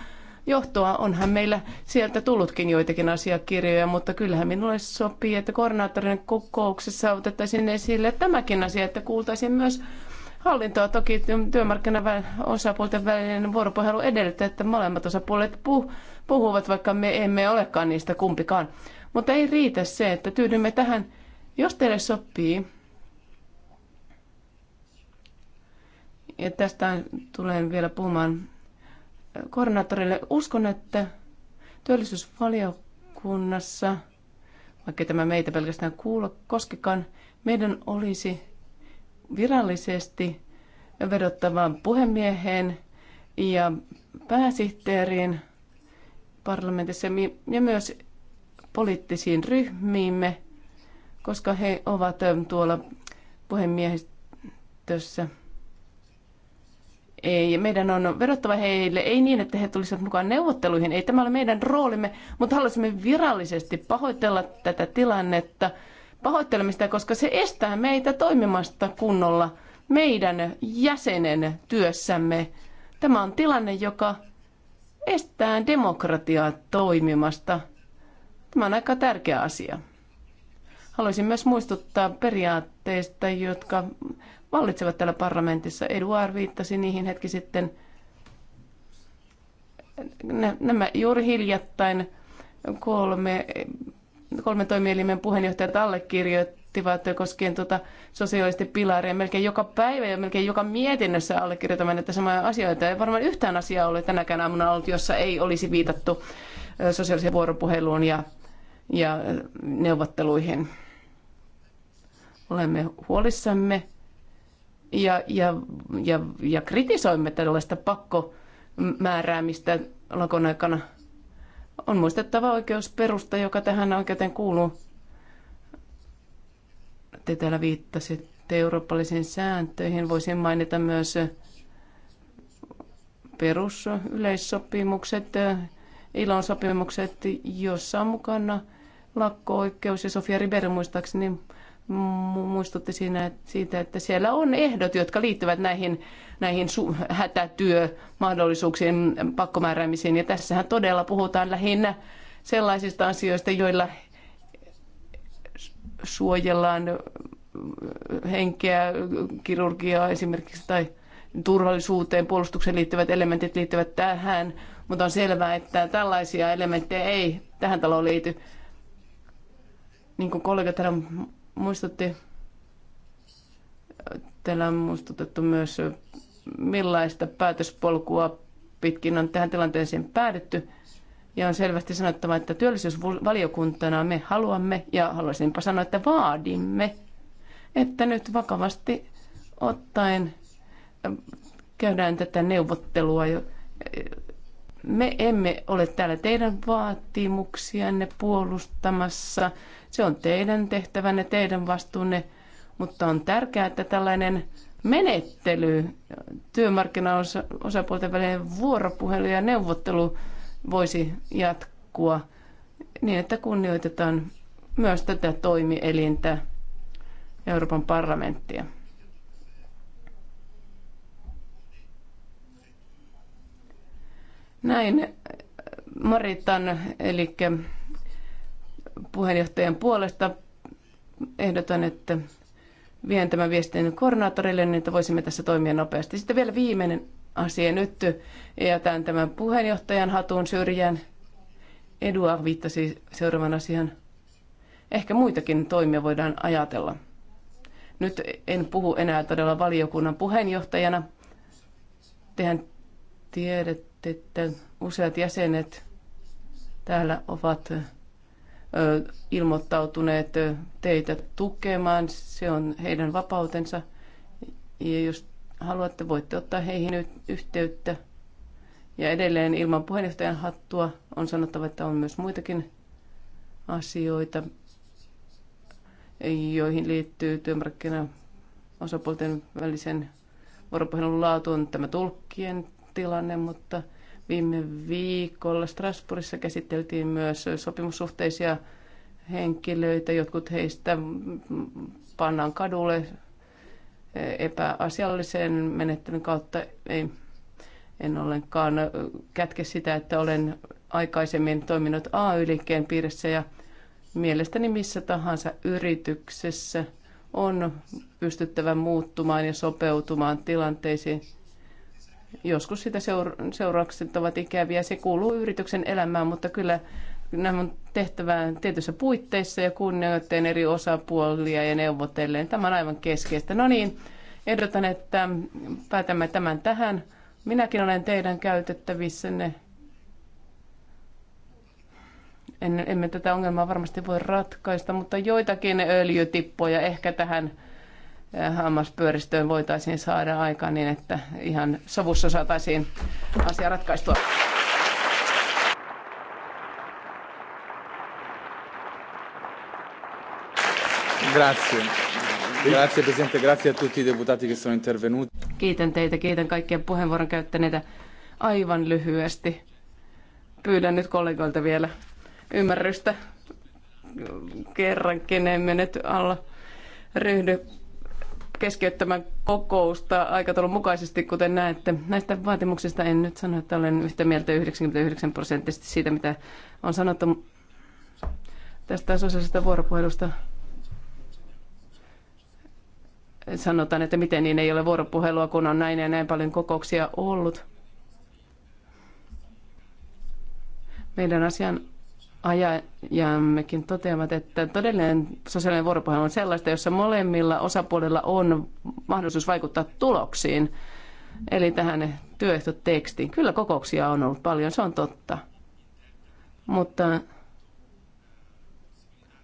Johtoa onhan meillä sieltä tullutkin joitakin asiakirjoja, mutta kyllähän minulle sopii, että koordinaattorin kokouksessa otettaisiin esille tämäkin asia, että kuultaisiin myös hallintoa. Toki työmarkkinaosapuolten välinen vuoropuhelu edellyttää, että molemmat osapuolet puhuvat, vaikka me emme olekaan niistä kumpikaan. Mutta ei riitä se, että tyydymme tähän. Jos teille sopii, ja tästä tulen vielä puhumaan koordinaattorille. Uskon, että työllisyysvaliokunnassa, vaikka tämä meitä pelkästään kuulla koskikaan, meidän olisi virallisesti vedottavaan puhemieheen ja pääsihteeriin parlamentissa ja myös poliittisiin ryhmiimme, koska he ovat tuolla puhemiehistössä – ei, meidän on vedottava heille, ei niin, että he tulisivat mukaan neuvotteluihin, ei tämä ole meidän roolimme, mutta haluaisimme virallisesti pahoitella tätä tilannetta, pahoittelemista, koska se estää meitä toimimasta kunnolla meidän jäsenen työssämme. Tämä on tilanne, joka estää demokratiaa toimimasta. Tämä on aika tärkeä asia. Haluaisin myös muistuttaa periaatteista, jotka vallitsevat täällä parlamentissa. Eduard viittasi niihin hetki sitten. Nämä juuri hiljattain kolme, kolme toimielimen puheenjohtajat allekirjoittivat koskien tuota pilaria melkein joka päivä ja melkein joka mietinnössä allekirjoitamme näitä samoja asioita. Ei varmaan yhtään asiaa ole tänäkään aamuna ollut, jossa ei olisi viitattu sosiaaliseen vuoropuheluun ja, ja neuvotteluihin. Olemme huolissamme ja, ja, ja, ja kritisoimme tällaista pakkomääräämistä lakon aikana. On muistettava oikeusperusta, joka tähän oikeuteen kuuluu. Te täällä viittasitte eurooppalaisiin sääntöihin. Voisin mainita myös perusyleissopimukset, ilon sopimukset, jossa on mukana lakko-oikeus ja Sofia Ribery muistaakseni muistutti siinä, siitä, että siellä on ehdot, jotka liittyvät näihin, näihin su- hätätyömahdollisuuksiin, pakkomääräämisiin. Ja tässähän todella puhutaan lähinnä sellaisista asioista, joilla suojellaan henkeä, kirurgiaa esimerkiksi tai turvallisuuteen, puolustukseen liittyvät elementit liittyvät tähän, mutta on selvää, että tällaisia elementtejä ei tähän taloon liity. Niin kuin kollega täällä muistutti, teillä on muistutettu myös, millaista päätöspolkua pitkin on tähän tilanteeseen päädytty. Ja on selvästi sanottava, että työllisyysvaliokuntana me haluamme, ja haluaisinpa sanoa, että vaadimme, että nyt vakavasti ottaen ähm, käydään tätä neuvottelua. Me emme ole täällä teidän vaatimuksianne puolustamassa se on teidän tehtävänne, teidän vastuunne, mutta on tärkeää, että tällainen menettely, työmarkkinaosapuolten välinen vuoropuhelu ja neuvottelu voisi jatkua niin, että kunnioitetaan myös tätä toimielintä Euroopan parlamenttia. Näin Maritan, eli puheenjohtajan puolesta ehdotan, että vien tämän viestin koordinaattorille, niin että voisimme tässä toimia nopeasti. Sitten vielä viimeinen asia nyt. Jätän tämän puheenjohtajan hatun syrjään. Eduard viittasi seuraavan asian. Ehkä muitakin toimia voidaan ajatella. Nyt en puhu enää todella valiokunnan puheenjohtajana. Tehän tiedätte, että useat jäsenet täällä ovat ilmoittautuneet teitä tukemaan. Se on heidän vapautensa. Ja jos haluatte, voitte ottaa heihin yhteyttä. Ja edelleen ilman puheenjohtajan hattua on sanottava, että on myös muitakin asioita, joihin liittyy työmarkkina osapuolten välisen vuoropuhelun laatu on tämä tulkkien tilanne, mutta Viime viikolla Strasbourgissa käsiteltiin myös sopimussuhteisia henkilöitä. Jotkut heistä pannaan kadulle epäasiallisen menettelyn kautta. Ei, en ollenkaan kätke sitä, että olen aikaisemmin toiminut AY-liikkeen piirissä ja mielestäni missä tahansa yrityksessä on pystyttävä muuttumaan ja sopeutumaan tilanteisiin Joskus sitä seura- seuraukset ovat ikäviä. Se kuuluu yrityksen elämään, mutta kyllä nämä on tehtävä tietyissä puitteissa ja kunnioitteen eri osapuolia ja neuvotellen. Tämä on aivan keskeistä. No niin, ehdotan, että päätämme tämän tähän. Minäkin olen teidän käytettävissänne. En, emme tätä ongelmaa varmasti voi ratkaista, mutta joitakin öljytippoja ehkä tähän hammaspyöristöön voitaisiin saada aikaan niin, että ihan sovussa saataisiin asia ratkaistua. Grazie. Grazie Presidente, grazie a tutti i deputati che sono intervenuti. Kiitän teitä, kiitän kaikkia puheenvuoron käyttäneitä aivan lyhyesti. Pyydän nyt kollegoilta vielä ymmärrystä. Kerrankin emme nyt alla ryhdy keskeyttämään kokousta aikataulun mukaisesti, kuten näette. Näistä vaatimuksista en nyt sano, että olen yhtä mieltä 99 prosenttisesti siitä, mitä on sanottu tästä sosiaalisesta vuoropuhelusta. Sanotaan, että miten niin ei ole vuoropuhelua, kun on näin ja näin paljon kokouksia ollut. Meidän asian ajajammekin toteavat, että todellinen sosiaalinen vuoropuhelu on sellaista, jossa molemmilla osapuolilla on mahdollisuus vaikuttaa tuloksiin, eli tähän työehtotekstiin. Kyllä kokouksia on ollut paljon, se on totta. Mutta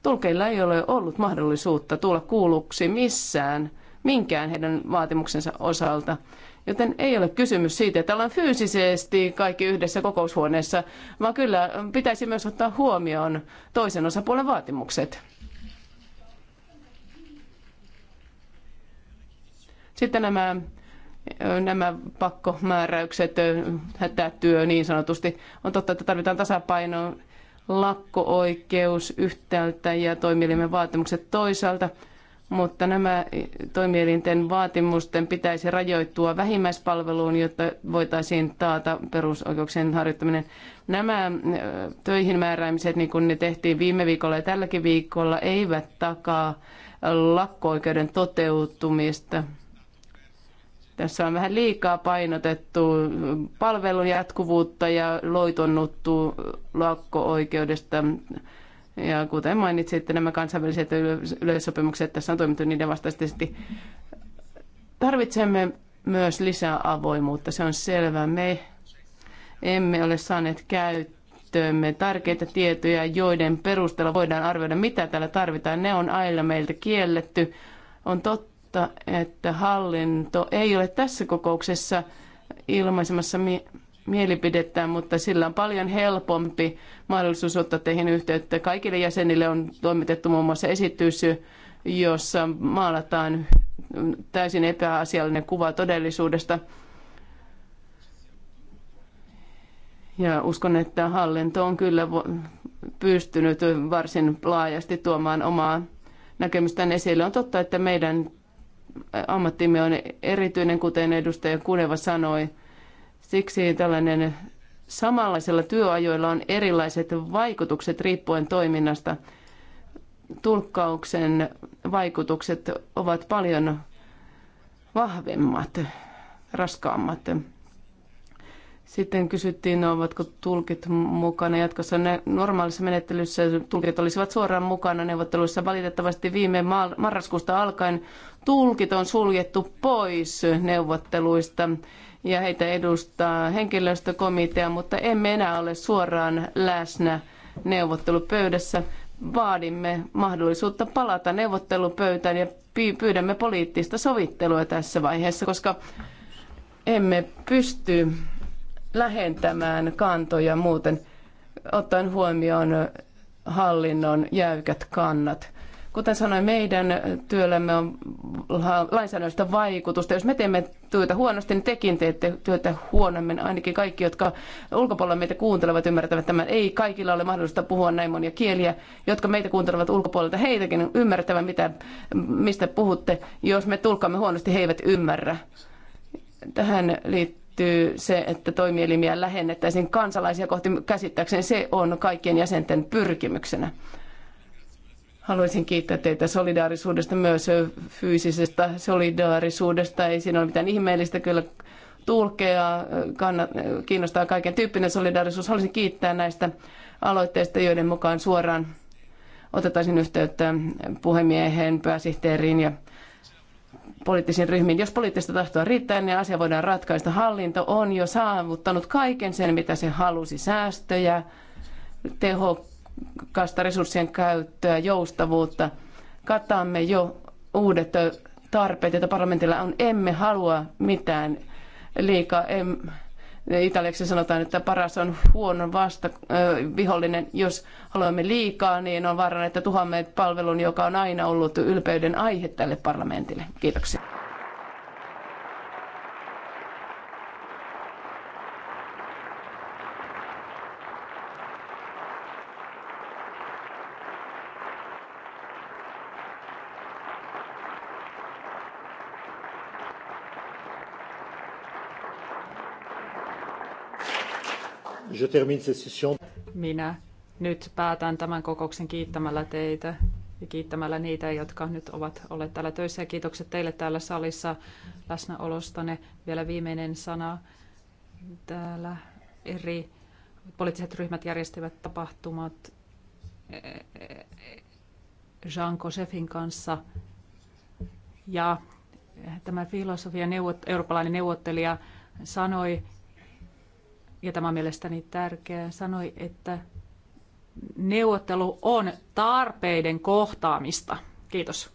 tulkeilla ei ole ollut mahdollisuutta tulla kuulluksi missään, minkään heidän vaatimuksensa osalta. Joten ei ole kysymys siitä, että ollaan fyysisesti kaikki yhdessä kokoushuoneessa, vaan kyllä pitäisi myös ottaa huomioon toisen osapuolen vaatimukset. Sitten nämä, nämä pakkomääräykset, hätätyö niin sanotusti. On totta, että tarvitaan tasapaino lakko-oikeus yhtäältä ja toimielimen vaatimukset toisaalta mutta nämä toimielinten vaatimusten pitäisi rajoittua vähimmäispalveluun, jotta voitaisiin taata perusoikeuksien harjoittaminen. Nämä äh, töihin määräämiset, niin kuin ne tehtiin viime viikolla ja tälläkin viikolla, eivät takaa lakko-oikeuden toteutumista. Tässä on vähän liikaa painotettu palvelun jatkuvuutta ja loitonnuttu lakko-oikeudesta ja kuten että nämä kansainväliset yleissopimukset, tässä on toimittu niiden vastaisesti. Tarvitsemme myös lisää avoimuutta, se on selvää. Me emme ole saaneet käyttöömme tärkeitä tietoja, joiden perusteella voidaan arvioida, mitä täällä tarvitaan. Ne on aina meiltä kielletty. On totta, että hallinto ei ole tässä kokouksessa ilmaisemassa mi- mielipidettään, mutta sillä on paljon helpompi mahdollisuus ottaa teihin yhteyttä. Kaikille jäsenille on toimitettu muun muassa esitys, jossa maalataan täysin epäasiallinen kuva todellisuudesta. Ja uskon, että hallinto on kyllä pystynyt varsin laajasti tuomaan omaa näkemystään esille. On totta, että meidän ammattimme on erityinen, kuten edustaja Kuneva sanoi Siksi tällainen samanlaisella työajoilla on erilaiset vaikutukset riippuen toiminnasta. Tulkkauksen vaikutukset ovat paljon vahvemmat, raskaammat. Sitten kysyttiin, no, ovatko tulkit mukana jatkossa. Ne normaalissa menettelyssä tulkit olisivat suoraan mukana neuvotteluissa. Valitettavasti viime marraskuusta alkaen tulkit on suljettu pois neuvotteluista ja heitä edustaa henkilöstökomitea, mutta emme enää ole suoraan läsnä neuvottelupöydässä. Vaadimme mahdollisuutta palata neuvottelupöytään ja pyydämme poliittista sovittelua tässä vaiheessa, koska emme pysty lähentämään kantoja muuten ottaen huomioon hallinnon jäykät kannat. Kuten sanoin, meidän työllämme on lainsäädännöllistä vaikutusta. Jos me teemme työtä huonosti, niin tekin teette työtä huonommin. Ainakin kaikki, jotka ulkopuolella meitä kuuntelevat, ymmärtävät tämän. Ei kaikilla ole mahdollista puhua näin monia kieliä. Jotka meitä kuuntelevat ulkopuolelta, heitäkin ymmärtävät, mitä, mistä puhutte. Jos me tulkaamme huonosti, he eivät ymmärrä. Tähän liittyy se, että toimielimiä lähennettäisiin kansalaisia kohti käsittääkseen, se on kaikkien jäsenten pyrkimyksenä. Haluaisin kiittää teitä solidaarisuudesta, myös fyysisestä solidaarisuudesta. Ei siinä ole mitään ihmeellistä. Kyllä tulkea, kannat, kiinnostaa kaiken tyyppinen solidaarisuus. Haluaisin kiittää näistä aloitteista, joiden mukaan suoraan otettaisiin yhteyttä puhemieheen, pääsihteeriin ja poliittisiin ryhmiin. Jos poliittista tahtoa riittää, niin asia voidaan ratkaista. Hallinto on jo saavuttanut kaiken sen, mitä se halusi. Säästöjä, teho, tehokasta resurssien käyttöä, joustavuutta. Katamme jo uudet tarpeet, joita parlamentilla on. Emme halua mitään liikaa. Em, italiaksi sanotaan, että paras on huono vasta, vihollinen. Jos haluamme liikaa, niin on vaarana, että tuhamme palvelun, joka on aina ollut ylpeyden aihe tälle parlamentille. Kiitoksia. Je termine cette session. Minä nyt päätän tämän kokouksen kiittämällä teitä ja kiittämällä niitä, jotka nyt ovat olleet täällä töissä. Ja kiitokset teille täällä salissa läsnäolostanne. Vielä viimeinen sana. Täällä eri poliittiset ryhmät järjestivät tapahtumat Jean Kosefin kanssa. Ja tämä filosofia, neuvot, eurooppalainen neuvottelija, sanoi, ja tämä on mielestäni tärkeää, sanoi, että neuvottelu on tarpeiden kohtaamista. Kiitos.